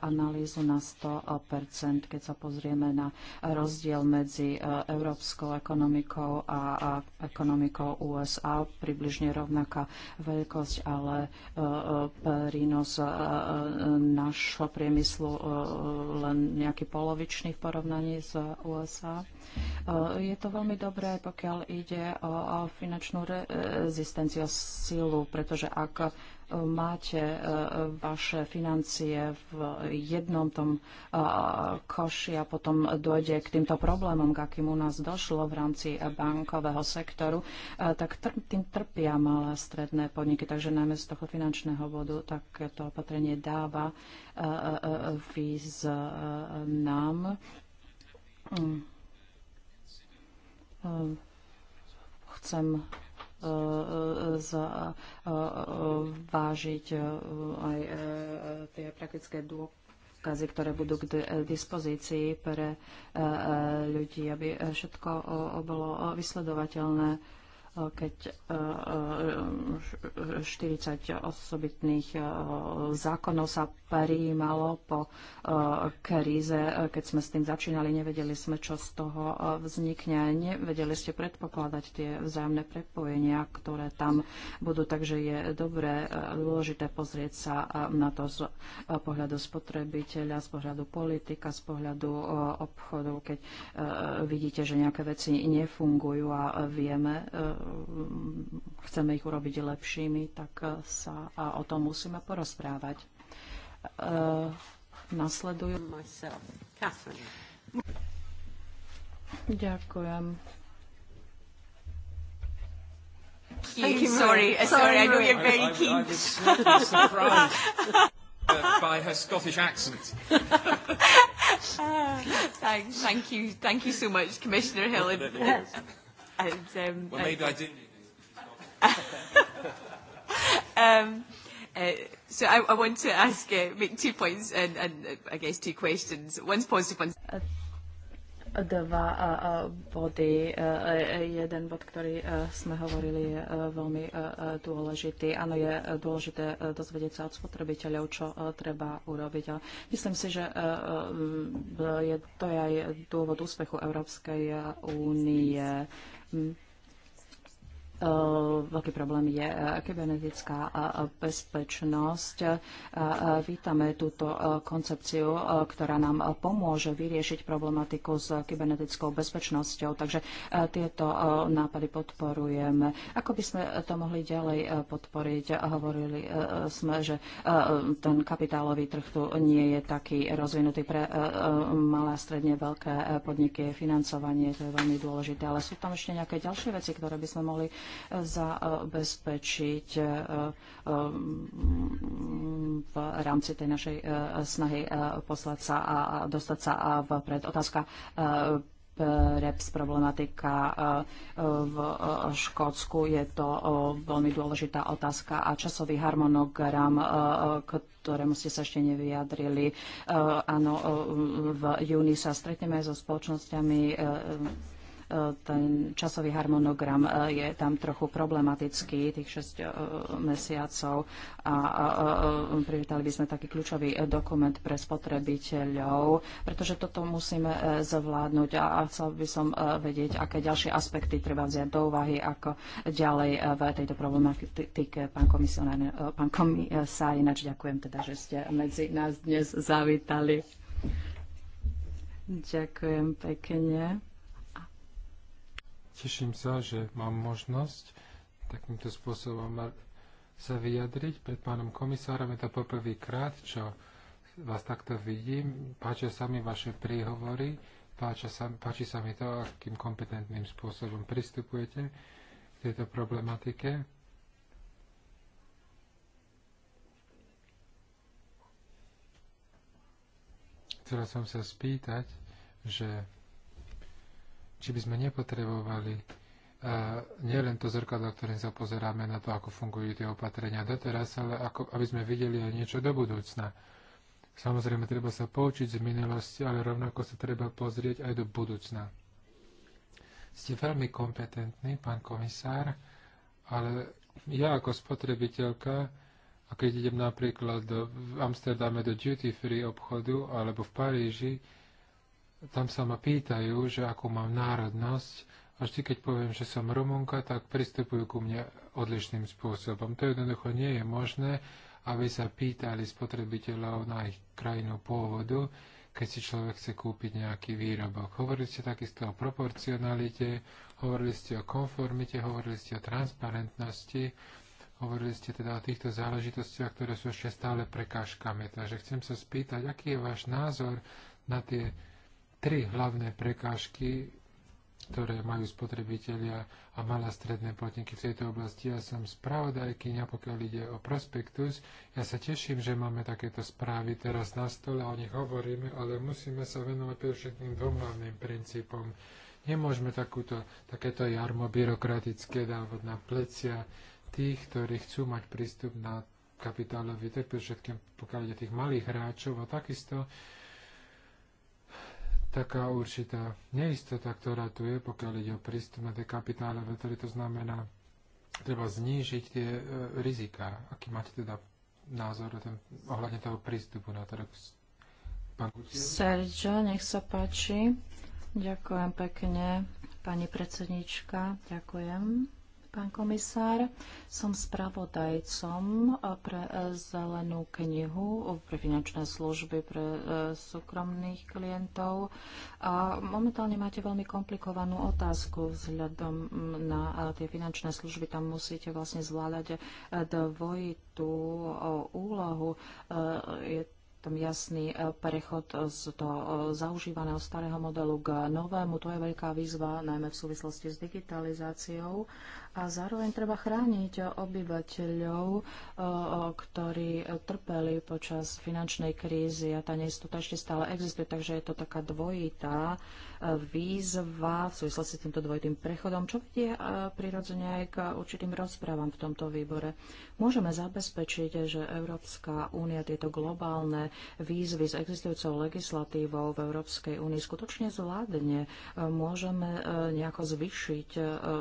S5: analýzu na 100%, e, keď sa pozrieme na rozdiel medzi európskou ekonomikou a ekonomikou USA, približne rovnaká veľkosť, ale prínos našho priemyslu len nejaký polovičný v porovnaní s USA. Je to veľmi dobré, pokiaľ ide o finančnú rezistenciu, silu, pretože ak máte e, vaše financie v jednom tom e, koši a potom dojde k týmto problémom, k akým u nás došlo v rámci bankového sektoru, e, tak tým trpia malé stredné podniky. Takže najmä z toho finančného bodu takéto opatrenie dáva víz nám mm. chcem zvážiť e, e, e, aj tie praktické dôkazy ktoré budú k dispozícii pre ľudí, aby všetko bolo vysledovateľné keď 40 e, e, osobitných e, zákonov sa prijímalo po kríze. Keď sme s tým začínali, nevedeli sme, čo z toho vznikne. Nevedeli ste predpokladať tie vzájomné prepojenia, ktoré tam budú. Takže je dobré, dôležité pozrieť sa na to z pohľadu spotrebiteľa, z pohľadu politika, z pohľadu obchodu, keď vidíte, že nejaké veci nefungujú a vieme, chceme ich urobiť lepšími, tak sa o tom musíme porozprávať. E, nasledujú. Ďakujem.
S4: Thank you. Sorry, uh, sorry, I know you're very keen. I, I uh, by her Scottish accent. Ah, thank, thank you, thank you so much, Commissioner Hill and, um, well, maybe uh, I do um, uh, so I, I want to ask, uh, make two points and, and uh, I guess two questions. One's positive, one's... Uh,
S5: Dva uh, uh, body. Uh, jeden bod, ktorý sme hovorili, je veľmi dôležitý. Áno, je dôležité dozvedieť sa od spotrebiteľov, čo treba urobiť. Myslím si, že je, to je aj dôvod úspechu Európskej únie Mm. Eh, veľký problém je eh, kybernetická eh, bezpečnosť. Vítame túto koncepciu, ktorá nám pomôže vyriešiť problematiku s kybernetickou bezpečnosťou. Takže tieto nápady podporujeme. Ako by sme to mohli ďalej podporiť? Hovorili sme, že ten kapitálový trh tu nie je taký rozvinutý pre malé a stredne veľké podniky. Financovanie to je veľmi dôležité, ale sú tam ešte nejaké ďalšie veci, ktoré by sme mohli zabezpečiť eh, eh, v rámci tej našej eh, snahy poslať sa a dostať sa a vpred. Otázka reps problematika v Škótsku. Je to veľmi dôležitá otázka a časový harmonogram, ktorému ste sa ešte nevyjadrili. Áno, v júni sa stretneme so spoločnosťami ten časový harmonogram e, je tam trochu problematický, tých 6 e, mesiacov a e, privítali by sme taký kľúčový dokument pre spotrebiteľov, pretože toto musíme zvládnuť a chcel by som vedieť, aké ďalšie aspekty treba vziať do úvahy, ako ďalej v tejto problematike. Pán komisár, pán komisár ináč ďakujem teda, že ste medzi nás dnes zavítali. Ďakujem pekne.
S3: Teším sa, že mám možnosť takýmto spôsobom sa vyjadriť pred pánom komisárom. Je to poprvýkrát, čo vás takto vidím. Páčia sa mi vaše príhovory, páči sa, páči sa mi to, akým kompetentným spôsobom pristupujete k tejto problematike. Chcela som sa spýtať, že či by sme nepotrebovali uh, nielen to zrkadlo, ktorým sa pozeráme na to, ako fungujú tie opatrenia doteraz, ale ako, aby sme videli aj niečo do budúcna. Samozrejme, treba sa poučiť z minulosti, ale rovnako sa treba pozrieť aj do budúcna. Ste veľmi kompetentní, pán komisár, ale ja ako spotrebiteľka, a keď idem napríklad do, v Amsterdame do duty free obchodu alebo v Paríži, tam sa ma pýtajú, že akú mám národnosť a vždy, keď poviem, že som Rumunka, tak pristupujú ku mne odlišným spôsobom. To jednoducho nie je možné, aby sa pýtali spotrebiteľov na ich krajinu pôvodu, keď si človek chce kúpiť nejaký výrobok. Hovorili ste takisto o proporcionalite, hovorili ste o konformite, hovorili ste o transparentnosti, hovorili ste teda o týchto záležitostiach, ktoré sú ešte stále prekážkami. Takže chcem sa spýtať, aký je váš názor na tie tri hlavné prekážky, ktoré majú spotrebitelia a malé stredné podniky v tejto oblasti. Ja som spravodajkyňa, pokiaľ ide o prospektus. Ja sa teším, že máme takéto správy teraz na stole o nich hovoríme, ale musíme sa venovať všetkým dvom hlavným princípom. Nemôžeme takúto, takéto jarmo byrokratické dávať na plecia tých, ktorí chcú mať prístup na kapitálový trh, všetkým, pokiaľ ide tých malých hráčov a takisto taká určitá neistota, ktorá tu je, pokiaľ ide o prístup na tie kapitále, ktoré to znamená, treba znížiť tie e, rizika. Aký máte teda názor ten, ohľadne toho prístupu na trh? Sergio,
S5: nech sa páči. Ďakujem pekne, pani predsednička. Ďakujem. Pán komisár, som spravodajcom eh, pre eh, zelenú knihu eh, pre finančné služby pre súkromných klientov. A momentálne máte veľmi komplikovanú otázku vzhľadom na tie finančné služby. Tam musíte vlastne zvládať dvojitú úlohu. Je tam jasný e, prechod z toho e, zaužívaného starého modelu k novému. To je veľká výzva, najmä v súvislosti s digitalizáciou. A zároveň treba chrániť obyvateľov, e, ktorí trpeli počas finančnej krízy a tá neistota ešte stále existuje, takže je to taká dvojitá výzva v súvislosti s týmto dvojitým prechodom, čo vedie e, prirodzene aj k určitým rozprávam v tomto výbore. Môžeme zabezpečiť, že Európska únia tieto globálne výzvy s existujúcou legislatívou v Európskej únii skutočne zvládne. E, môžeme e, nejako zvyšiť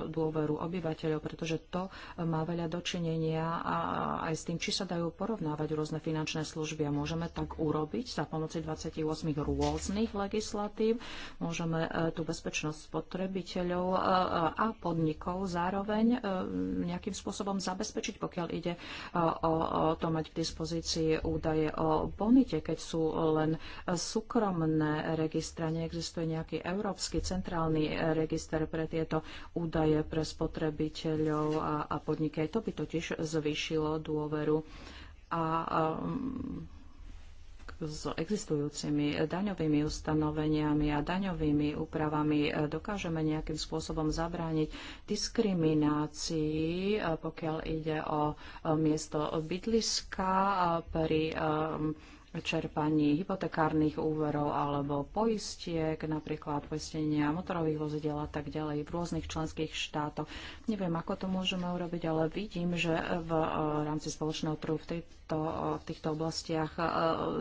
S5: dôveru obyvateľov, pretože to má veľa dočinenia aj s tým, či sa dajú porovnávať rôzne finančné služby a môžeme tak urobiť za pomoci 28 rôznych legislatív. Môžeme prinášame e, tú bezpečnosť spotrebiteľov e, e, a podnikov zároveň nejakým spôsobom zabezpečiť, pokiaľ ide o to mať k dispozícii údaje o bonite, keď sú len súkromné registra, neexistuje nejaký európsky centrálny register pre tieto údaje pre spotrebiteľov a podniky. To by totiž zvýšilo dôveru a s existujúcimi daňovými ustanoveniami a daňovými úpravami e, dokážeme nejakým spôsobom zabrániť diskriminácii, e, pokiaľ ide o e, miesto bydliska pri čerpaní hypotekárnych úverov alebo poistiek, napríklad poistenia motorových vozidiel a tak ďalej v rôznych členských štátoch. Neviem, ako to môžeme urobiť, ale vidím, že v rámci spoločného trhu v tej týchto, týchto oblastiach e,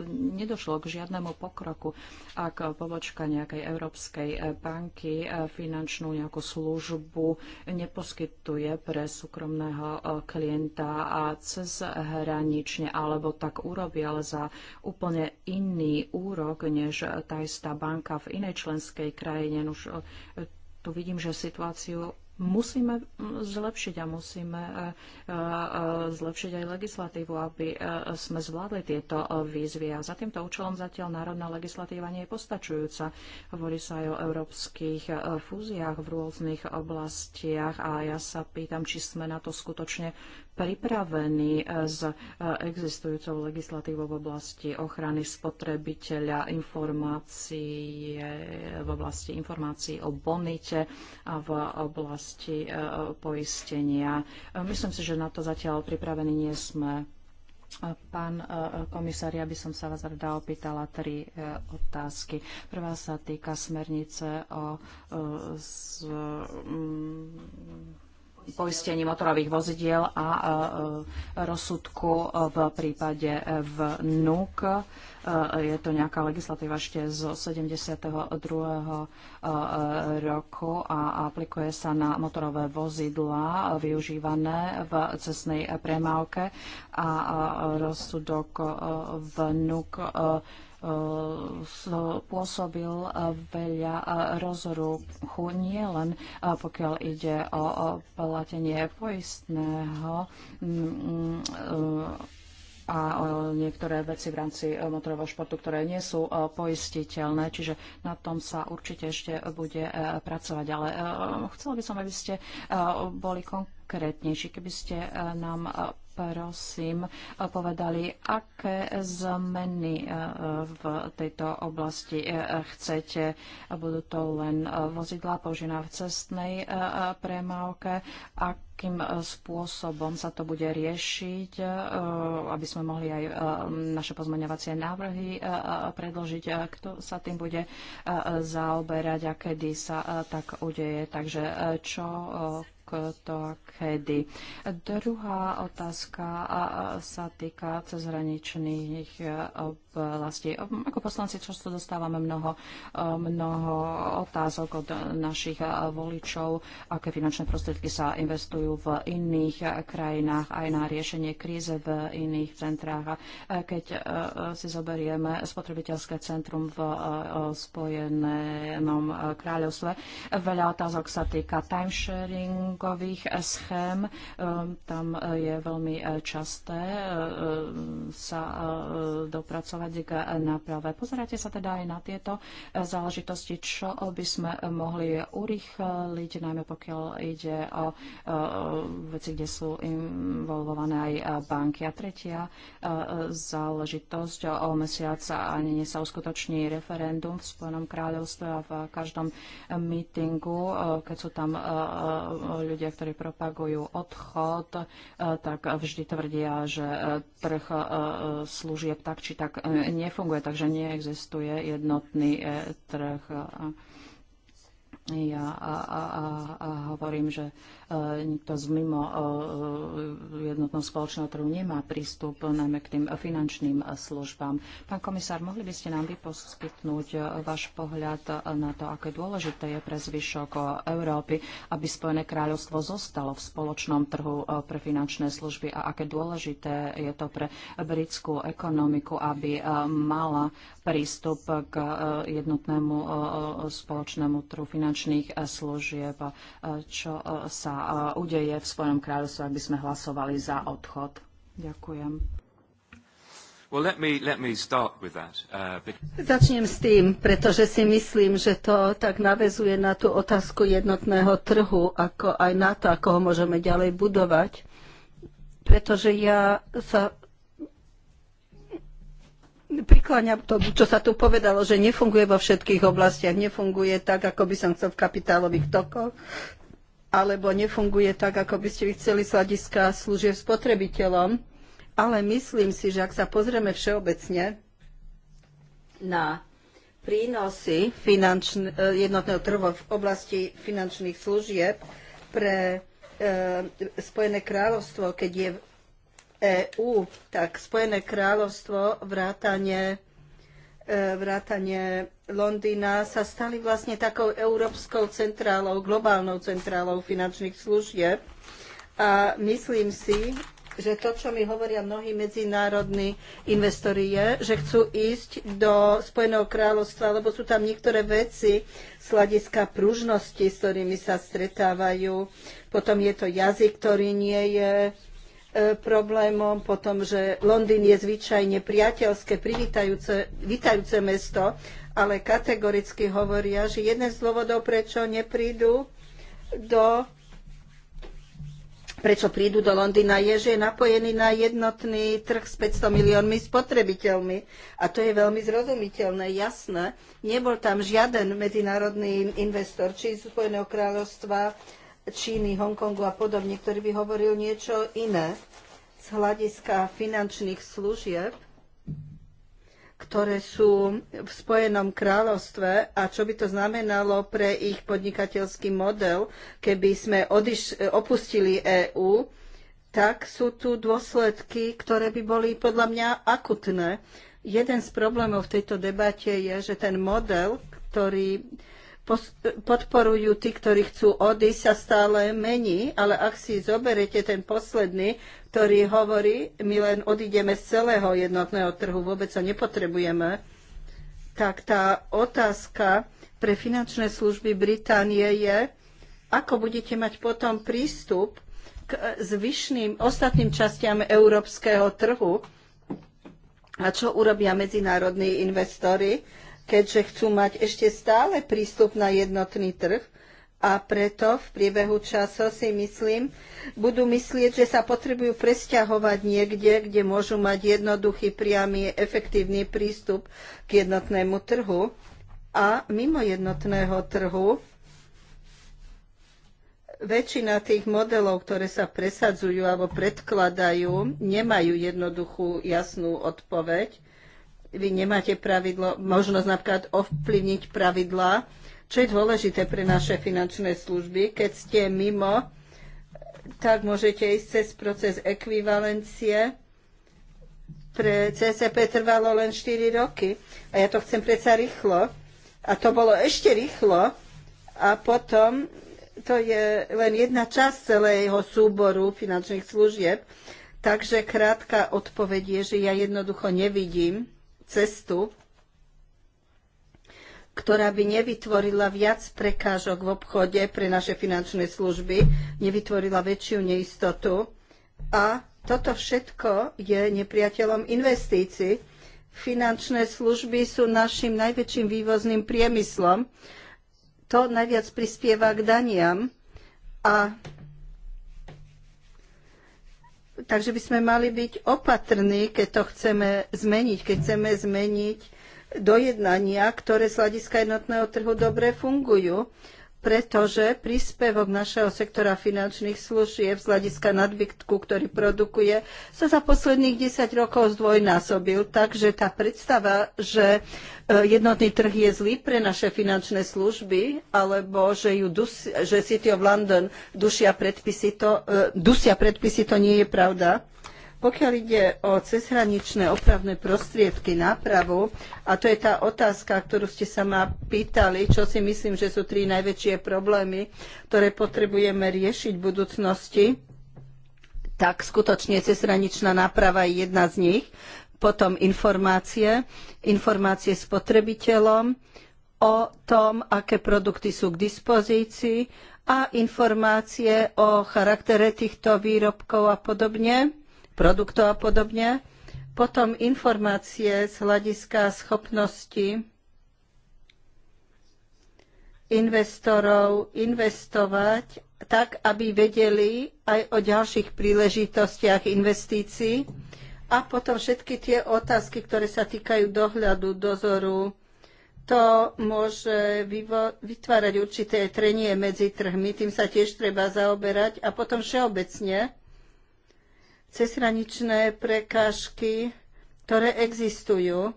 S5: nedošlo k žiadnemu pokroku. Ak pobočka nejakej Európskej e, banky e, finančnú nejakú službu neposkytuje pre súkromného klienta a cez hranične, alebo tak urobí, ale za úplne iný úrok, než tá istá banka v inej členskej krajine. No už tu vidím, že situáciu musíme zlepšiť a musíme e, e, e, zlepšiť aj legislatívu, aby sme zvládli tieto výzvy. A za týmto účelom zatiaľ národná legislatíva nie je postačujúca. Hovorí sa aj o európskych fúziách v rôznych oblastiach a ja sa pýtam, či sme na to skutočne pripravení eh, s eh, existujúcou legislatívou v oblasti ochrany spotrebiteľa, informácií v oblasti informácií o bonite a v oblasti eh, poistenia. Myslím si, že na to zatiaľ pripravení nie sme. Pán komisár, ja by som sa vás rada opýtala tri otázky. Prvá sa týka smernice o z, poistení motorových vozidiel a rozsudku v prípade vnúk. Je to nejaká legislatíva ešte z 72. roku a aplikuje sa na motorové vozidla využívané v cestnej premávke a rozsudok vnúk pôsobil veľa rozruchu, nie len pokiaľ ide o platenie poistného mm, a niektoré veci v rámci motorového športu, ktoré nie sú e, poistiteľné, čiže na tom sa určite ešte bude e, pracovať. Ale e, chcela by som, aby ste boli konkrétnejší, keby ste nám prosím povedali, aké zmeny e, v tejto oblasti e, chcete. Budú to len e, vozidlá požina v cestnej premávke, akým spôsobom sa to bude riešiť, aby sme mohli aj naše pozmeňovacie návrhy predložiť, kto sa tým bude zaoberať a kedy sa tak udeje. Takže čo kto a kedy. Druhá otázka sa týka cezhraničných e, vlastne, Ako poslanci často dostávame mnoho, e, mnoho otázok od našich e, voličov, aké finančné prostriedky sa investujú v iných e, krajinách aj na riešenie kríze v iných centrách. A keď si zoberieme spotrebiteľské centrum v Spojenom kráľovstve, veľa otázok sa týka timesharingových schém. Tam je veľmi časté sa dopracovať dopracovať k náprave. Pozeráte sa teda aj na tieto e, záležitosti, čo by sme mohli urýchliť, najmä pokiaľ ide o e, veci, kde sú involvované aj e, banky. A tretia záležitosť o mesiac ani sa uskutoční referendum v Spojenom kráľovstve a v každom mítingu, keď sú tam ľudia, ktorí propagujú odchod, tak vždy tvrdia, že trh služieb tak či tak nefunguje, takže neexistuje jednotný e, trh. Ja a, a, a, a hovorím, že nikto e, z mimo e, e, jednotnou spoločného trhu nemá prístup najmä k tým finančným službám. Pán komisár, mohli by ste nám vyposkytnúť váš pohľad na to, aké dôležité je pre zvyšok Európy, aby Spojené kráľovstvo zostalo v spoločnom trhu pre finančné služby a aké dôležité je to pre britskú ekonomiku, aby mala prístup k jednotnému spoločnému trhu finančných služieb, čo sa udeje v svojom kráľovstve, aby sme hlasovali za odchod. Ďakujem.
S4: Well, let me, let me that, uh,
S5: Začnem
S2: s tým, pretože si myslím, že to tak navezuje na tú otázku jednotného trhu, ako aj na to, ako ho môžeme ďalej budovať. Pretože ja sa prikláňam to, čo sa tu povedalo, že nefunguje vo všetkých oblastiach, nefunguje tak, ako by som chcel v kapitálových tokoch, alebo nefunguje tak, ako by ste chceli z hľadiska služieb spotrebiteľom. Ale myslím si, že ak sa pozrieme všeobecne na prínosy finančn- eh, jednotného trhu v oblasti finančných služieb pre e, Spojené kráľovstvo, keď je v EÚ, tak Spojené kráľovstvo vrátane E, vrátane Londýna sa stali vlastne takou európskou centrálou, globálnou centrálou finančných služieb. A myslím si, že to, čo mi hovoria mnohí medzinárodní investori, je, že chcú ísť do Spojeného kráľovstva, lebo sú tam niektoré veci z hľadiska pružnosti, s ktorými sa stretávajú. Potom je to jazyk, ktorý nie je E, problémom, potom, že Londýn je zvyčajne priateľské, privítajúce mesto, ale kategoricky hovoria, že jeden z dôvodov, prečo neprídu do prečo prídu do Londýna, je, že je napojený na jednotný trh s 500 miliónmi spotrebiteľmi. A to je veľmi zrozumiteľné, jasné. Nebol tam žiaden medzinárodný investor, či z Spojeného kráľovstva, Číny, Hongkongu a podobne, ktorý by hovoril niečo iné z hľadiska finančných služieb, ktoré sú v Spojenom kráľovstve a čo by to znamenalo pre ich podnikateľský model, keby sme odiš- opustili EÚ, tak sú tu dôsledky, ktoré by boli podľa mňa akutné. Jeden z problémov v tejto debate je, že ten model, ktorý podporujú tí, ktorí chcú odísť, sa stále mení, ale ak si zoberete ten posledný, ktorý hovorí, my len odídeme z celého jednotného trhu, vôbec ho nepotrebujeme, tak tá otázka pre finančné služby Británie je, ako budete mať potom prístup k zvyšným ostatným častiam európskeho trhu a čo urobia medzinárodní investori keďže chcú mať ešte stále prístup na jednotný trh a preto v priebehu času si myslím, budú myslieť, že sa potrebujú presťahovať niekde, kde môžu mať jednoduchý, priamy, efektívny prístup k jednotnému trhu a mimo jednotného trhu väčšina tých modelov, ktoré sa presadzujú alebo predkladajú, nemajú jednoduchú, jasnú odpoveď vy nemáte pravidlo, možnosť napríklad ovplyvniť pravidlá, čo je dôležité pre naše finančné služby. Keď ste mimo, tak môžete ísť cez proces ekvivalencie. Pre CCP trvalo len 4 roky a ja to chcem predsa rýchlo. A to bolo ešte rýchlo a potom to je len jedna časť celého súboru finančných služieb. Takže krátka odpoveď je, že ja jednoducho nevidím cestu, ktorá by nevytvorila viac prekážok v obchode pre naše finančné služby, nevytvorila väčšiu neistotu. A toto všetko je nepriateľom investícií. Finančné služby sú našim najväčším vývozným priemyslom. To najviac prispieva k daniam a Takže by sme mali byť opatrní, keď to chceme zmeniť, keď chceme zmeniť dojednania, ktoré z hľadiska jednotného trhu dobre fungujú pretože príspevok našeho sektora finančných služieb z hľadiska nadbytku, ktorý produkuje, sa za posledných 10 rokov zdvojnásobil. Takže tá predstava, že e, jednotný trh je zlý pre naše finančné služby, alebo že, ju že City of London dusia predpisy, to, e, dusia predpisy, to nie je pravda. Pokiaľ ide o cezhraničné opravné prostriedky nápravu, a to je tá otázka, ktorú ste sa ma pýtali, čo si myslím, že sú tri najväčšie problémy, ktoré potrebujeme riešiť v budúcnosti, tak skutočne cezhraničná náprava je jedna z nich. Potom informácie, informácie spotrebiteľom o tom, aké produkty sú k dispozícii a informácie o charaktere týchto výrobkov a podobne produktov a podobne. Potom informácie z hľadiska schopnosti investorov investovať tak, aby vedeli aj o ďalších príležitostiach investícií a potom všetky tie otázky, ktoré sa týkajú dohľadu, dozoru, to môže vytvárať určité trenie medzi trhmi, tým sa tiež treba zaoberať a potom všeobecne cezhraničné prekážky, ktoré existujú.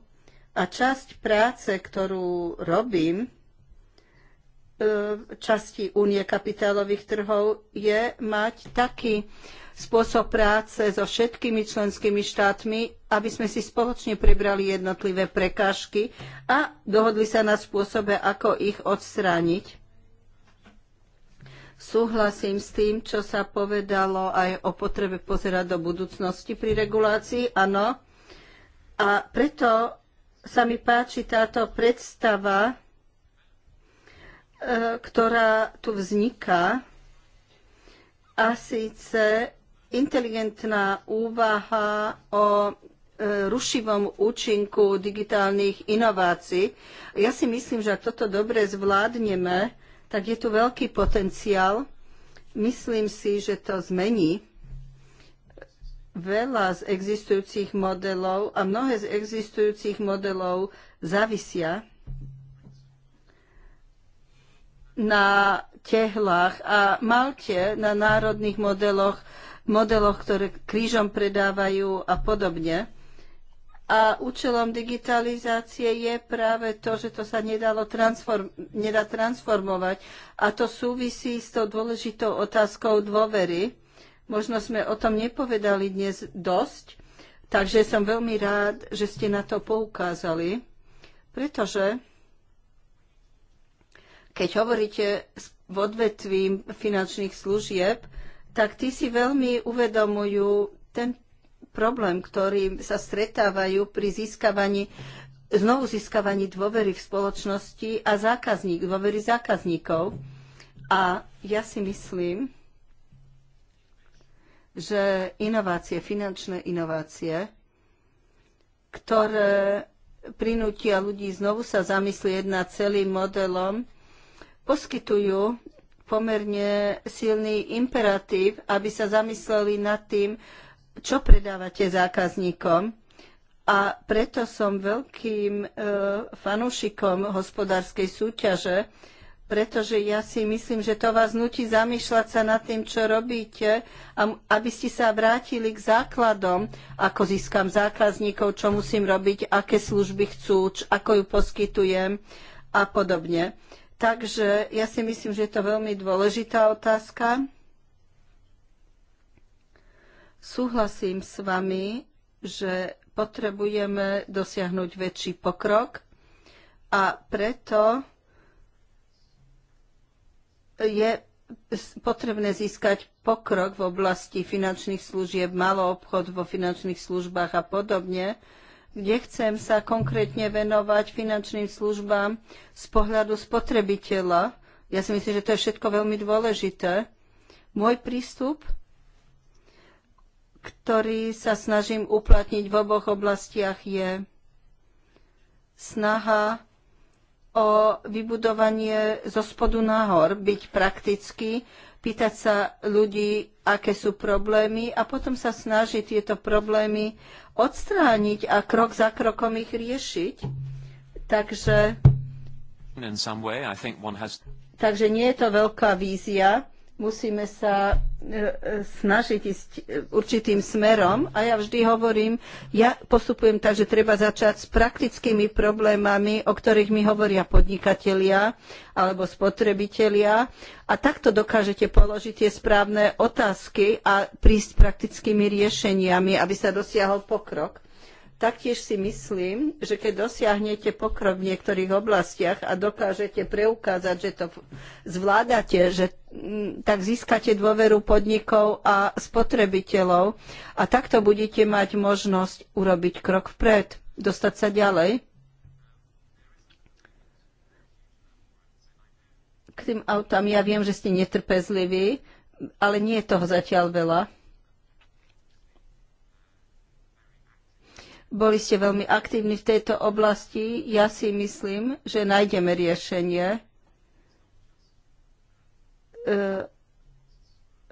S2: A časť práce, ktorú robím, e, časti únie kapitálových trhov je mať taký spôsob práce so všetkými členskými štátmi, aby sme si spoločne prebrali jednotlivé prekážky a dohodli sa na spôsobe, ako ich odstrániť. Súhlasím s tým, čo sa povedalo aj o potrebe pozerať do budúcnosti pri regulácii, áno. A preto sa mi páči táto predstava, e, ktorá tu vzniká, a síce inteligentná úvaha o e, rušivom účinku digitálnych inovácií. Ja si myslím, že ak toto dobre zvládneme, tak je tu veľký potenciál. Myslím si, že to zmení veľa z existujúcich modelov a mnohé z existujúcich modelov zavisia na tehlách a Malte na národných modeloch, modeloch, ktoré krížom predávajú a podobne. A účelom digitalizácie je práve to, že to sa nedalo transform, nedá transformovať. A to súvisí s tou dôležitou otázkou dôvery. Možno sme o tom nepovedali dnes dosť, takže som veľmi rád, že ste na to poukázali, pretože keď hovoríte v odvetví finančných služieb, tak tí si veľmi uvedomujú ten problém, ktorým sa stretávajú pri získavaní znovu získavaní dôvery v spoločnosti a zákazník, dôvery zákazníkov. A ja si myslím, že inovácie, finančné inovácie, ktoré prinútia ľudí znovu sa zamyslieť nad celým modelom, poskytujú pomerne silný imperatív, aby sa zamysleli nad tým, čo predávate zákazníkom. A preto som veľkým e, fanúšikom hospodárskej súťaže, pretože ja si myslím, že to vás nutí zamýšľať sa nad tým, čo robíte, aby ste sa vrátili k základom, ako získam zákazníkov, čo musím robiť, aké služby chcú, č, ako ju poskytujem a podobne. Takže ja si myslím, že je to veľmi dôležitá otázka. Súhlasím s vami, že potrebujeme dosiahnuť väčší pokrok a preto je potrebné získať pokrok v oblasti finančných služieb, obchod vo finančných službách a podobne, kde chcem sa konkrétne venovať finančným službám z pohľadu spotrebiteľa. Ja si myslím, že to je všetko veľmi dôležité. Môj prístup ktorý sa snažím uplatniť v oboch oblastiach, je snaha o vybudovanie zo spodu nahor, byť praktický, pýtať sa ľudí, aké sú problémy a potom sa snažiť tieto problémy odstrániť a krok za krokom ich riešiť. Takže, takže nie je to veľká vízia, musíme sa e, e, snažiť ísť e, určitým smerom a ja vždy hovorím, ja postupujem tak, že treba začať s praktickými problémami, o ktorých mi hovoria podnikatelia alebo spotrebitelia a takto dokážete položiť tie správne otázky a prísť praktickými riešeniami, aby sa dosiahol pokrok. Taktiež si myslím, že keď dosiahnete pokrok v niektorých oblastiach a dokážete preukázať, že to zvládate, že, mm, tak získate dôveru podnikov a spotrebiteľov a takto budete mať možnosť urobiť krok vpred, dostať sa ďalej. K tým autám ja viem, že ste netrpezliví, ale nie je toho zatiaľ veľa. Boli ste veľmi aktívni v tejto oblasti. Ja si myslím, že nájdeme riešenie. E,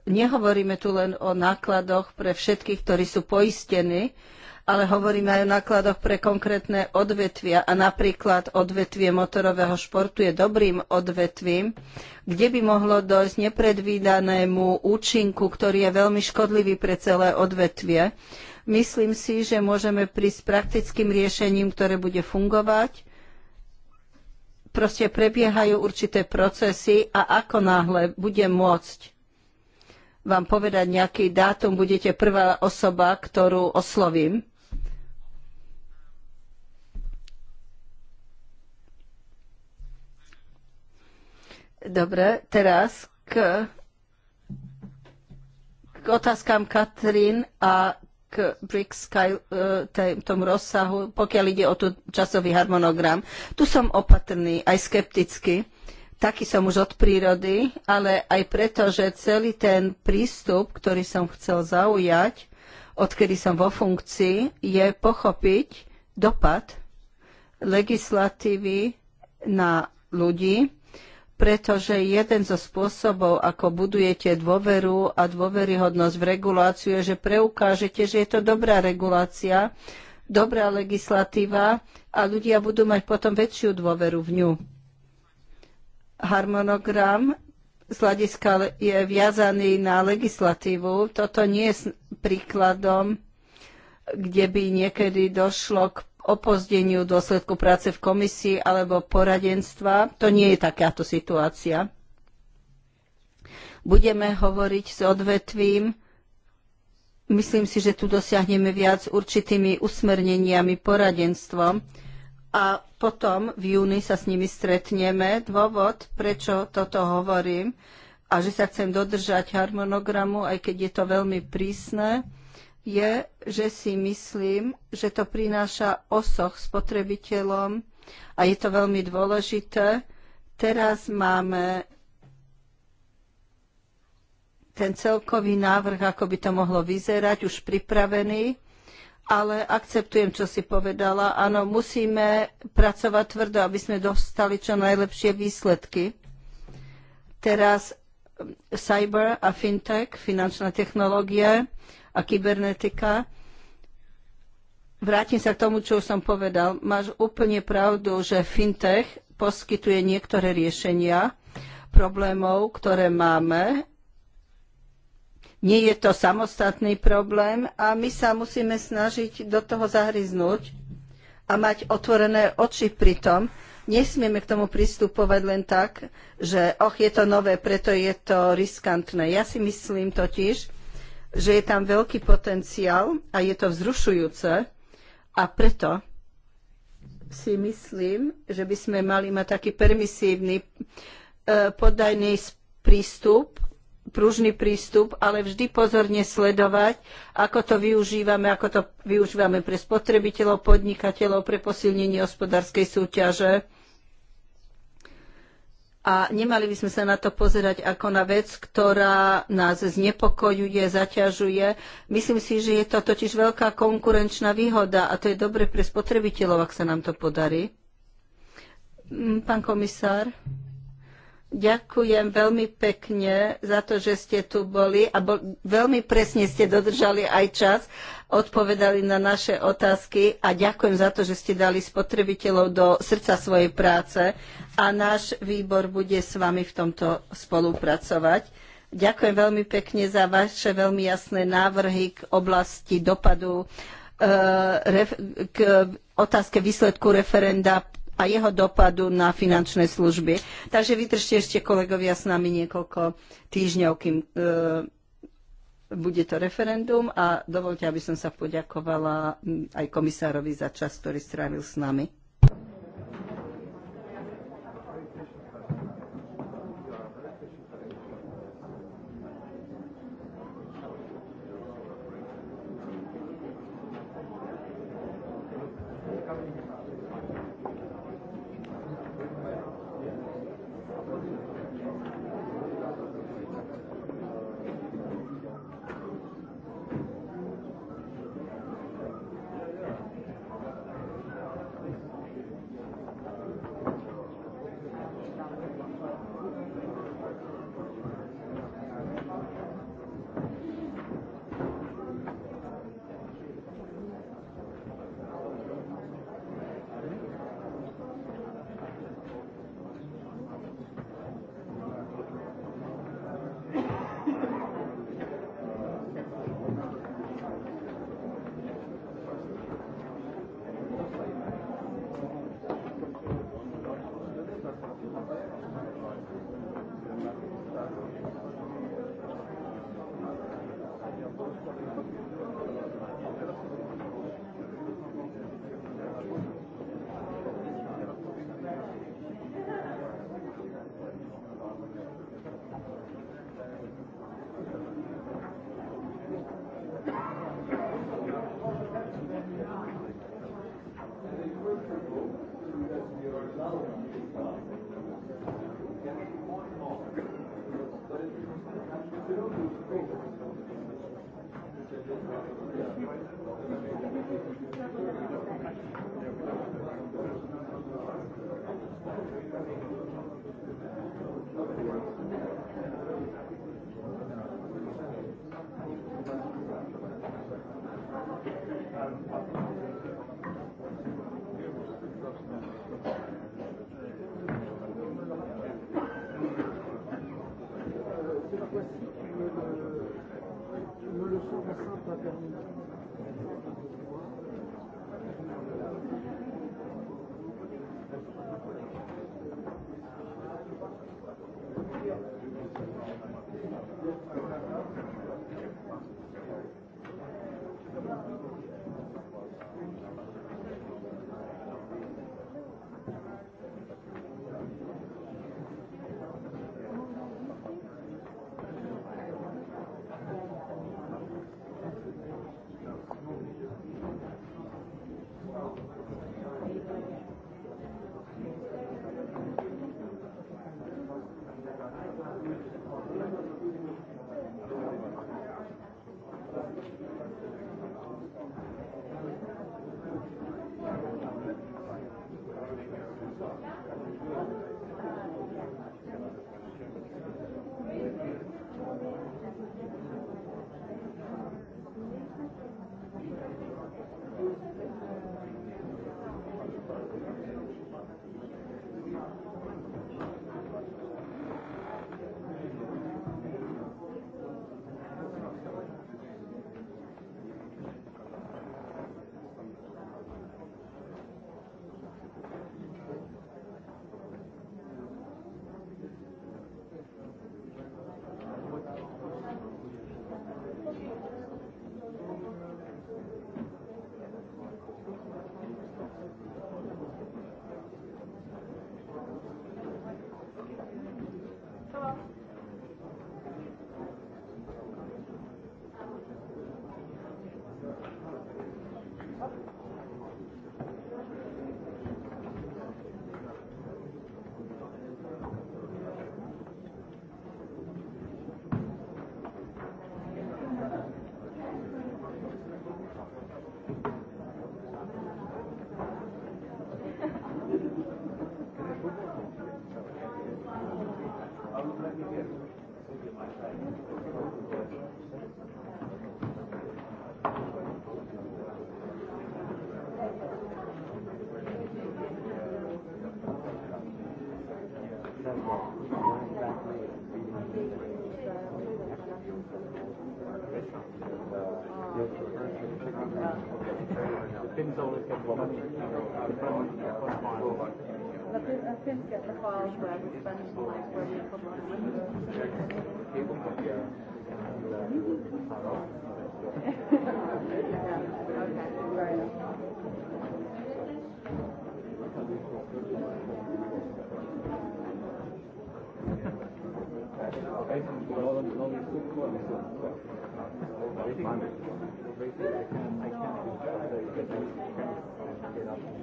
S2: nehovoríme tu len o nákladoch pre všetkých, ktorí sú poistení, ale hovoríme aj o nákladoch pre konkrétne odvetvia a napríklad odvetvie motorového športu je dobrým odvetvím, kde by mohlo dojsť nepredvídanému účinku, ktorý je veľmi škodlivý pre celé odvetvie. Myslím si, že môžeme prísť s praktickým riešením, ktoré bude fungovať. Proste prebiehajú určité procesy a ako náhle bude môcť vám povedať nejaký dátum, budete prvá osoba, ktorú oslovím. Dobre, teraz k, k otázkam Katrin a k BRICS e, tom rozsahu, pokiaľ ide o tú časový harmonogram. Tu som opatrný, aj skeptický. Taký som už od prírody, ale aj preto, že celý ten prístup, ktorý som chcel zaujať, odkedy som vo funkcii, je pochopiť dopad legislatívy na ľudí, pretože jeden zo spôsobov, ako budujete dôveru a dôveryhodnosť v reguláciu, je, že preukážete, že je to dobrá regulácia, dobrá legislatíva a ľudia budú mať potom väčšiu dôveru v ňu. Harmonogram z hľadiska je viazaný na legislatívu. Toto nie je príkladom, kde by niekedy došlo k opozdeniu v dôsledku práce v komisii alebo poradenstva. To nie je takáto situácia. Budeme hovoriť s odvetvím. Myslím si, že tu dosiahneme viac určitými usmerneniami, poradenstvom. A potom v júni sa s nimi stretneme. Dôvod, prečo toto hovorím a že sa chcem dodržať harmonogramu, aj keď je to veľmi prísne, je, že si myslím, že to prináša osoch spotrebiteľom a je to veľmi dôležité. Teraz máme ten celkový návrh, ako by to mohlo vyzerať, už pripravený, ale akceptujem, čo si povedala. Áno, musíme pracovať tvrdo, aby sme dostali čo najlepšie výsledky. Teraz cyber a fintech, finančné technológie, a kybernetika. Vrátim sa k tomu, čo som povedal. Máš úplne pravdu, že fintech poskytuje niektoré riešenia problémov, ktoré máme. Nie je to samostatný problém a my sa musíme snažiť do toho zahryznúť a mať otvorené oči pri tom. Nesmieme k tomu pristupovať len tak, že och, je to nové, preto je to riskantné. Ja si myslím totiž, že je tam veľký potenciál a je to vzrušujúce a preto si myslím, že by sme mali mať taký permisívny e, podajný prístup, pružný prístup, ale vždy pozorne sledovať, ako to využívame, ako to využívame pre spotrebiteľov, podnikateľov, pre posilnenie hospodárskej súťaže a nemali by sme sa na to pozerať ako na vec, ktorá nás znepokojuje, zaťažuje. Myslím si, že je to totiž veľká konkurenčná výhoda a to je dobre pre spotrebiteľov, ak sa nám to podarí. Mm, pán komisár. Ďakujem veľmi pekne za to, že ste tu boli a bol, veľmi presne ste dodržali aj čas, odpovedali na naše otázky a ďakujem za to, že ste dali spotrebiteľov do srdca svojej práce a náš výbor bude s vami v tomto spolupracovať. Ďakujem veľmi pekne za vaše veľmi jasné návrhy k oblasti dopadu e, k otázke výsledku referenda a jeho dopadu na finančné služby. Takže vydržte ešte kolegovia s nami niekoľko týždňov, kým e, bude to referendum a dovolte, aby som sa poďakovala aj komisárovi za čas, ktorý strávil s nami.
S4: I can.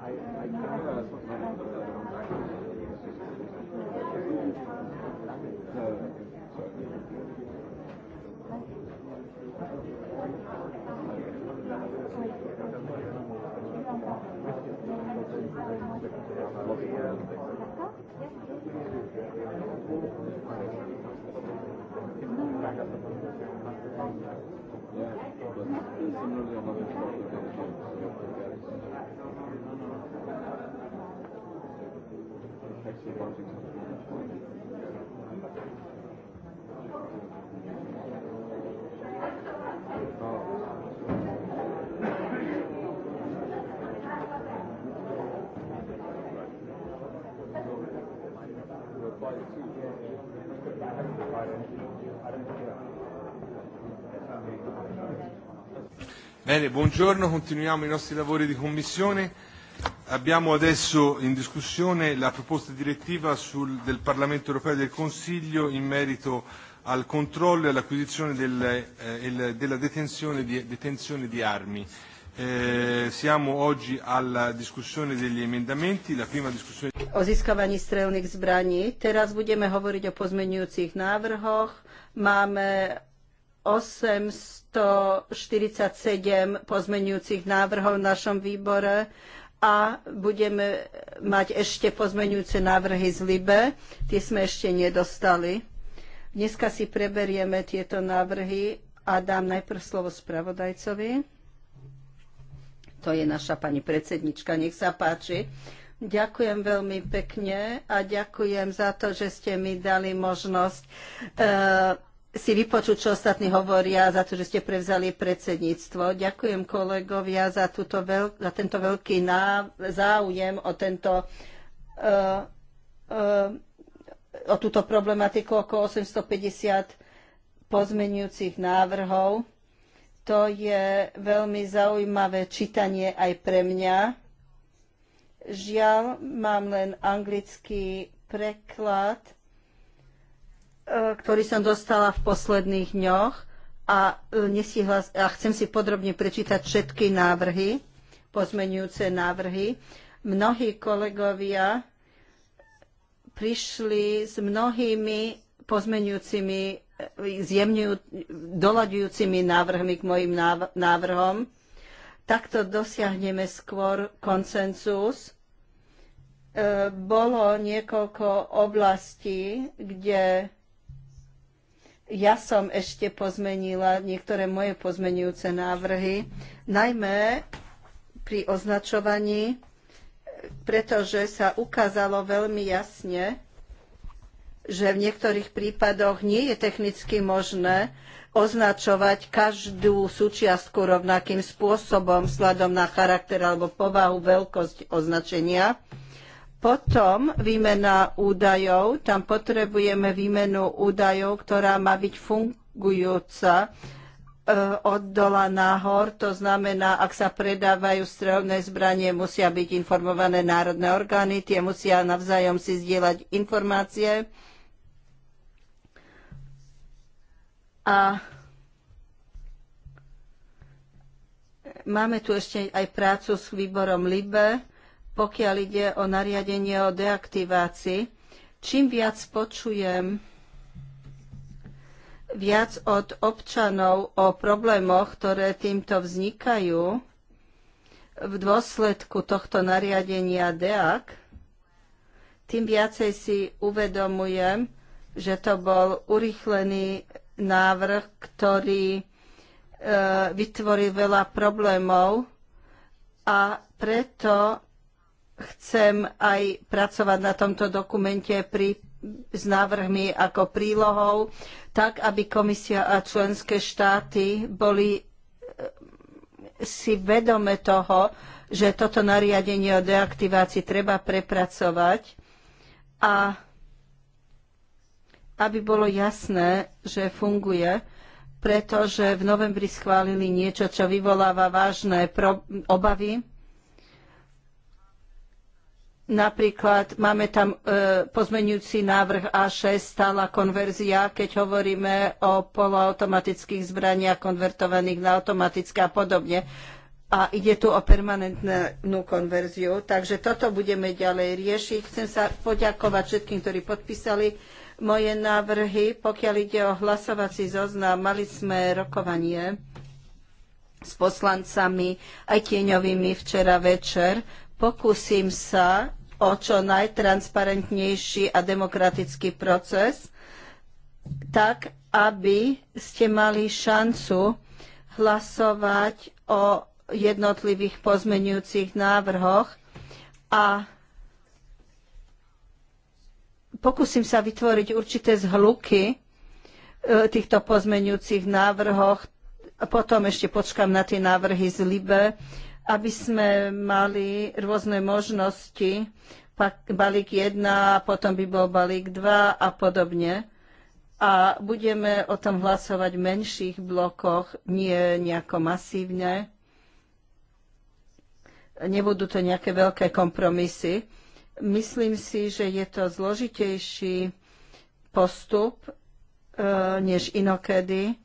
S4: I, I can't. Uh,
S6: Bene, buongiorno, continuiamo i nostri lavori di commissione. Abbiamo adesso in discussione la proposta direttiva sul, del Parlamento europeo e del Consiglio in merito al controllo e all'acquisizione del, eh, della detenzione di, detenzione di armi. Eh, siamo oggi alla discussione degli emendamenti, la prima discussione...
S2: O získavaní strelných zbraní. Teraz budeme hovoriť o pozmeňujúcich návrhoch. Máme 800 147 pozmenujúcich návrhov v našom výbore a budeme mať ešte pozmenujúce návrhy z LIBE. Tie sme ešte nedostali. Dneska si preberieme tieto návrhy a dám najprv slovo spravodajcovi. To je naša pani predsednička, nech sa páči. Ďakujem veľmi pekne a ďakujem za to, že ste mi dali možnosť eh, si vypočuť, čo ostatní hovoria, za to, že ste prevzali predsedníctvo. Ďakujem kolegovia za, túto veľ, za tento veľký ná, záujem o, tento, uh, uh, o túto problematiku okolo 850 pozmenujúcich návrhov. To je veľmi zaujímavé čítanie aj pre mňa. Žiaľ, mám len anglický preklad E, ktorý som dostala v posledných dňoch a, e, nesihla, a chcem si podrobne prečítať všetky návrhy, pozmenujúce návrhy. Mnohí kolegovia prišli s mnohými pozmenujúcimi, e, zjemňujú, doľadujúcimi návrhmi k mojim návrhom. Takto dosiahneme skôr konsenzus. Bolo niekoľko oblastí, kde ja som ešte pozmenila niektoré moje pozmenujúce návrhy, najmä pri označovaní, pretože sa ukázalo veľmi jasne, že v niektorých prípadoch nie je technicky možné označovať každú súčiastku rovnakým spôsobom vzhľadom na charakter alebo povahu, veľkosť označenia. Potom výmena údajov, tam potrebujeme výmenu údajov, ktorá má byť fungujúca e, od dola nahor, to znamená, ak sa predávajú strelné zbranie, musia byť informované národné orgány, tie musia navzájom si zdieľať informácie. A máme tu ešte aj prácu s výborom LIBE, pokiaľ ide o nariadenie o deaktivácii. Čím viac počujem viac od občanov o problémoch, ktoré týmto vznikajú v dôsledku tohto nariadenia DEAC, tým viacej si uvedomujem, že to bol urýchlený návrh, ktorý e, vytvoril veľa problémov a preto chcem aj pracovať na tomto dokumente pri, s návrhmi ako prílohou, tak aby komisia a členské štáty boli eh, si vedome toho, že toto nariadenie o deaktivácii treba prepracovať a aby bolo jasné, že funguje, pretože v novembri schválili niečo, čo vyvoláva vážne obavy Napríklad máme tam e, pozmenujúci návrh A6, stála konverzia, keď hovoríme o poloautomatických zbraniach konvertovaných na automatické a podobne. A ide tu o permanentnú konverziu. Takže toto budeme ďalej riešiť. Chcem sa poďakovať všetkým, ktorí podpísali moje návrhy. Pokiaľ ide o hlasovací zoznam, mali sme rokovanie s poslancami aj tieňovými včera večer pokúsim sa o čo najtransparentnejší a demokratický proces, tak aby ste mali šancu hlasovať o jednotlivých pozmenujúcich návrhoch a pokúsim sa vytvoriť určité zhluky e, týchto pozmenujúcich návrhoch. Potom ešte počkam na tie návrhy z Libe aby sme mali rôzne možnosti, balík 1, potom by bol balík 2 a podobne. A budeme o tom hlasovať v menších blokoch, nie nejako masívne. Nebudú to nejaké veľké kompromisy. Myslím si, že je to zložitejší postup e, než inokedy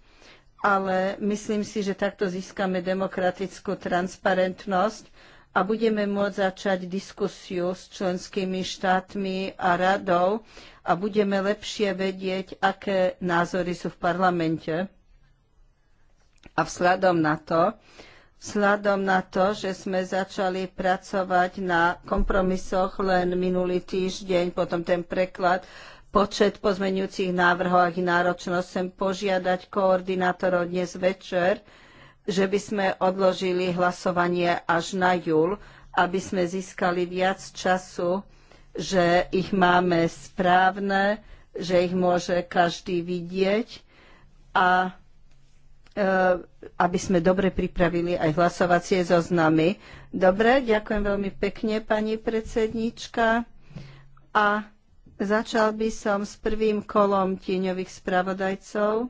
S2: ale myslím si, že takto získame demokratickú transparentnosť a budeme môcť začať diskusiu s členskými štátmi a radou a budeme lepšie vedieť, aké názory sú v parlamente. A vzhľadom na to, vzhľadom na to, že sme začali pracovať na kompromisoch len minulý týždeň, potom ten preklad počet pozmeňujúcich návrhov a ich náročnosť. Chcem požiadať koordinátorov dnes večer, že by sme odložili hlasovanie až na júl, aby sme získali viac času, že ich máme správne, že ich môže každý vidieť a e, aby sme dobre pripravili aj hlasovacie zoznamy. Dobre, ďakujem veľmi pekne, pani predsednička. A Začal by som s prvým kolom tieňových spravodajcov.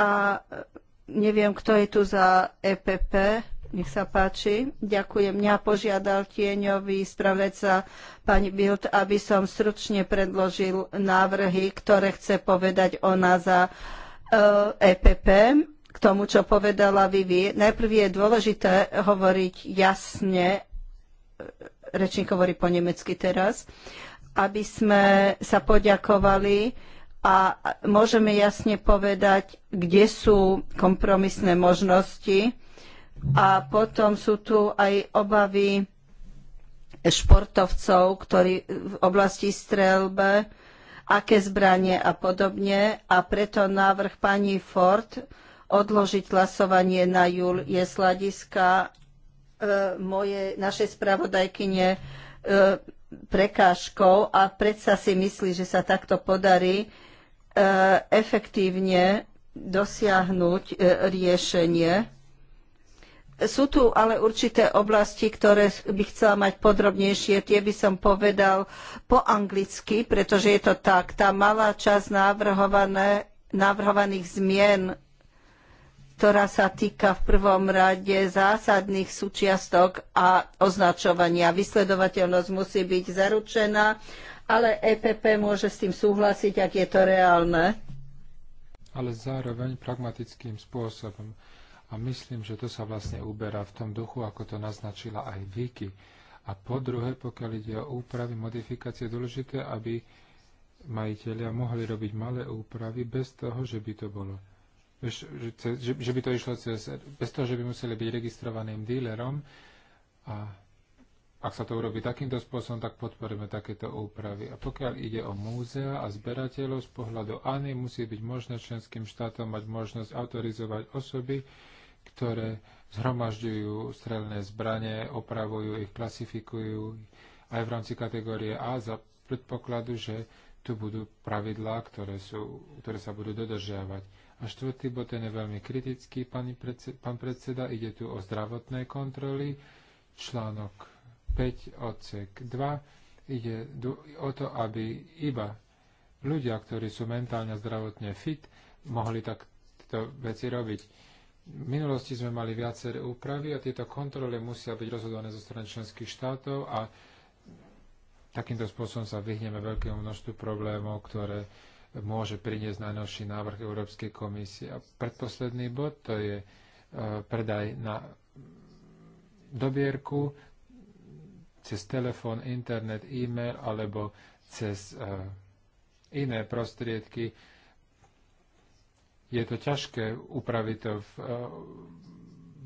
S2: A e, neviem, kto je tu za EPP. Nech sa páči. Ďakujem. Mňa požiadal tieňový spravodajca pani Bild, aby som stručne predložil návrhy, ktoré chce povedať ona za EPP. E K tomu, čo povedala Vivi. Najprv je dôležité hovoriť jasne rečník hovorí po nemecky teraz, aby sme sa poďakovali a môžeme jasne povedať, kde sú kompromisné možnosti. A potom sú tu aj obavy športovcov, ktorí v oblasti strelbe, aké zbranie a podobne. A preto návrh pani Ford odložiť hlasovanie na júl je z hľadiska E, moje, našej spravodajkyne e, prekážkou a predsa si myslí, že sa takto podarí e, efektívne dosiahnuť riešenie. Sú tu ale určité oblasti, ktoré by chcela mať podrobnejšie. Tie by som povedal po anglicky, pretože je to tak. Tá malá časť navrhovaných zmien ktorá sa týka v prvom rade zásadných súčiastok a označovania. Vysledovateľnosť musí byť zaručená, ale EPP môže s tým súhlasiť, ak je to reálne.
S3: Ale zároveň pragmatickým spôsobom. A myslím, že to sa vlastne uberá v tom duchu, ako to naznačila aj viki. A po druhé, pokiaľ ide o úpravy, modifikácie, dôležité, aby majiteľia mohli robiť malé úpravy bez toho, že by to bolo že, že by to išlo cez, bez toho, že by museli byť registrovaným dílerom. A ak sa to urobí takýmto spôsobom, tak podporíme takéto úpravy. A pokiaľ ide o múzea a zberateľov z pohľadu ANY, musí byť možné členským štátom mať možnosť autorizovať osoby, ktoré zhromažďujú strelné zbranie, opravujú ich, klasifikujú aj v rámci kategórie A za predpokladu, že tu budú pravidlá, ktoré, sú, ktoré sa budú dodržiavať. A štvrtý bod, ten je veľmi kritický, predsed, pán predseda, ide tu o zdravotné kontroly, článok 5 odsek 2. Ide o to, aby iba ľudia, ktorí sú mentálne a zdravotne fit, mohli takto veci robiť. V minulosti sme mali viaceré úpravy a tieto kontroly musia byť rozhodované zo strany členských štátov a takýmto spôsobom sa vyhneme veľkému množstvu problémov, ktoré môže priniesť najnovší návrh Európskej komisie. A predposledný bod to je e, predaj na dobierku cez telefón, internet, e-mail alebo cez e, iné prostriedky. Je to ťažké upraviť to v e,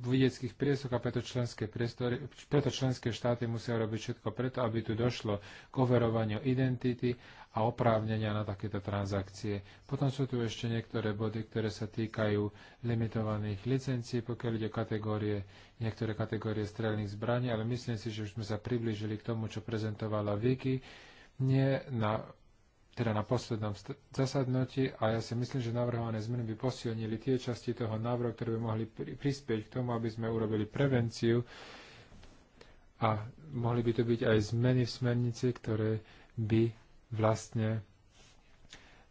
S3: vidieckých priesok, a preto členské, priestory, preto členské štáty musia robiť všetko preto, aby tu došlo k overovaniu identity a oprávnenia na takéto transakcie. Potom sú tu ešte niektoré body, ktoré sa týkajú limitovaných licencií, pokiaľ ide o kategórie, niektoré kategórie strelných zbraní, ale myslím si, že už sme sa priblížili k tomu, čo prezentovala Vicky, nie na teda na poslednom zasadnutí a ja si myslím, že navrhované zmeny by posilnili tie časti toho návrhu, ktoré by mohli prispieť k tomu, aby sme urobili prevenciu a mohli by to byť aj zmeny v smernici, ktoré by vlastne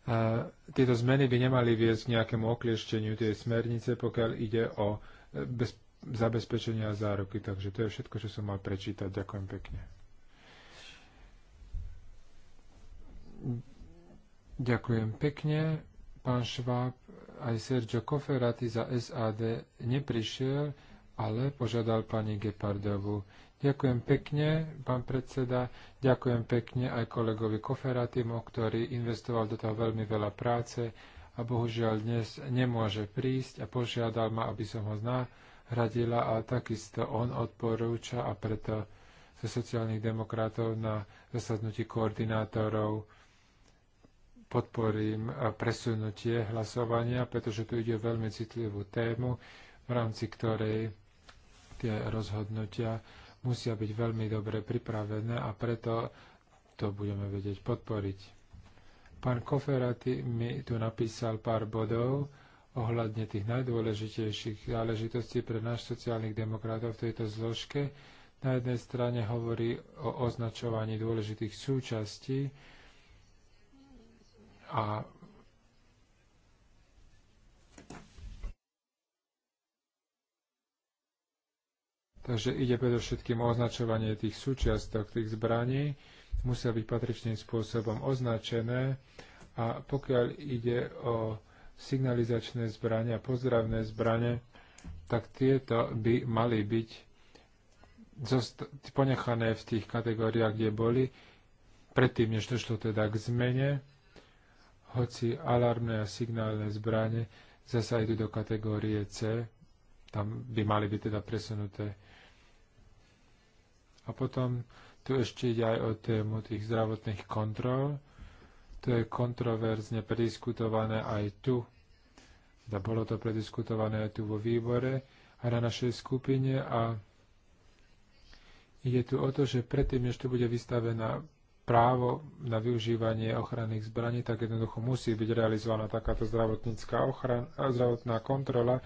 S3: a, tieto zmeny by nemali viesť k nejakému okliešteniu tej smernice, pokiaľ ide o e, bez, zabezpečenie a záruky. Takže to je všetko, čo som mal prečítať. Ďakujem pekne. Ďakujem pekne. Pán Šváb, aj Sergio Koferati za SAD neprišiel, ale požiadal pani Gepardovu. Ďakujem pekne, pán predseda, ďakujem pekne aj kolegovi Koferatimu, ktorý investoval do toho veľmi veľa práce a bohužiaľ dnes nemôže prísť a požiadal ma, aby som ho nahradila a takisto on odporúča a preto zo sociálnych demokratov na zasadnutí koordinátorov podporím presunutie hlasovania, pretože tu ide o veľmi citlivú tému, v rámci ktorej tie rozhodnutia musia byť veľmi dobre pripravené a preto to budeme vedieť podporiť. Pán Koferati mi tu napísal pár bodov ohľadne tých najdôležitejších záležitostí pre náš sociálnych demokratov v tejto zložke. Na jednej strane hovorí o označovaní dôležitých súčastí, a Takže ide predovšetkým o označovanie tých súčiastok, tých zbraní. Musia byť patričným spôsobom označené. A pokiaľ ide o signalizačné zbranie a pozdravné zbranie, tak tieto by mali byť ponechané v tých kategóriách, kde boli, predtým, než došlo teda k zmene hoci alarmné a signálne zbranie zasa idú do kategórie C, tam by mali byť teda presunuté. A potom tu ešte ide aj o tému tých zdravotných kontrol. To je kontroverzne prediskutované aj tu. Da teda bolo to prediskutované aj tu vo výbore a na našej skupine a ide tu o to, že predtým, než tu bude vystavená právo na využívanie ochranných zbraní, tak jednoducho musí byť realizovaná takáto zdravotnícká ochran, zdravotná kontrola.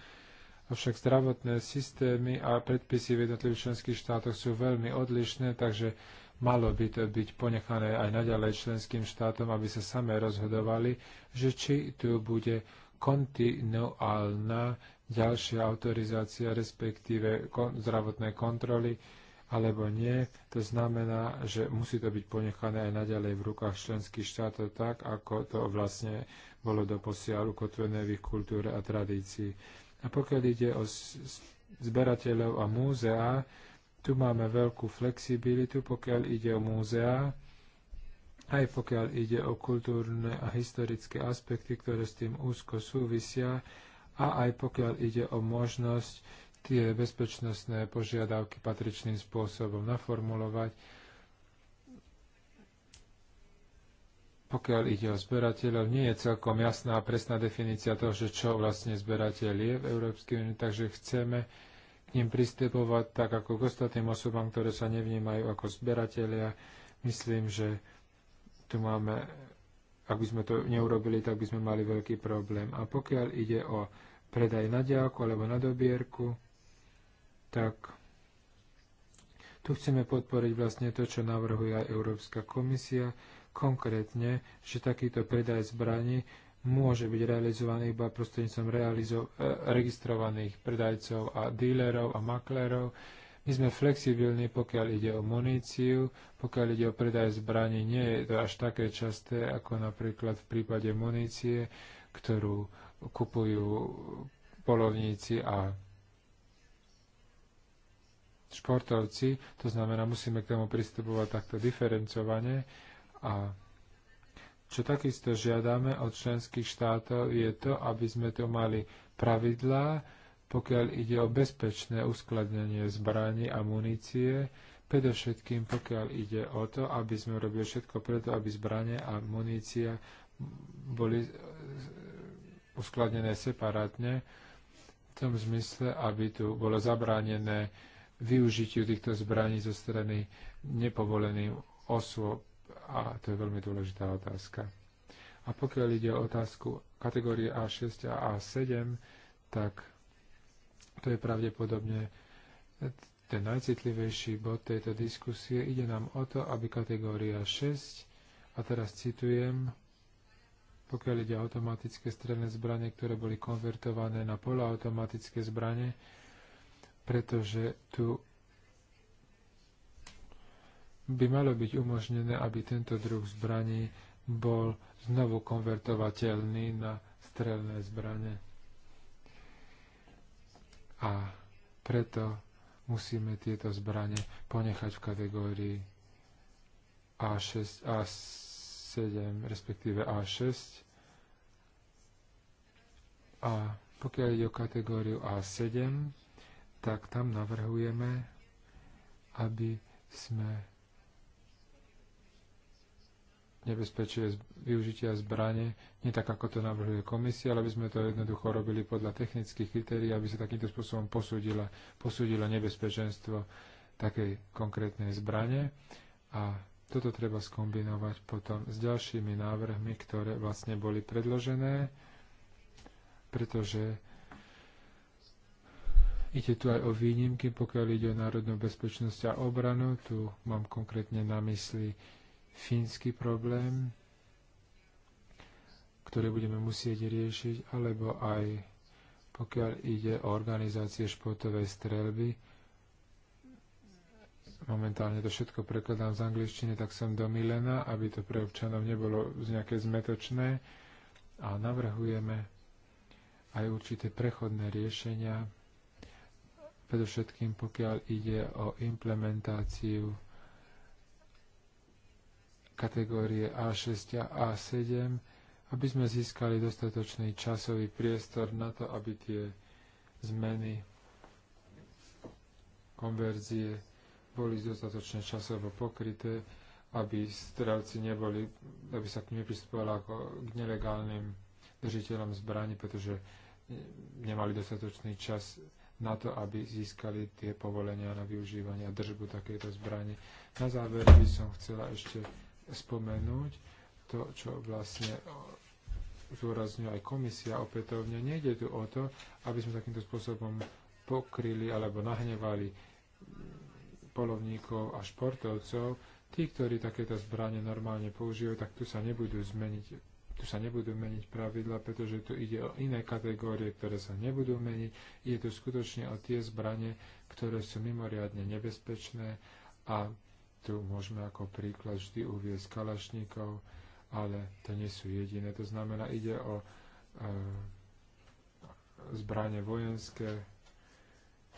S3: Avšak zdravotné systémy a predpisy v jednotlivých členských štátoch sú veľmi odlišné, takže malo by to byť ponechané aj naďalej členským štátom, aby sa samé rozhodovali, že či tu bude kontinuálna ďalšia autorizácia, respektíve kon- zdravotné kontroly, alebo nie. To znamená, že musí to byť ponechané aj naďalej v rukách členských štátov tak, ako to vlastne bolo posiaľ ukotvené v ich kultúre a tradícii. A pokiaľ ide o zberateľov a múzea, tu máme veľkú flexibilitu, pokiaľ ide o múzea, aj pokiaľ ide o kultúrne a historické aspekty, ktoré s tým úzko súvisia, a aj pokiaľ ide o možnosť tie bezpečnostné požiadavky patričným spôsobom naformulovať. Pokiaľ ide o zberateľov, nie je celkom jasná a presná definícia toho, že čo vlastne zberateľ je v Európskej únii, takže chceme k ním pristupovať tak ako k ostatným osobám, ktoré sa nevnímajú ako zberatelia. Myslím, že tu máme ak by sme to neurobili, tak by sme mali veľký problém. A pokiaľ ide o predaj na diálku alebo na dobierku, tak tu chceme podporiť vlastne to, čo navrhuje aj Európska komisia, konkrétne, že takýto predaj zbraní môže byť realizovaný iba prostredníctvom realizo- e, registrovaných predajcov a dílerov a maklérov. My sme flexibilní, pokiaľ ide o muníciu, pokiaľ ide o predaj zbraní, nie je to až také časté, ako napríklad v prípade munície, ktorú kupujú polovníci a športovci, to znamená, musíme k tomu pristupovať takto diferencovane a čo takisto žiadame od členských štátov je to, aby sme tu mali pravidlá, pokiaľ ide o bezpečné uskladnenie zbraní a munície, predovšetkým pokiaľ ide o to, aby sme robili všetko preto, aby zbranie a munícia boli uskladnené separátne, v tom zmysle, aby tu bolo zabránené využitiu týchto zbraní zo strany nepovolených osôb. A to je veľmi dôležitá otázka. A pokiaľ ide o otázku kategórie A6 a A7, tak to je pravdepodobne ten najcitlivejší bod tejto diskusie. Ide nám o to, aby kategória 6, a teraz citujem, pokiaľ ide o automatické strelné zbranie, ktoré boli konvertované na poloautomatické zbranie, pretože tu by malo byť umožnené, aby tento druh zbraní bol znovu konvertovateľný na strelné zbranie. A preto musíme tieto zbranie ponechať v kategórii A6, A7, respektíve A6. A pokiaľ ide o kategóriu A7, tak tam navrhujeme, aby sme nebezpečie využitia zbrane, nie tak, ako to navrhuje komisia, ale aby sme to jednoducho robili podľa technických kritérií, aby sa takýmto spôsobom posúdila, posúdilo nebezpečenstvo takej konkrétnej zbrane. A toto treba skombinovať potom s ďalšími návrhmi, ktoré vlastne boli predložené, pretože Ide tu aj o výnimky, pokiaľ ide o národnú bezpečnosť a obranu. Tu mám konkrétne na mysli fínsky problém, ktorý budeme musieť riešiť, alebo aj pokiaľ ide o organizácie športovej strelby. Momentálne to všetko prekladám z angličtiny, tak som domilená, aby to pre občanov nebolo nejaké zmetočné. A navrhujeme aj určité prechodné riešenia, predovšetkým pokiaľ ide o implementáciu kategórie A6 a A7, aby sme získali dostatočný časový priestor na to, aby tie zmeny konverzie boli dostatočne časovo pokryté, aby strelci neboli, aby sa k nepristupovalo ako k nelegálnym držiteľom zbraní, pretože nemali dostatočný čas na to, aby získali tie povolenia na využívanie a držbu takejto zbrane. Na záver by som chcela ešte spomenúť to, čo vlastne zdôrazňuje aj komisia opätovne. Nejde tu o to, aby sme takýmto spôsobom pokryli alebo nahnevali polovníkov a športovcov. Tí, ktorí takéto zbranie normálne používajú, tak tu sa nebudú zmeniť tu sa nebudú meniť pravidla, pretože tu ide o iné kategórie, ktoré sa nebudú meniť. Ide tu skutočne o tie zbranie, ktoré sú mimoriadne nebezpečné a tu môžeme ako príklad vždy uviezť kalašníkov, ale to nie sú jediné. To znamená, ide o e, zbranie vojenské,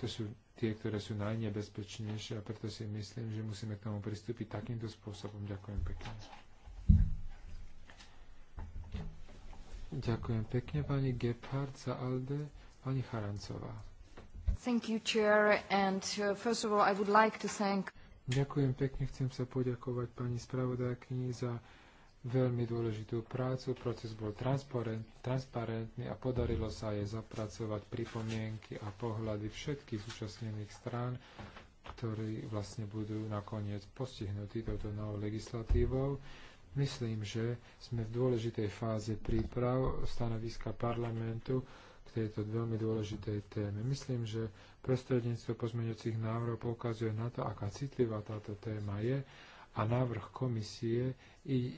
S3: to sú tie, ktoré sú najnebezpečnejšie a preto si myslím, že musíme k tomu pristúpiť takýmto spôsobom. Ďakujem pekne. Ďakujem pekne pani Gebhardt za Alde, pani Charancová.
S5: Thank you, Chair, and uh, first of all I would like to thank...
S3: Ďakujem pekne, chcem sa poďakovať pani spravodajkyni za veľmi dôležitú prácu. Proces bol transparent, transparentný a podarilo sa jej zapracovať pripomienky a pohľady všetkých zúčastnených strán, ktorí vlastne budú nakoniec postihnutí touto novou legislatívou. Myslím, že sme v dôležitej fáze príprav stanoviska parlamentu k tejto veľmi dôležitej téme. Myslím, že prostredníctvo pozmeňujúcich návrhov poukazuje na to, aká citlivá táto téma je a návrh komisie i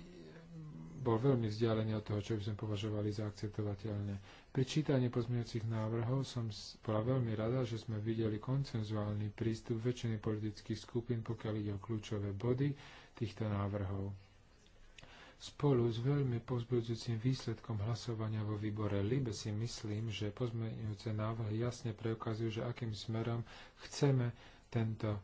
S3: bol veľmi vzdialený od toho, čo by sme považovali za akceptovateľné. Pri čítaní pozmeňujúcich návrhov som bola veľmi rada, že sme videli koncenzuálny prístup väčšiny politických skupín, pokiaľ ide o kľúčové body týchto návrhov. Spolu s veľmi pozbudzujúcim výsledkom hlasovania vo výbore LIBE si myslím, že pozmeňujúce návrhy jasne preukazujú, že akým smerom chceme tento, e,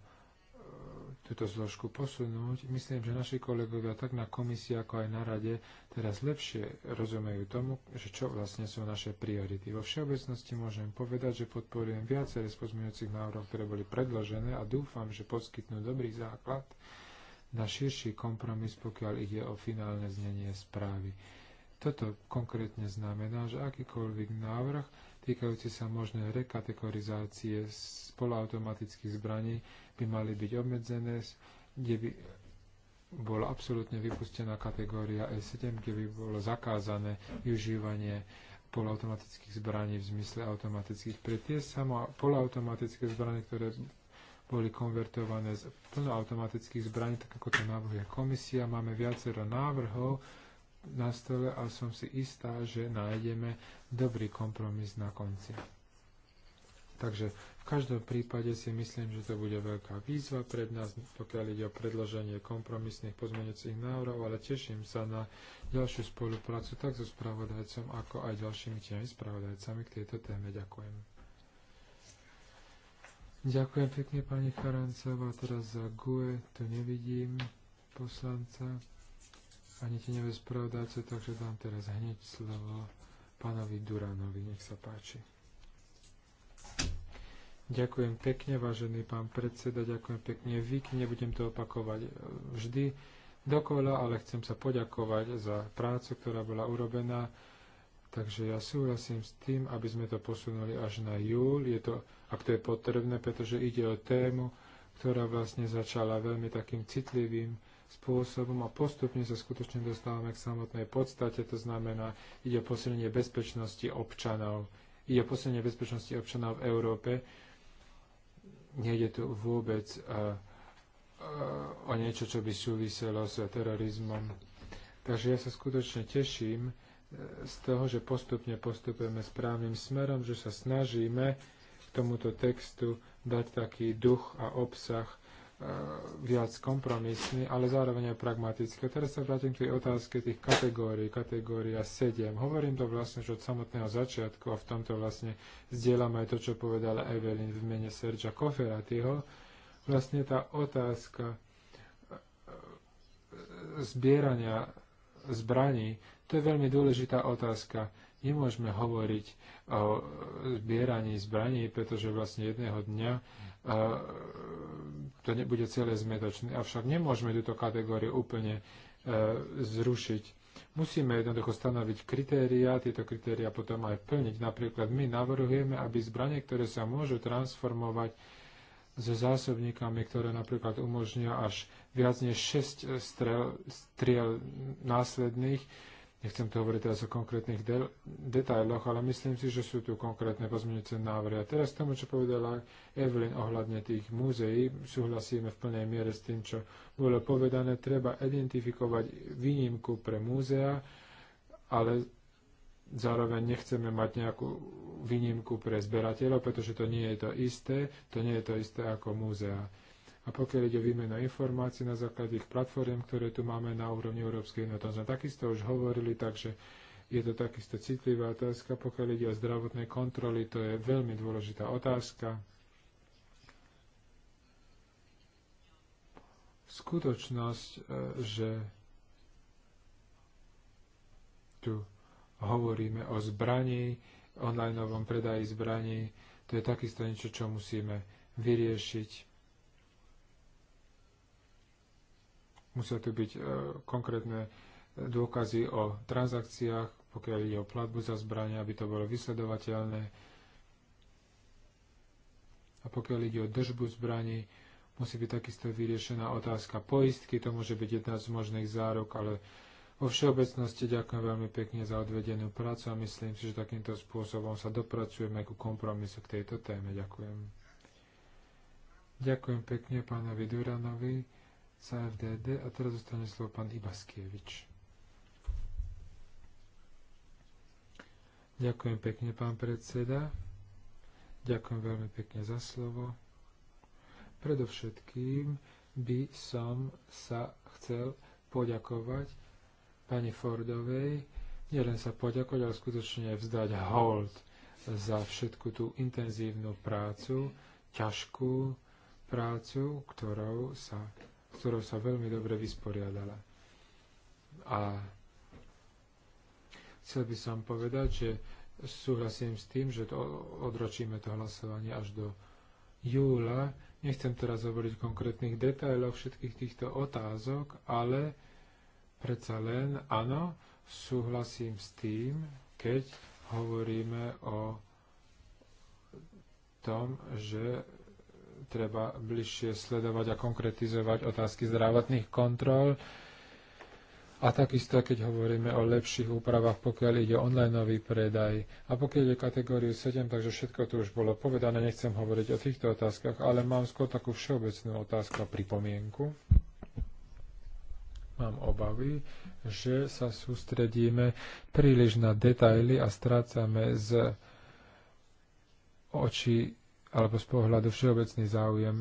S3: túto zložku posunúť. Myslím, že naši kolegovia tak na komisii, ako aj na rade teraz lepšie rozumejú tomu, že čo vlastne sú naše priority. Vo všeobecnosti môžem povedať, že podporujem viaceré z pozmeňujúcich návrhov, ktoré boli predložené a dúfam, že poskytnú dobrý základ na širší kompromis, pokiaľ ide o finálne znenie správy. Toto konkrétne znamená, že akýkoľvek návrh týkajúci sa možnej rekategorizácie spoloautomatických zbraní by mali byť obmedzené, kde by bola absolútne vypustená kategória E7, kde by bolo zakázané využívanie poloautomatických zbraní v zmysle automatických. Pre tie samo polautomatické zbranie, ktoré boli konvertované z plnoautomatických zbraní, tak ako to navrhuje komisia. Máme viacero návrhov na stole a som si istá, že nájdeme dobrý kompromis na konci. Takže v každom prípade si myslím, že to bude veľká výzva pred nás, pokiaľ ide o predloženie kompromisných pozmeňujúcich návrhov, ale teším sa na ďalšiu spoluprácu tak so spravodajcom, ako aj ďalšími tieňmi spravodajcami k tejto téme. Ďakujem. Ďakujem pekne pani Charancová. Teraz za GUE tu nevidím poslanca ani nevie spravodáce, takže dám teraz hneď slovo pánovi Duranovi. Nech sa páči. Ďakujem pekne, vážený pán predseda, ďakujem pekne Viki, nebudem to opakovať e, vždy dokola, ale chcem sa poďakovať za prácu, ktorá bola urobená Takže ja súhlasím s tým, aby sme to posunuli až na júl, je to, ak to je potrebné, pretože ide o tému, ktorá vlastne začala veľmi takým citlivým spôsobom a postupne sa skutočne dostávame k samotnej podstate, to znamená, ide o posilnenie bezpečnosti občanov. Ide o posilnenie bezpečnosti občanov v Európe. Nejde tu vôbec uh, uh, o niečo, čo by súviselo s terorizmom. Takže ja sa skutočne teším, z toho, že postupne postupujeme správnym smerom, že sa snažíme k tomuto textu dať taký duch a obsah e, viac kompromisný, ale zároveň aj pragmatický. Teraz sa vrátim k tej otázke tých kategórií, kategória 7. Hovorím to vlastne už od samotného začiatku a v tomto vlastne zdieľam aj to, čo povedala Evelyn v mene Sergia Koferatiho. Vlastne tá otázka e, e, zbierania zbraní to je veľmi dôležitá otázka. Nemôžeme hovoriť o zbieraní zbraní, pretože vlastne jedného dňa e, to nebude celé zmetočné. Avšak nemôžeme túto kategóriu úplne e, zrušiť. Musíme jednoducho stanoviť kritéria, tieto kritéria potom aj plniť. Napríklad my navrhujeme, aby zbranie, ktoré sa môžu transformovať so zásobníkami, ktoré napríklad umožňujú až viac než 6 strel, striel následných, Nechcem to hovoriť teraz o konkrétnych de- detailoch, ale myslím si, že sú tu konkrétne pozmeňujúce návrhy. A teraz k tomu, čo povedala Evelyn ohľadne tých múzeí, súhlasíme v plnej miere s tým, čo bolo povedané. Treba identifikovať výnimku pre múzea, ale zároveň nechceme mať nejakú výnimku pre zberateľov, pretože to nie je to isté, to nie je to isté ako múzea a pokiaľ ide o výmenu informácií na základe ich platform, ktoré tu máme na úrovni Európskej únie, o tom sme takisto už hovorili, takže je to takisto citlivá otázka. Pokiaľ ide o zdravotné kontroly, to je veľmi dôležitá otázka. Skutočnosť, e, že tu hovoríme o zbraní, online predaji zbraní, to je takisto niečo, čo musíme vyriešiť Musia tu byť e, konkrétne e, dôkazy o transakciách, pokiaľ ide o platbu za zbranie, aby to bolo vysledovateľné. A pokiaľ ide o držbu zbraní, musí byť takisto vyriešená otázka poistky. To môže byť jedna z možných zárok, ale vo všeobecnosti ďakujem veľmi pekne za odvedenú prácu a myslím si, že takýmto spôsobom sa dopracujeme ku kompromisu k tejto téme. Ďakujem. Ďakujem pekne pánovi Duranovi za a teraz zostane slovo pán Ibaskievič. Ďakujem pekne, pán predseda. Ďakujem veľmi pekne za slovo. Predovšetkým by som sa chcel poďakovať pani Fordovej, nielen sa poďakovať, ale skutočne vzdať hold za všetku tú intenzívnu prácu, ťažkú prácu, ktorou sa ktorou sa veľmi dobre vysporiadala. A chcel by som povedať, že súhlasím s tým, že to odročíme to hlasovanie až do júla. Nechcem teraz hovoriť o konkrétnych detailoch všetkých týchto otázok, ale predsa len áno, súhlasím s tým, keď hovoríme o tom, že treba bližšie sledovať a konkretizovať otázky zdravotných kontrol. A takisto, keď hovoríme o lepších úpravách, pokiaľ ide o online predaj a pokiaľ ide kategóriu 7, takže všetko tu už bolo povedané, nechcem hovoriť o týchto otázkach, ale mám skôr takú všeobecnú otázku a pripomienku. Mám obavy, že sa sústredíme príliš na detaily a strácame z očí alebo z pohľadu všeobecný záujem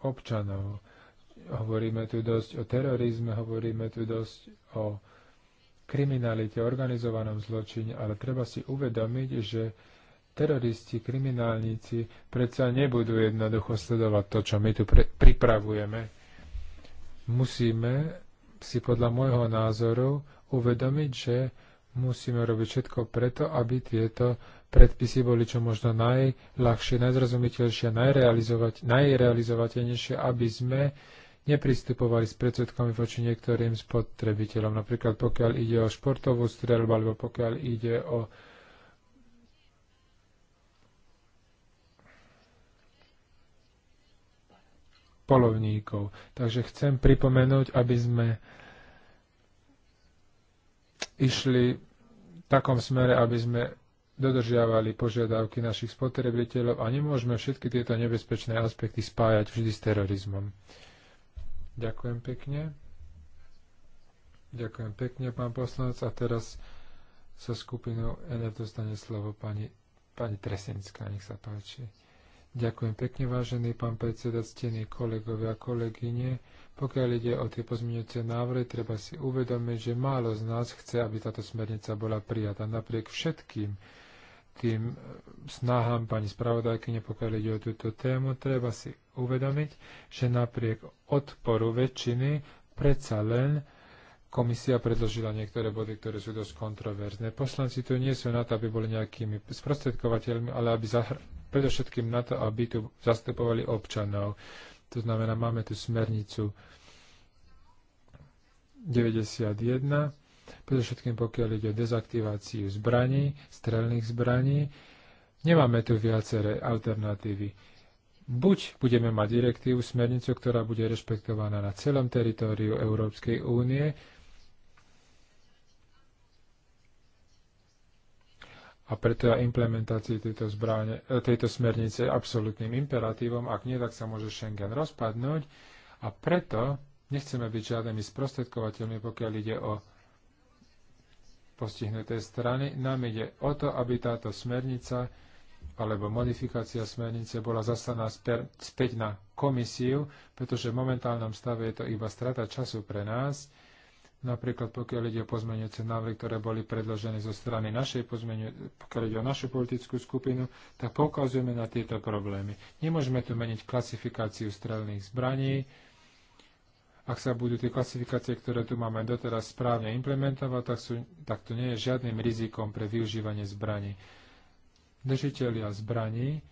S3: občanov. Hovoríme tu dosť o terorizme, hovoríme tu dosť o kriminalite, organizovanom zločine, ale treba si uvedomiť, že teroristi, kriminálníci predsa nebudú jednoducho sledovať to, čo my tu pripravujeme. Musíme si podľa môjho názoru uvedomiť, že musíme robiť všetko preto, aby tieto predpisy boli čo možno najľahšie, najzrozumiteľšie, najrealizovať, najrealizovateľnejšie, aby sme nepristupovali s predsudkami voči niektorým spotrebiteľom. Napríklad pokiaľ ide o športovú streľbu, alebo pokiaľ ide o polovníkov. Takže chcem pripomenúť, aby sme išli v takom smere, aby sme dodržiavali požiadavky našich spotrebiteľov a nemôžeme všetky tieto nebezpečné aspekty spájať vždy s terorizmom. Ďakujem pekne. Ďakujem pekne, pán poslanec. A teraz sa skupinou NF dostane slovo pani, pani Tresenská. Nech sa páči. Ďakujem pekne, vážený pán predseda, ctení kolegovia a kolegyne. Pokiaľ ide o tie pozmeňujúce návrhy, treba si uvedomiť, že málo z nás chce, aby táto smernica bola prijatá. Napriek všetkým tým snahám pani spravodajkyne, pokiaľ ide o túto tému, treba si uvedomiť, že napriek odporu väčšiny predsa len komisia predložila niektoré body, ktoré sú dosť kontroverzné. Poslanci tu nie sú na to, aby boli nejakými sprostredkovateľmi, ale aby zahr- predovšetkým na to, aby tu zastupovali občanov. To znamená, máme tu smernicu 91, predovšetkým pokiaľ ide o dezaktiváciu zbraní, strelných zbraní. Nemáme tu viaceré alternatívy. Buď budeme mať direktívu, smernicu, ktorá bude rešpektovaná na celom teritóriu Európskej únie, A preto je implementácii tejto, zbráne, e, tejto smernice absolútnym imperatívom. Ak nie, tak sa môže Schengen rozpadnúť. A preto nechceme byť žiadnymi sprostredkovateľmi, pokiaľ ide o postihnuté strany. Nám ide o to, aby táto smernica alebo modifikácia smernice bola zastaná späť na komisiu, pretože v momentálnom stave je to iba strata času pre nás. Napríklad pokiaľ ide o pozmeňujúce návrhy, ktoré boli predložené zo strany našej pozmeniu, pokiaľ ide o našu politickú skupinu, tak poukazujeme na tieto problémy. Nemôžeme tu meniť klasifikáciu strelných zbraní, ak sa budú tie klasifikácie, ktoré tu máme doteraz správne implementovať, tak, sú, tak to nie je žiadnym rizikom pre využívanie zbraní. Držiteľia zbraní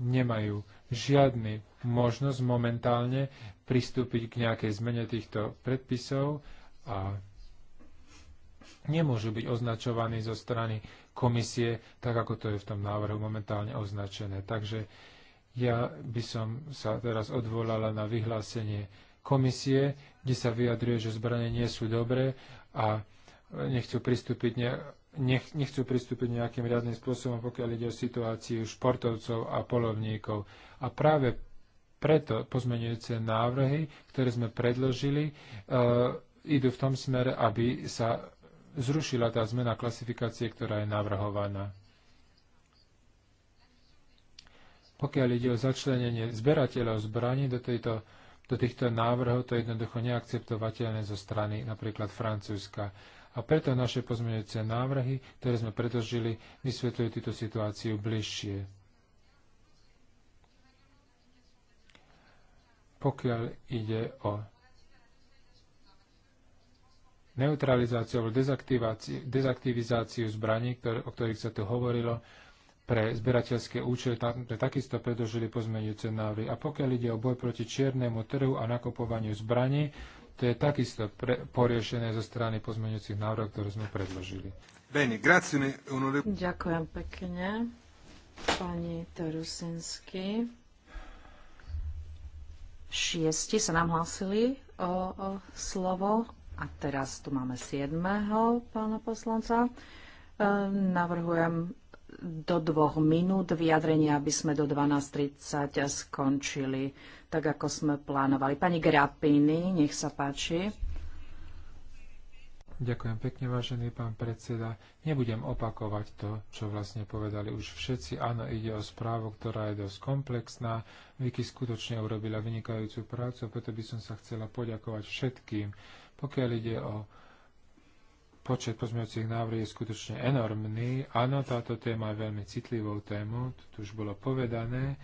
S3: nemajú žiadny možnosť momentálne pristúpiť k nejakej zmene týchto predpisov a nemôžu byť označovaní zo strany komisie, tak ako to je v tom návrhu momentálne označené. Takže ja by som sa teraz odvolala na vyhlásenie komisie, kde sa vyjadruje, že zbranie nie sú dobré a nechcú pristúpiť, ne, nech, nechcú pristúpiť nejakým riadnym spôsobom, pokiaľ ide o situáciu športovcov a polovníkov. A práve preto pozmenujúce návrhy, ktoré sme predložili, e, idú v tom smere, aby sa zrušila tá zmena klasifikácie, ktorá je navrhovaná. Pokiaľ ide o začlenenie zberateľov zbraní do tejto do týchto návrhov, to je jednoducho neakceptovateľné zo strany napríklad Francúzska. A preto naše pozmeňujúce návrhy, ktoré sme predložili, vysvetľujú túto situáciu bližšie. Pokiaľ ide o neutralizáciu alebo dezaktivizáciu zbraní, ktoré, o ktorých sa tu hovorilo, pre zberateľské účely, tam sme takisto predložili pozmeňujúce návrhy. A pokiaľ ide o boj proti čiernemu trhu a nakopovaniu zbraní, to je takisto pre, poriešené zo strany pozmeňujúcich návrhov,
S6: ktoré sme predložili. Bene, grazie, onore...
S5: Ďakujem pekne,
S6: pani Terusinsky. Šiesti
S5: sa nám hlásili o, o slovo a teraz tu máme siedmeho pána poslanca. E, navrhujem do dvoch minút vyjadrenia, aby sme do 12.30 skončili, tak ako sme plánovali. Pani Grapini, nech sa páči.
S3: Ďakujem pekne, vážený pán predseda. Nebudem opakovať to, čo vlastne povedali už všetci. Áno, ide o správu, ktorá je dosť komplexná. Vicky skutočne urobila vynikajúcu prácu, preto by som sa chcela poďakovať všetkým. Pokiaľ ide o počet pozmeňujúcich návrhov je skutočne enormný. Áno, táto téma je veľmi citlivou tému, to už bolo povedané.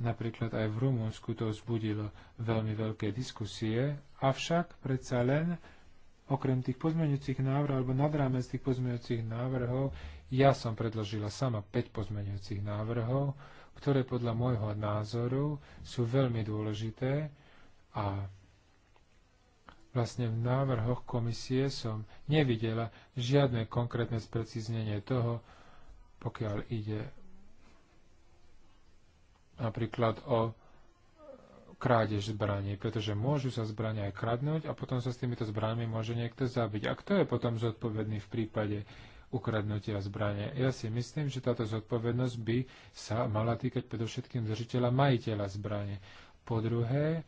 S3: Napríklad aj v Rumunsku to vzbudilo veľmi veľké diskusie, avšak predsa len okrem tých pozmeňujúcich návrhov alebo nad rámec tých pozmeňujúcich návrhov ja som predložila sama 5 pozmeňujúcich návrhov, ktoré podľa môjho názoru sú veľmi dôležité a Vlastne v návrhoch komisie som nevidela žiadne konkrétne spreciznenie toho, pokiaľ ide napríklad o krádež zbraní, pretože môžu sa zbrania aj kradnúť a potom sa s týmito zbraniami môže niekto zabiť. A kto je potom zodpovedný v prípade ukradnutia zbrania? Ja si myslím, že táto zodpovednosť by sa mala týkať predovšetkým držiteľa majiteľa zbranie. Po druhé,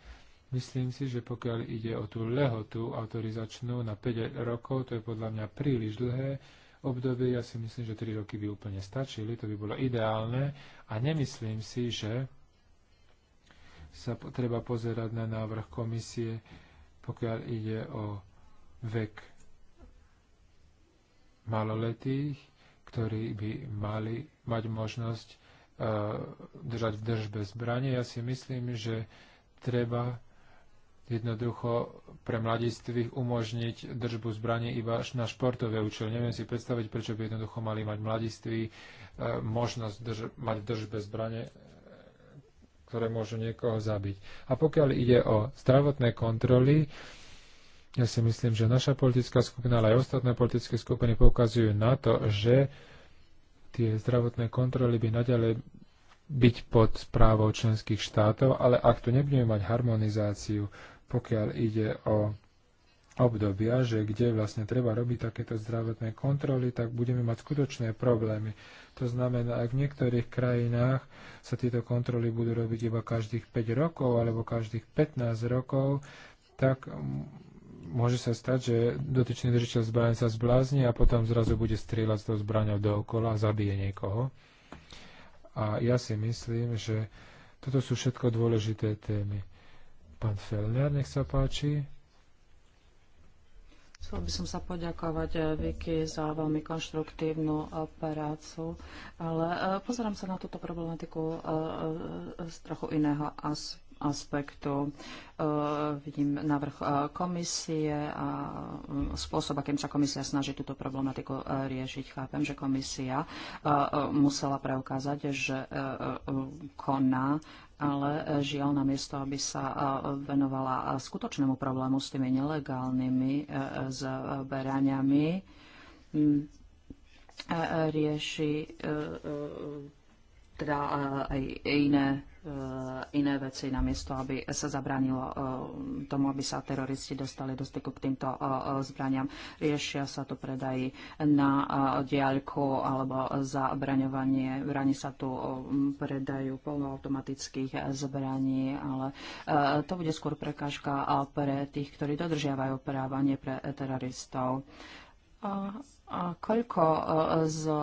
S3: Myslím si, že pokiaľ ide o tú lehotu autorizačnú na 5 rokov, to je podľa mňa príliš dlhé obdobie. Ja si myslím, že 3 roky by úplne stačili, to by bolo ideálne. A nemyslím si, že sa treba pozerať na návrh komisie, pokiaľ ide o vek maloletých, ktorí by mali mať možnosť uh, držať v držbe zbranie. Ja si myslím, že treba jednoducho pre mladistvých umožniť držbu zbraní iba na športové účely. Neviem si predstaviť, prečo by jednoducho mali mať mladiství e, možnosť drž- mať držbe zbranie, e, ktoré môžu niekoho zabiť. A pokiaľ ide o zdravotné kontroly, ja si myslím, že naša politická skupina, ale aj ostatné politické skupiny poukazujú na to, že tie zdravotné kontroly by naďalej byť pod správou členských štátov, ale ak tu nebudeme mať harmonizáciu pokiaľ ide o obdobia, že kde vlastne treba robiť takéto zdravotné kontroly, tak budeme mať skutočné problémy. To znamená, ak v niektorých krajinách sa tieto kontroly budú robiť iba každých 5 rokov alebo každých 15 rokov, tak môže sa stať, že dotyčný držiteľ zbraň sa zblázni a potom zrazu bude strieľať s tou zbraňou dookola a zabije niekoho. A ja si myslím, že toto sú všetko dôležité témy. Pán Felner, nech sa páči.
S5: Chcel by som sa poďakovať eh, Viki za veľmi konštruktívnu eh, prácu, ale eh, pozerám sa na túto problematiku z trochu iného aspektu. Vidím návrh komisie a mm, spôsob, akým sa komisia snaží túto problematiku riešiť. Chápem, že komisia musela preukázať, že koná ale e, žiaľ na miesto, aby sa e, venovala e, skutočnému problému s tými nelegálnymi zberaniami, rieši teda aj iné E, iné veci, namiesto aby sa zabránilo e, tomu, aby sa teroristi dostali do styku k týmto e, zbraniam. Riešia sa tu predaji na diaľku alebo zabraňovanie. Brani sa tu predajú polnoautomatických zbraní, ale to bude skôr prekážka pre tých, ktorí dodržiavajú práva, nie pre teroristov. A koľko e,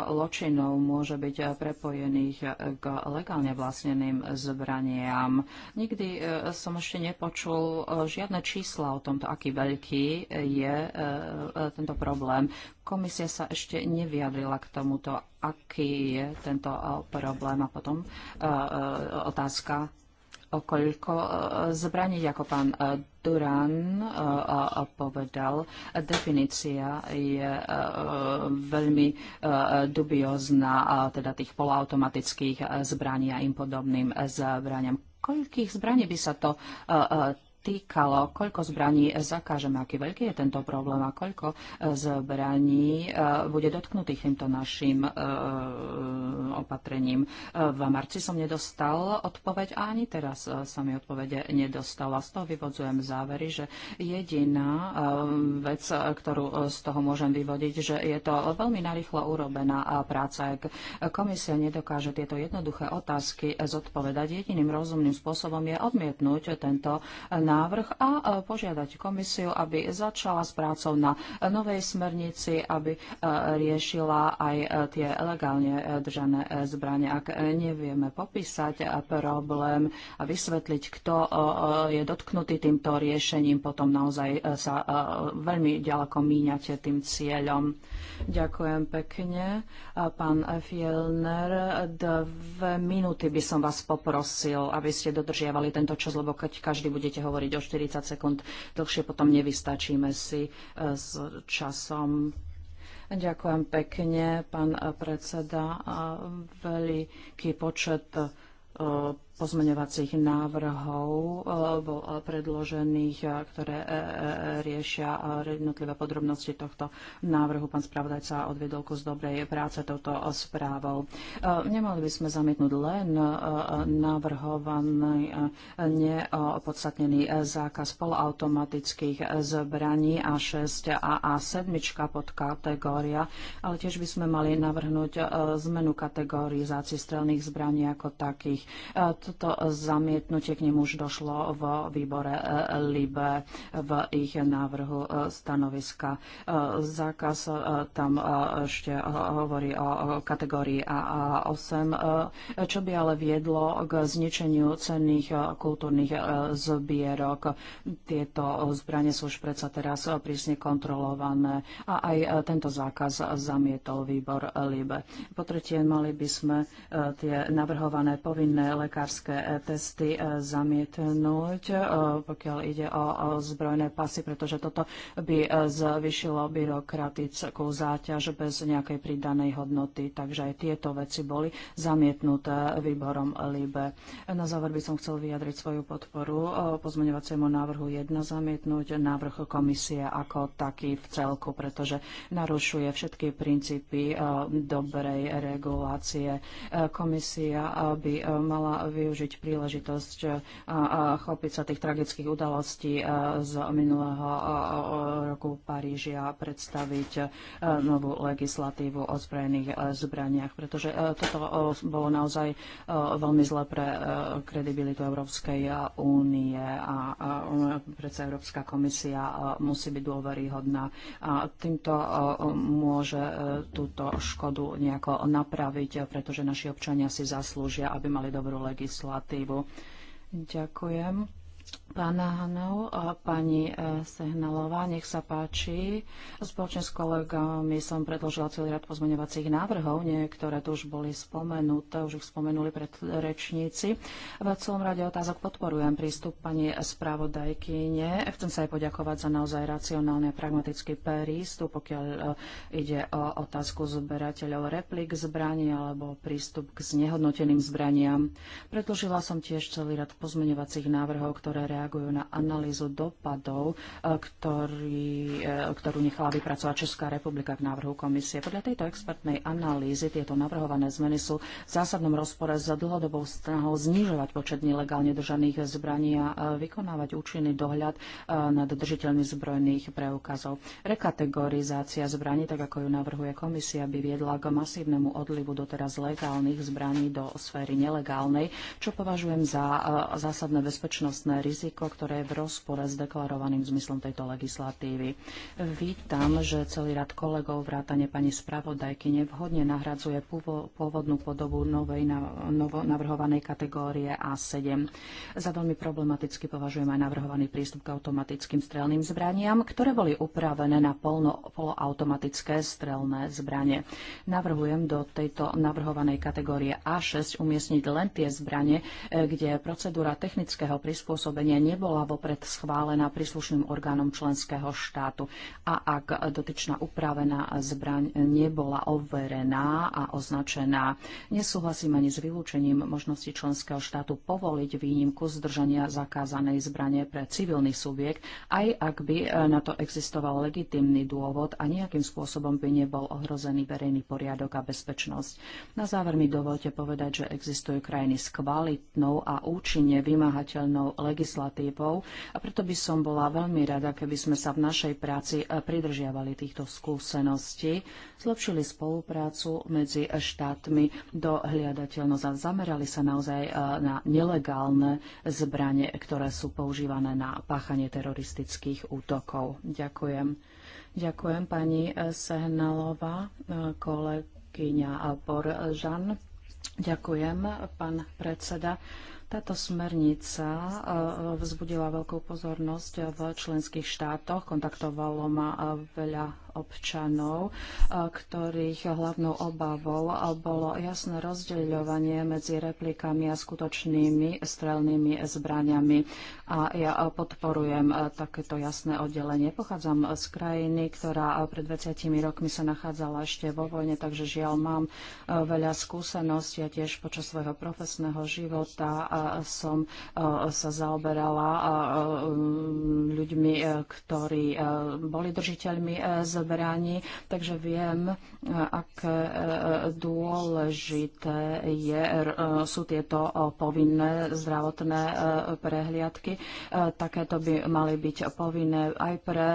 S5: zločinov môže byť e, prepojených e, k legálne vlastneným zbraniam? Nikdy som ešte nepočul žiadne čísla o tomto, aký veľký je tento problém. Komisia sa ešte nevyjadrila k tomuto, aký je tento problém. A potom otázka okoľko e, zbraní, ako pán e, Duran e, povedal. Definícia je veľmi dubiozná, teda tých poloautomatických zbraní a im podobným zbraniam. Koľkých zbraní by sa to týkalo, koľko zbraní zakážeme, aký veľký je tento problém a koľko e, zbraní e, bude dotknutých týmto našim e, opatrením. V marci som nedostal odpoveď a ani teraz sa mi odpovede nedostala. Z toho vyvodzujem závery, že jediná vec, ktorú z toho môžem vyvodiť, že je to veľmi narýchlo urobená práca. Ak komisia nedokáže tieto jednoduché otázky zodpovedať, jediným rozumným spôsobom je odmietnúť tento návrh návrh a požiadať komisiu, aby začala s prácou na novej smernici, aby e, riešila aj e, tie legálne e, držané zbranie. Ak nevieme popísať problém a vysvetliť, kto je dotknutý týmto riešením, potom naozaj sa veľmi ďaleko míňate tým cieľom. Ďakujem pekne. Pán Fielner, dve minúty by som vás poprosil, aby ste dodržiavali tento čas, lebo keď každý budete hovoriť hovoriť o 40 sekúnd dlhšie, potom nevystačíme si e, s časom. Ďakujem pekne, pán e, predseda. Veľký počet e, pozmeňovacích návrhov alebo e, predložených, e, ktoré e, riešia jednotlivé podrobnosti tohto návrhu. Pán spravodajca odvedol kus dobrej práce touto správou. Nemali by sme zamietnúť len navrhovaný neopodstatnený zákaz polautomatických zbraní a 6 a, a 7 pod kategória, ale tiež by sme mali navrhnúť zmenu kategorizácie strelných zbraní ako takých. To toto zamietnutie k nemu už došlo v výbore e, LIBE v ich návrhu e, stanoviska. E, zákaz tam ešte hovorí o kategórii A8, čo by ale viedlo k zničeniu cenných kultúrnych zbierok. Tieto zbranie sú už predsa teraz prísne kontrolované a aj tento zákaz zamietol výbor LIBE. Po tretie, mali by sme tie navrhované povinné lekárske praktické eh, testy eh, zamietnúť, eh, pokiaľ ide o zbrojné pasy, pretože toto by zvyšilo byrokratickú záťaž bez nejakej pridanej hodnoty. Takže aj tieto veci boli zamietnuté výborom LIBE. Na záver by som chcel vyjadriť svoju podporu pozmeňovaciemu návrhu 1 zamietnúť návrh komisie ako taký v celku, pretože narušuje všetky princípy dobrej regulácie. Komisia by mala využiť využiť príležitosť eh, a chopiť sa tých tragických udalostí eh, z minulého eh, roku v Paríži a predstaviť novú legislatívu o zbrojených zbraniach, pretože toto bolo naozaj veľmi zle pre kredibilitu Európskej únie a predsa Európska komisia musí byť dôveryhodná a týmto môže túto škodu nejako napraviť, pretože naši občania si zaslúžia, aby mali dobrú legislatívu legislatívu. Ďakujem. Pána Hanov a pani e, Sehnalová, nech sa páči. Spoločne s kolegami som predložila celý rad pozmeňovacích návrhov, niektoré tu už boli spomenuté, už ich spomenuli pred rečníci. V celom rade otázok podporujem prístup pani spravodajkyne. Chcem sa aj poďakovať za naozaj racionálny a pragmatický prístup, pokiaľ e, ide o otázku zberateľov replik zbraní alebo prístup k znehodnoteným zbraniam. Predložila som tiež celý rad pozmeňovacích návrhov, ktoré ktoré reagujú na analýzu dopadov, e, ktorý, e, ktorú nechala vypracovať Česká republika k návrhu komisie. Podľa tejto expertnej analýzy tieto navrhované zmeny sú v zásadnom rozpore s dlhodobou snahou znižovať počet nelegálne držaných zbraní a e, vykonávať účinný dohľad nad držiteľmi zbrojných preukazov. Rekategorizácia zbraní, tak ako ju navrhuje komisia, by viedla k masívnemu odlivu doteraz legálnych zbraní do sféry nelegálnej, čo považujem za zásadné bezpečnostné riziko riziko, ktoré je v rozpore s deklarovaným zmyslom tejto legislatívy. Vítam, že celý rad kolegov vrátane pani spravodajky nevhodne nahradzuje pôvodnú podobu novej novo navrhovanej kategórie A7. Za veľmi problematicky považujem aj navrhovaný prístup k automatickým strelným zbraniam, ktoré boli upravené na polno, poloautomatické strelné zbranie. Navrhujem do tejto navrhovanej kategórie A6 umiestniť len tie zbranie, eh, kde procedúra technického prispôsobenia ustanovenie nebola vopred schválená príslušným orgánom členského štátu a ak dotyčná upravená zbraň nebola overená a označená. Nesúhlasím ani s vylúčením možnosti členského štátu povoliť výnimku zdržania zakázanej zbrane pre civilný subjekt, aj ak by e, na to existoval legitimný dôvod a nejakým spôsobom by nebol ohrozený verejný poriadok a bezpečnosť. Na záver mi dovolte povedať, že existujú krajiny s kvalitnou a účinne vymáhateľnou legislatívou legislatívou a preto by som bola veľmi rada, keby sme sa v našej práci e, pridržiavali týchto skúseností, zlepšili spoluprácu medzi štátmi do hliadateľnosť a zamerali sa naozaj e, na nelegálne zbranie, ktoré sú používané na páchanie teroristických útokov. Ďakujem. Ďakujem pani e, Sehnalová, kolegyňa Boržan. Ďakujem, pán predseda. Táto smernica eh, vzbudila veľkú pozornosť v členských štátoch. Kontaktovalo ma eh, veľa občanov, ktorých hlavnou obavou bolo jasné rozdeľovanie medzi replikami a skutočnými strelnými zbraniami. A ja podporujem takéto jasné oddelenie. Pochádzam z krajiny, ktorá pred 20 rokmi sa nachádzala ešte vo vojne, takže žiaľ mám veľa skúseností a tiež počas svojho profesného života som sa zaoberala ľuďmi, ktorí boli držiteľmi zbraní e, rozobraní, takže viem, aké e, dôležité je, e, sú tieto e, povinné zdravotné prehliadky. Takéto by mali byť povinné aj pre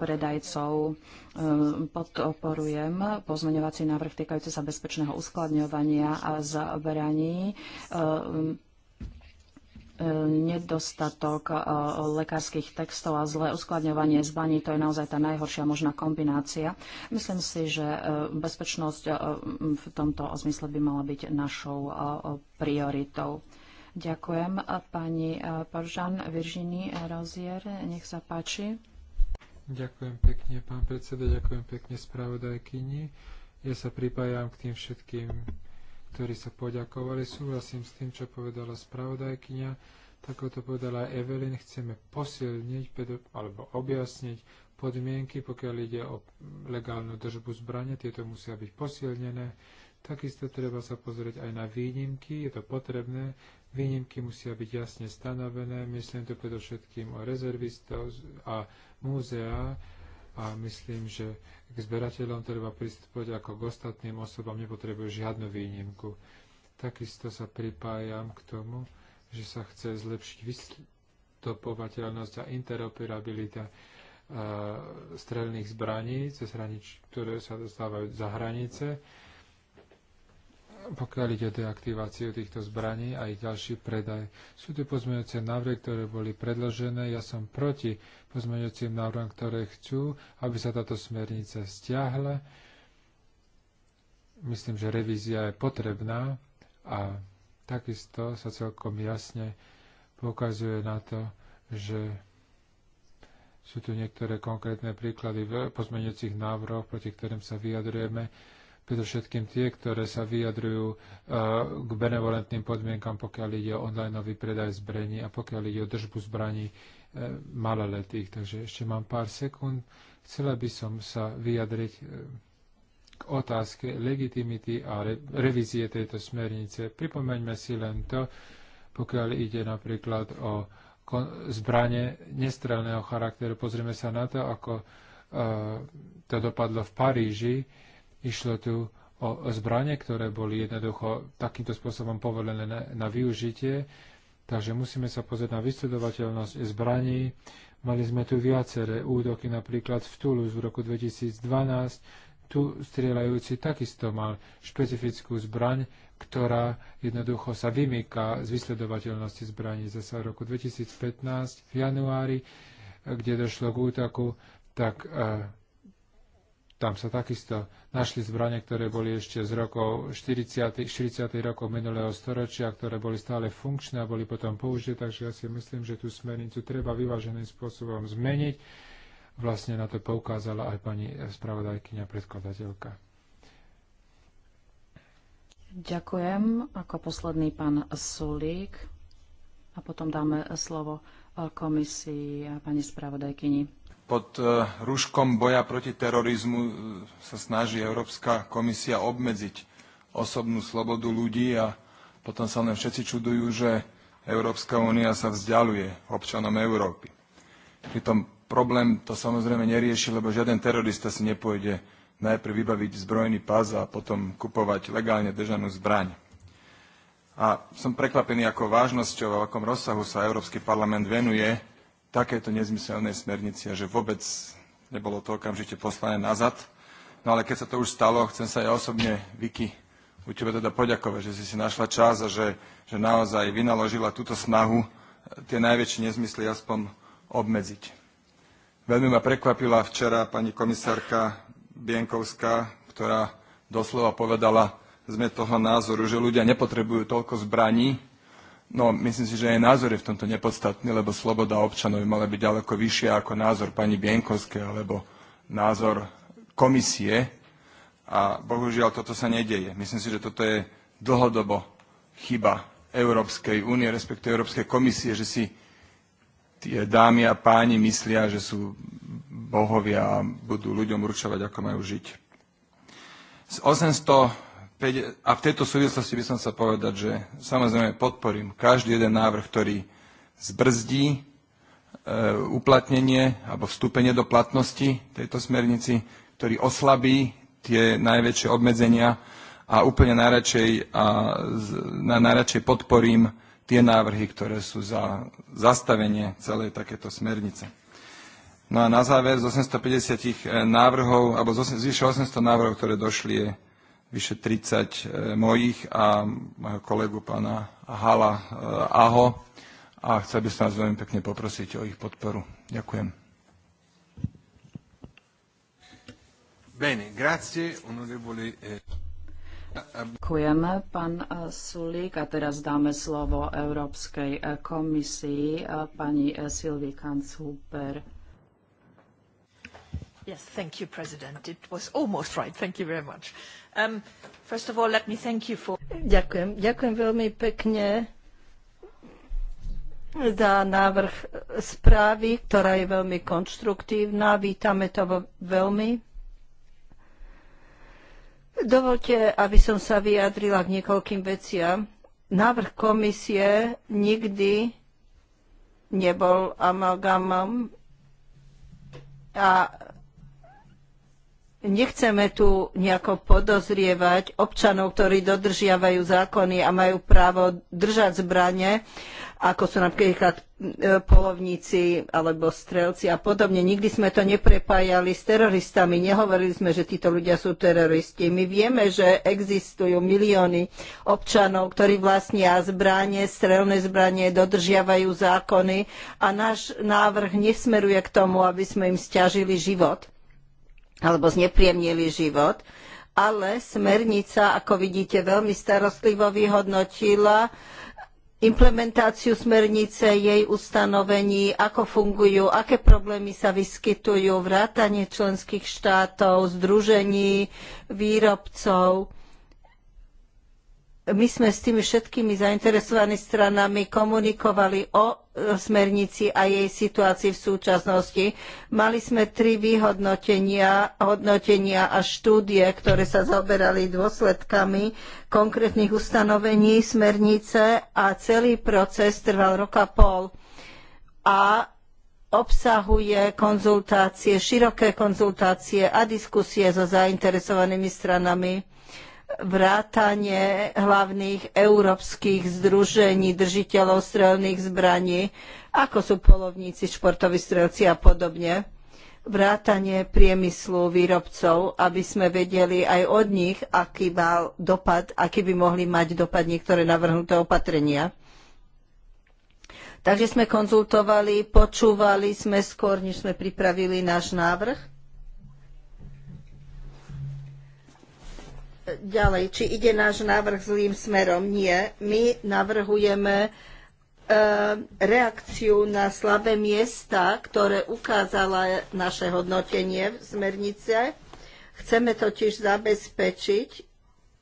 S5: predajcov. Podporujem pozmeňovací návrh týkajúci sa bezpečného uskladňovania a zaberaní nedostatok e, lekárskych textov a zlé uskladňovanie zbaní, to je naozaj tá najhoršia možná kombinácia. Myslím si, že e, bezpečnosť e, v tomto zmysle by mala byť našou prioritou. Ďakujem. Pani Paržan Virginie Rozier, nech sa páči.
S3: Ďakujem pekne, pán predseda, ďakujem pekne spravodajkyni. Ja sa pripájam k tým všetkým ktorí sa poďakovali. Súhlasím s tým, čo povedala spravodajkynia, Tak ako to povedala aj Evelyn, chceme posilniť alebo objasniť podmienky, pokiaľ ide o legálnu držbu zbrane. Tieto musia byť posilnené. Takisto treba sa pozrieť aj na výnimky, je to potrebné. Výnimky musia byť jasne stanovené, myslím to predovšetkým o rezervistov a múzeá, a myslím, že k zberateľom treba pristúpiť ako k ostatným osobám, nepotrebujú žiadnu výnimku. Takisto sa pripájam k tomu, že sa chce zlepšiť vystopovateľnosť a interoperabilita e, strelných zbraní, cez hranič, ktoré sa dostávajú za hranice pokiaľ ide o deaktiváciu týchto zbraní a ich ďalší predaj. Sú tu pozmeňujúce návrhy, ktoré boli predložené. Ja som proti pozmeňujúcim návrhom, ktoré chcú, aby sa táto smernica stiahla. Myslím, že revízia je potrebná a takisto sa celkom jasne poukazuje na to, že sú tu niektoré konkrétne príklady v pozmeňujúcich návrhoch, proti ktorým sa vyjadrujeme predovšetkým tie, ktoré sa vyjadrujú e, k benevolentným podmienkam, pokiaľ ide o online predaj zbraní a pokiaľ ide o držbu zbraní e, maloletých. Takže ešte mám pár sekúnd. Chcela by som sa vyjadriť e, k otázke legitimity a re- revízie tejto smernice. Pripomeňme si len to, pokiaľ ide napríklad o zbranie nestrelného charakteru. Pozrieme sa na to, ako to dopadlo v Paríži Išlo tu o zbranie, ktoré boli jednoducho takýmto spôsobom povolené na, na využitie, takže musíme sa pozrieť na vysledovateľnosť zbraní. Mali sme tu viaceré útoky, napríklad v Toulouse v roku 2012. Tu strieľajúci takisto mal špecifickú zbraň, ktorá jednoducho sa vymýka z vysledovateľnosti zbraní. Zase v roku 2015 v januári, kde došlo k útoku, tak eh, tam sa takisto našli zbranie, ktoré boli ešte z rokov 40. 40. rokov minulého storočia, ktoré boli stále funkčné a boli potom použité, takže ja si myslím, že tú smernicu treba vyváženým spôsobom zmeniť. Vlastne na to poukázala aj pani spravodajkyňa predkladateľka.
S5: Ďakujem. Ako posledný pán Sulík a potom dáme slovo eh, komisii a pani spravodajkyni.
S6: Pod e, rúškom boja proti terorizmu e, sa snaží Európska komisia obmedziť osobnú slobodu ľudí a potom sa len všetci čudujú, že Európska únia sa vzdialuje občanom Európy. Pritom problém to samozrejme nerieši, lebo žiaden terorista si nepôjde najprv vybaviť zbrojný pás a potom kupovať legálne držanú zbraň. A som prekvapený, ako vážnosťou a akom rozsahu sa Európsky parlament venuje takéto nezmyselnej smernici a že vôbec nebolo to okamžite poslané nazad. No ale keď sa to už stalo, chcem sa aj osobne, Viki, u tebe teda poďakovať, že si si našla čas a že, že naozaj vynaložila túto snahu eh, tie najväčšie nezmysly aspoň obmedziť. Veľmi ma prekvapila včera pani komisárka Bienkovská, ktorá doslova povedala, sme toho názoru, že ľudia nepotrebujú toľko zbraní, No, myslím si, že aj názor je v tomto nepodstatný, lebo sloboda občanov by mala byť ďaleko vyššia ako názor pani Bienkovskej alebo názor komisie. A bohužiaľ toto sa nedeje. Myslím si, že toto je dlhodobo chyba Európskej únie, respektive Európskej komisie, že si tie dámy a páni myslia, že sú bohovia a budú ľuďom určovať, ako majú žiť. Z 800 a v tejto súvislosti by som sa povedať, že samozrejme podporím každý jeden návrh, ktorý zbrzdí e, uplatnenie alebo vstúpenie do platnosti tejto smernici, ktorý oslabí tie najväčšie obmedzenia a úplne najradšej, a najradšej podporím tie návrhy, ktoré sú za zastavenie celej takéto smernice. No a na záver z 850 e, návrhov, alebo z vyše 800 návrhov, ktoré došli, je vyše 30 e, mojich a mojho kolegu pána Hala e, Aho a chcel by som vás veľmi pekne poprosiť o ich podporu. Ďakujem. E, Ďakujem,
S5: pán Sulík. A teraz dáme slovo Európskej komisii, pani Silvi Kancuber.
S4: Yes, thank
S1: you, President. It was almost right. Thank you very much. Uh, Um,
S2: Ďakujem. Ďakujem veľmi pekne za návrh správy, ktorá je veľmi konštruktívna. Vítame to veľmi. Dovolte, aby som sa vyjadrila k niekoľkým veciam. Návrh komisie nikdy nebol amalgamom a Nechceme tu nejako podozrievať občanov, ktorí dodržiavajú zákony a majú právo držať zbranie, ako sú napríklad e, polovníci alebo strelci a podobne. Nikdy sme to neprepájali s teroristami. Nehovorili sme, že títo ľudia sú teroristi. My vieme, že existujú milióny občanov, ktorí vlastnia zbranie, strelné zbranie, dodržiavajú zákony a náš návrh nesmeruje k tomu, aby sme im stiažili život alebo znepriemnili život. Ale smernica, ako vidíte, veľmi starostlivo vyhodnotila implementáciu smernice, jej ustanovení, ako fungujú, aké problémy sa vyskytujú, vrátanie členských štátov, združení, výrobcov. My sme s tými všetkými zainteresovanými stranami komunikovali o smernici a jej situácii v súčasnosti. Mali sme tri vyhodnotenia, hodnotenia a štúdie, ktoré sa zaoberali dôsledkami konkrétnych ustanovení smernice a celý proces trval roka pol a obsahuje konzultácie, široké konzultácie a diskusie so zainteresovanými stranami vrátanie hlavných európskych združení držiteľov strelných zbraní, ako sú polovníci, športoví strelci a podobne. Vrátanie priemyslu výrobcov, aby sme vedeli aj od nich, aký mal dopad, aký by mohli mať dopad niektoré navrhnuté opatrenia. Takže sme konzultovali, počúvali sme skôr, než sme pripravili náš návrh ďalej, či ide náš návrh zlým smerom. Nie, my navrhujeme e, reakciu na slabé miesta, ktoré ukázala naše hodnotenie v smernice. Chceme totiž zabezpečiť,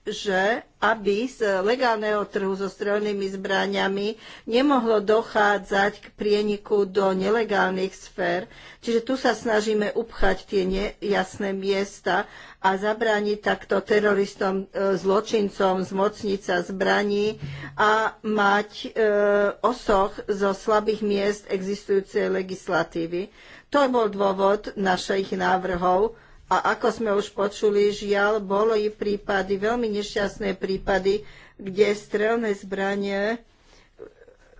S2: že aby z legálneho trhu so strojnými zbraniami nemohlo dochádzať k prieniku do nelegálnych sfér. Čiže tu sa snažíme upchať tie nejasné miesta a zabrániť takto teroristom, e, zločincom zmocniť sa zbraní a mať e, osoch zo slabých miest existujúcej legislatívy. To bol dôvod našich návrhov a ako sme už počuli, žiaľ, boli prípady, veľmi nešťastné prípady, kde strelné zbranie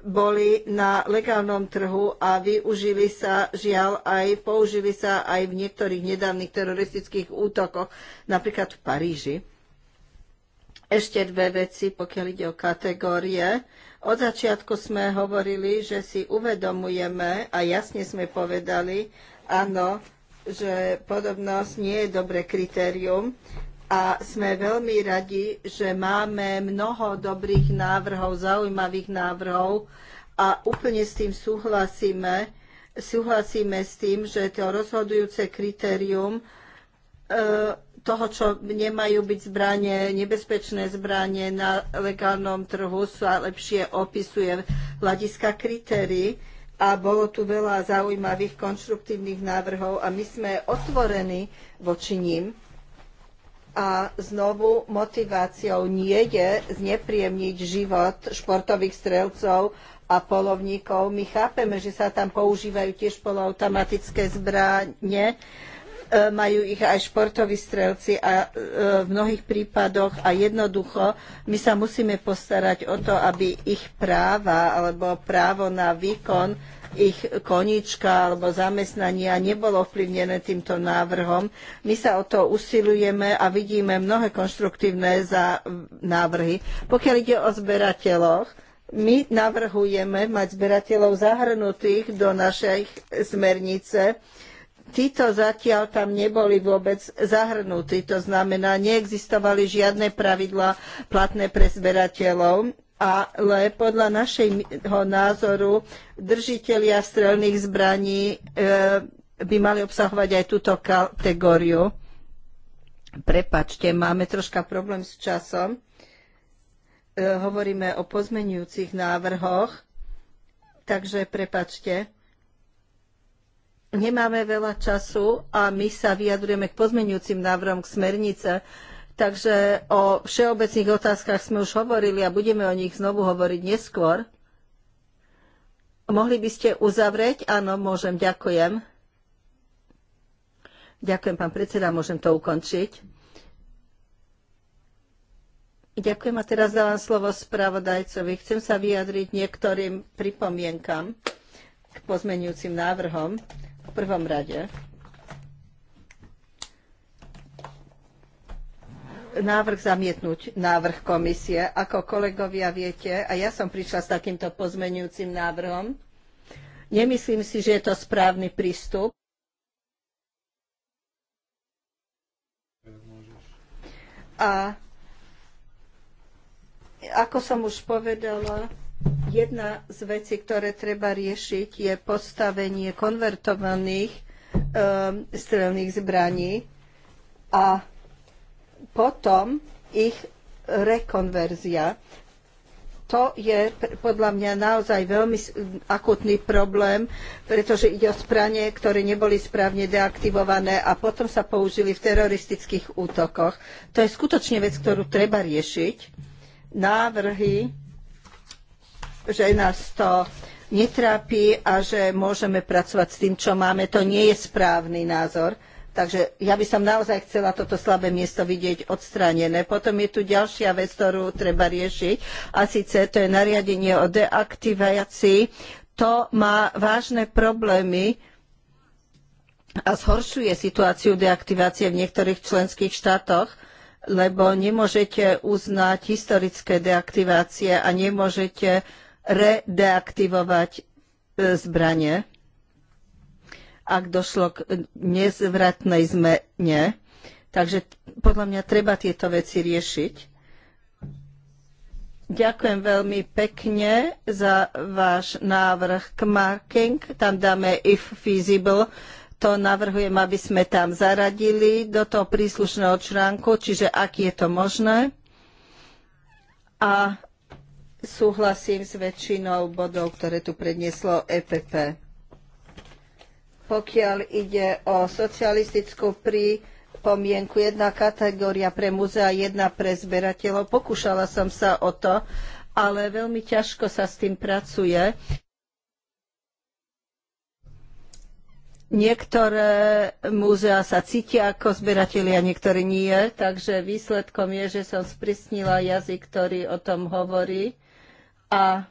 S2: boli na legálnom trhu a využili sa, žiaľ, aj použili sa aj v niektorých nedávnych teroristických útokoch, napríklad v Paríži. Ešte dve veci, pokiaľ ide o kategórie. Od začiatku sme hovorili, že si uvedomujeme a jasne sme povedali, áno, že podobnosť nie je dobré kritérium, a sme veľmi radi, že máme mnoho dobrých návrhov, zaujímavých návrhov a úplne s tým súhlasíme. Súhlasíme s tým, že to rozhodujúce kritérium e, toho, čo nemajú byť zbranie, nebezpečné zbranie na legálnom trhu sa lepšie opisuje hľadiska kritérií a bolo tu veľa zaujímavých konštruktívnych návrhov a my sme otvorení voči ním a znovu motiváciou nie je znepríjemniť život športových strelcov a polovníkov. My chápeme, že sa tam používajú tiež poloautomatické zbranie, e, majú ich aj športoví strelci a e, v mnohých prípadoch a jednoducho my sa musíme postarať o to, aby ich práva alebo právo na výkon ich konička alebo zamestnania nebolo ovplyvnené týmto návrhom. My sa o to usilujeme a vidíme mnohé konštruktívne za návrhy. Pokiaľ ide o zberateľoch, my navrhujeme mať zberateľov zahrnutých do našej smernice. Títo zatiaľ tam neboli vôbec zahrnutí, to znamená, neexistovali žiadne pravidlá platné pre zberateľov ale podľa našeho názoru držitelia strelných zbraní e, by mali obsahovať aj túto kategóriu. Prepačte, máme troška problém s časom. E, hovoríme o pozmenujúcich návrhoch, takže prepačte. Nemáme veľa času a my sa vyjadrujeme k pozmenujúcim návrhom k smernice Takže o všeobecných otázkach sme už hovorili a budeme o nich znovu hovoriť neskôr. Mohli by ste uzavrieť? Áno, môžem, ďakujem. Ďakujem, pán predseda, môžem to ukončiť. Ďakujem a teraz dávam slovo spravodajcovi. Chcem sa vyjadriť niektorým pripomienkam k pozmenujúcim návrhom v prvom rade. návrh zamietnúť návrh komisie. Ako kolegovia viete, a ja som prišla s takýmto pozmenujúcim návrhom, nemyslím si, že je to správny prístup. A ako som už povedala, jedna z vecí, ktoré treba riešiť, je postavenie konvertovaných um, strelných zbraní a potom ich rekonverzia. To je podľa mňa naozaj veľmi akutný problém, pretože ide o spranie, ktoré neboli správne deaktivované a potom sa použili v teroristických útokoch. To je skutočne vec, ktorú treba riešiť. Návrhy, že nás to netrápi a že môžeme pracovať s tým, čo máme, to nie je správny názor Takže ja by som naozaj chcela toto slabé miesto vidieť odstránené. Potom je tu ďalšia vec, ktorú treba riešiť a síce to je nariadenie o deaktivácii. To má vážne problémy a zhoršuje situáciu deaktivácie v niektorých členských štátoch lebo nemôžete uznať historické deaktivácie a nemôžete redeaktivovať e, zbranie ak došlo k nezvratnej zmene. Takže podľa mňa treba tieto veci riešiť. Ďakujem veľmi pekne za váš návrh k marking. Tam dáme if feasible. To navrhujem, aby sme tam zaradili do toho príslušného článku, čiže ak je to možné. A súhlasím s väčšinou bodov, ktoré tu prednieslo EPP pokiaľ ide o socialistickú pomienku, jedna kategória pre muzea, jedna pre zberateľov. Pokúšala som sa o to, ale veľmi ťažko sa s tým pracuje. Niektoré múzea sa cítia ako zberatelia, niektoré nie, takže výsledkom je, že som sprisnila jazyk, ktorý o tom hovorí a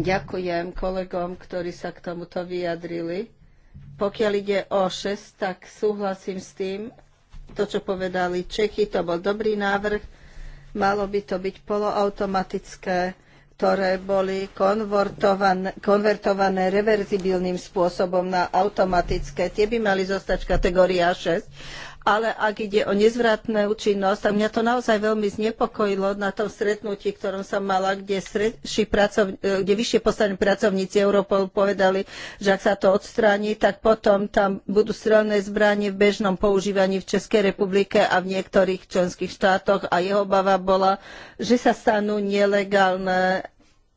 S2: Ďakujem kolegom, ktorí sa k tomuto vyjadrili. Pokiaľ ide o 6, tak súhlasím s tým, to, čo povedali Čechy, to bol dobrý návrh. Malo by to byť poloautomatické, ktoré boli konvertované, konvertované reverzibilným spôsobom na automatické. Tie by mali zostať v kategórii A6 ale ak ide o nezvratnú účinnosť, tak mňa to naozaj veľmi znepokojilo na tom stretnutí, ktorom som mala, kde, pracov, e, kde vyššie postavení pracovníci Europol povedali, že ak sa to odstráni, tak potom tam budú strelné zbranie v bežnom používaní v Českej republike a v niektorých členských štátoch a jeho obava bola, že sa stanú nelegálne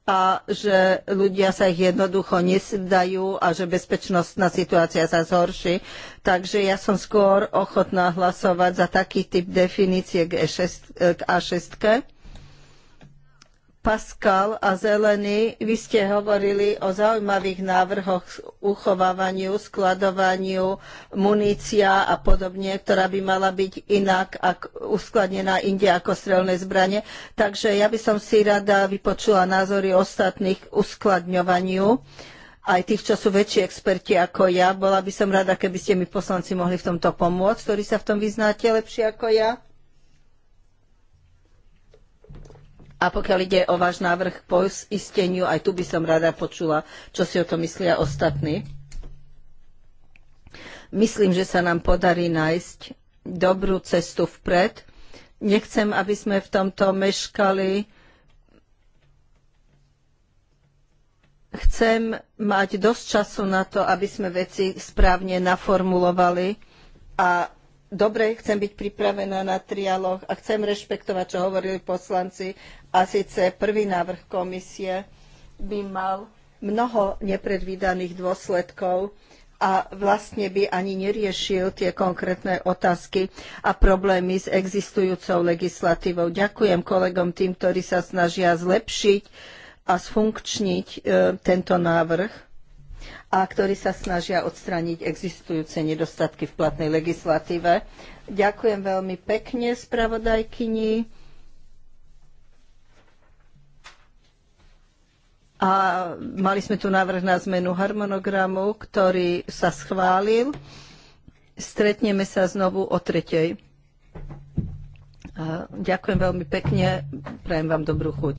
S2: a že ľudia sa ich jednoducho nesdajú a že bezpečnostná situácia sa zhorší. Takže ja som skôr ochotná hlasovať za taký typ definície k, E6, k A6. Pascal a Zelený, vy ste hovorili o zaujímavých návrhoch uchovávaniu, skladovaniu munícia a podobne, ktorá by mala byť inak ak uskladnená inde ako strelné zbranie. Takže ja by som si rada vypočula názory ostatných k uskladňovaniu aj tých, čo sú väčší experti ako ja. Bola by som rada, keby ste mi poslanci mohli v tomto pomôcť, ktorí sa v tom vyznáte lepšie ako ja. A pokiaľ ide o váš návrh k poisteniu, aj tu by som rada počula, čo si o to myslia ostatní. Myslím, že sa nám podarí nájsť dobrú cestu vpred. Nechcem, aby sme v tomto meškali. Chcem mať dosť času na to, aby sme veci správne naformulovali a dobre, chcem byť pripravená na trialog a chcem rešpektovať, čo hovorili poslanci. A síce prvý návrh komisie by mal mnoho nepredvídaných dôsledkov a vlastne by ani neriešil tie konkrétne otázky a problémy s existujúcou legislatívou. Ďakujem kolegom tým, ktorí sa snažia zlepšiť a sfunkčniť e, tento návrh a ktorí sa snažia odstrániť existujúce nedostatky v platnej legislatíve. Ďakujem veľmi pekne spravodajkyni. A mali sme tu návrh na zmenu harmonogramu, ktorý sa schválil. Stretneme sa znovu o tretej. Ďakujem veľmi pekne, prajem vám dobrú chuť.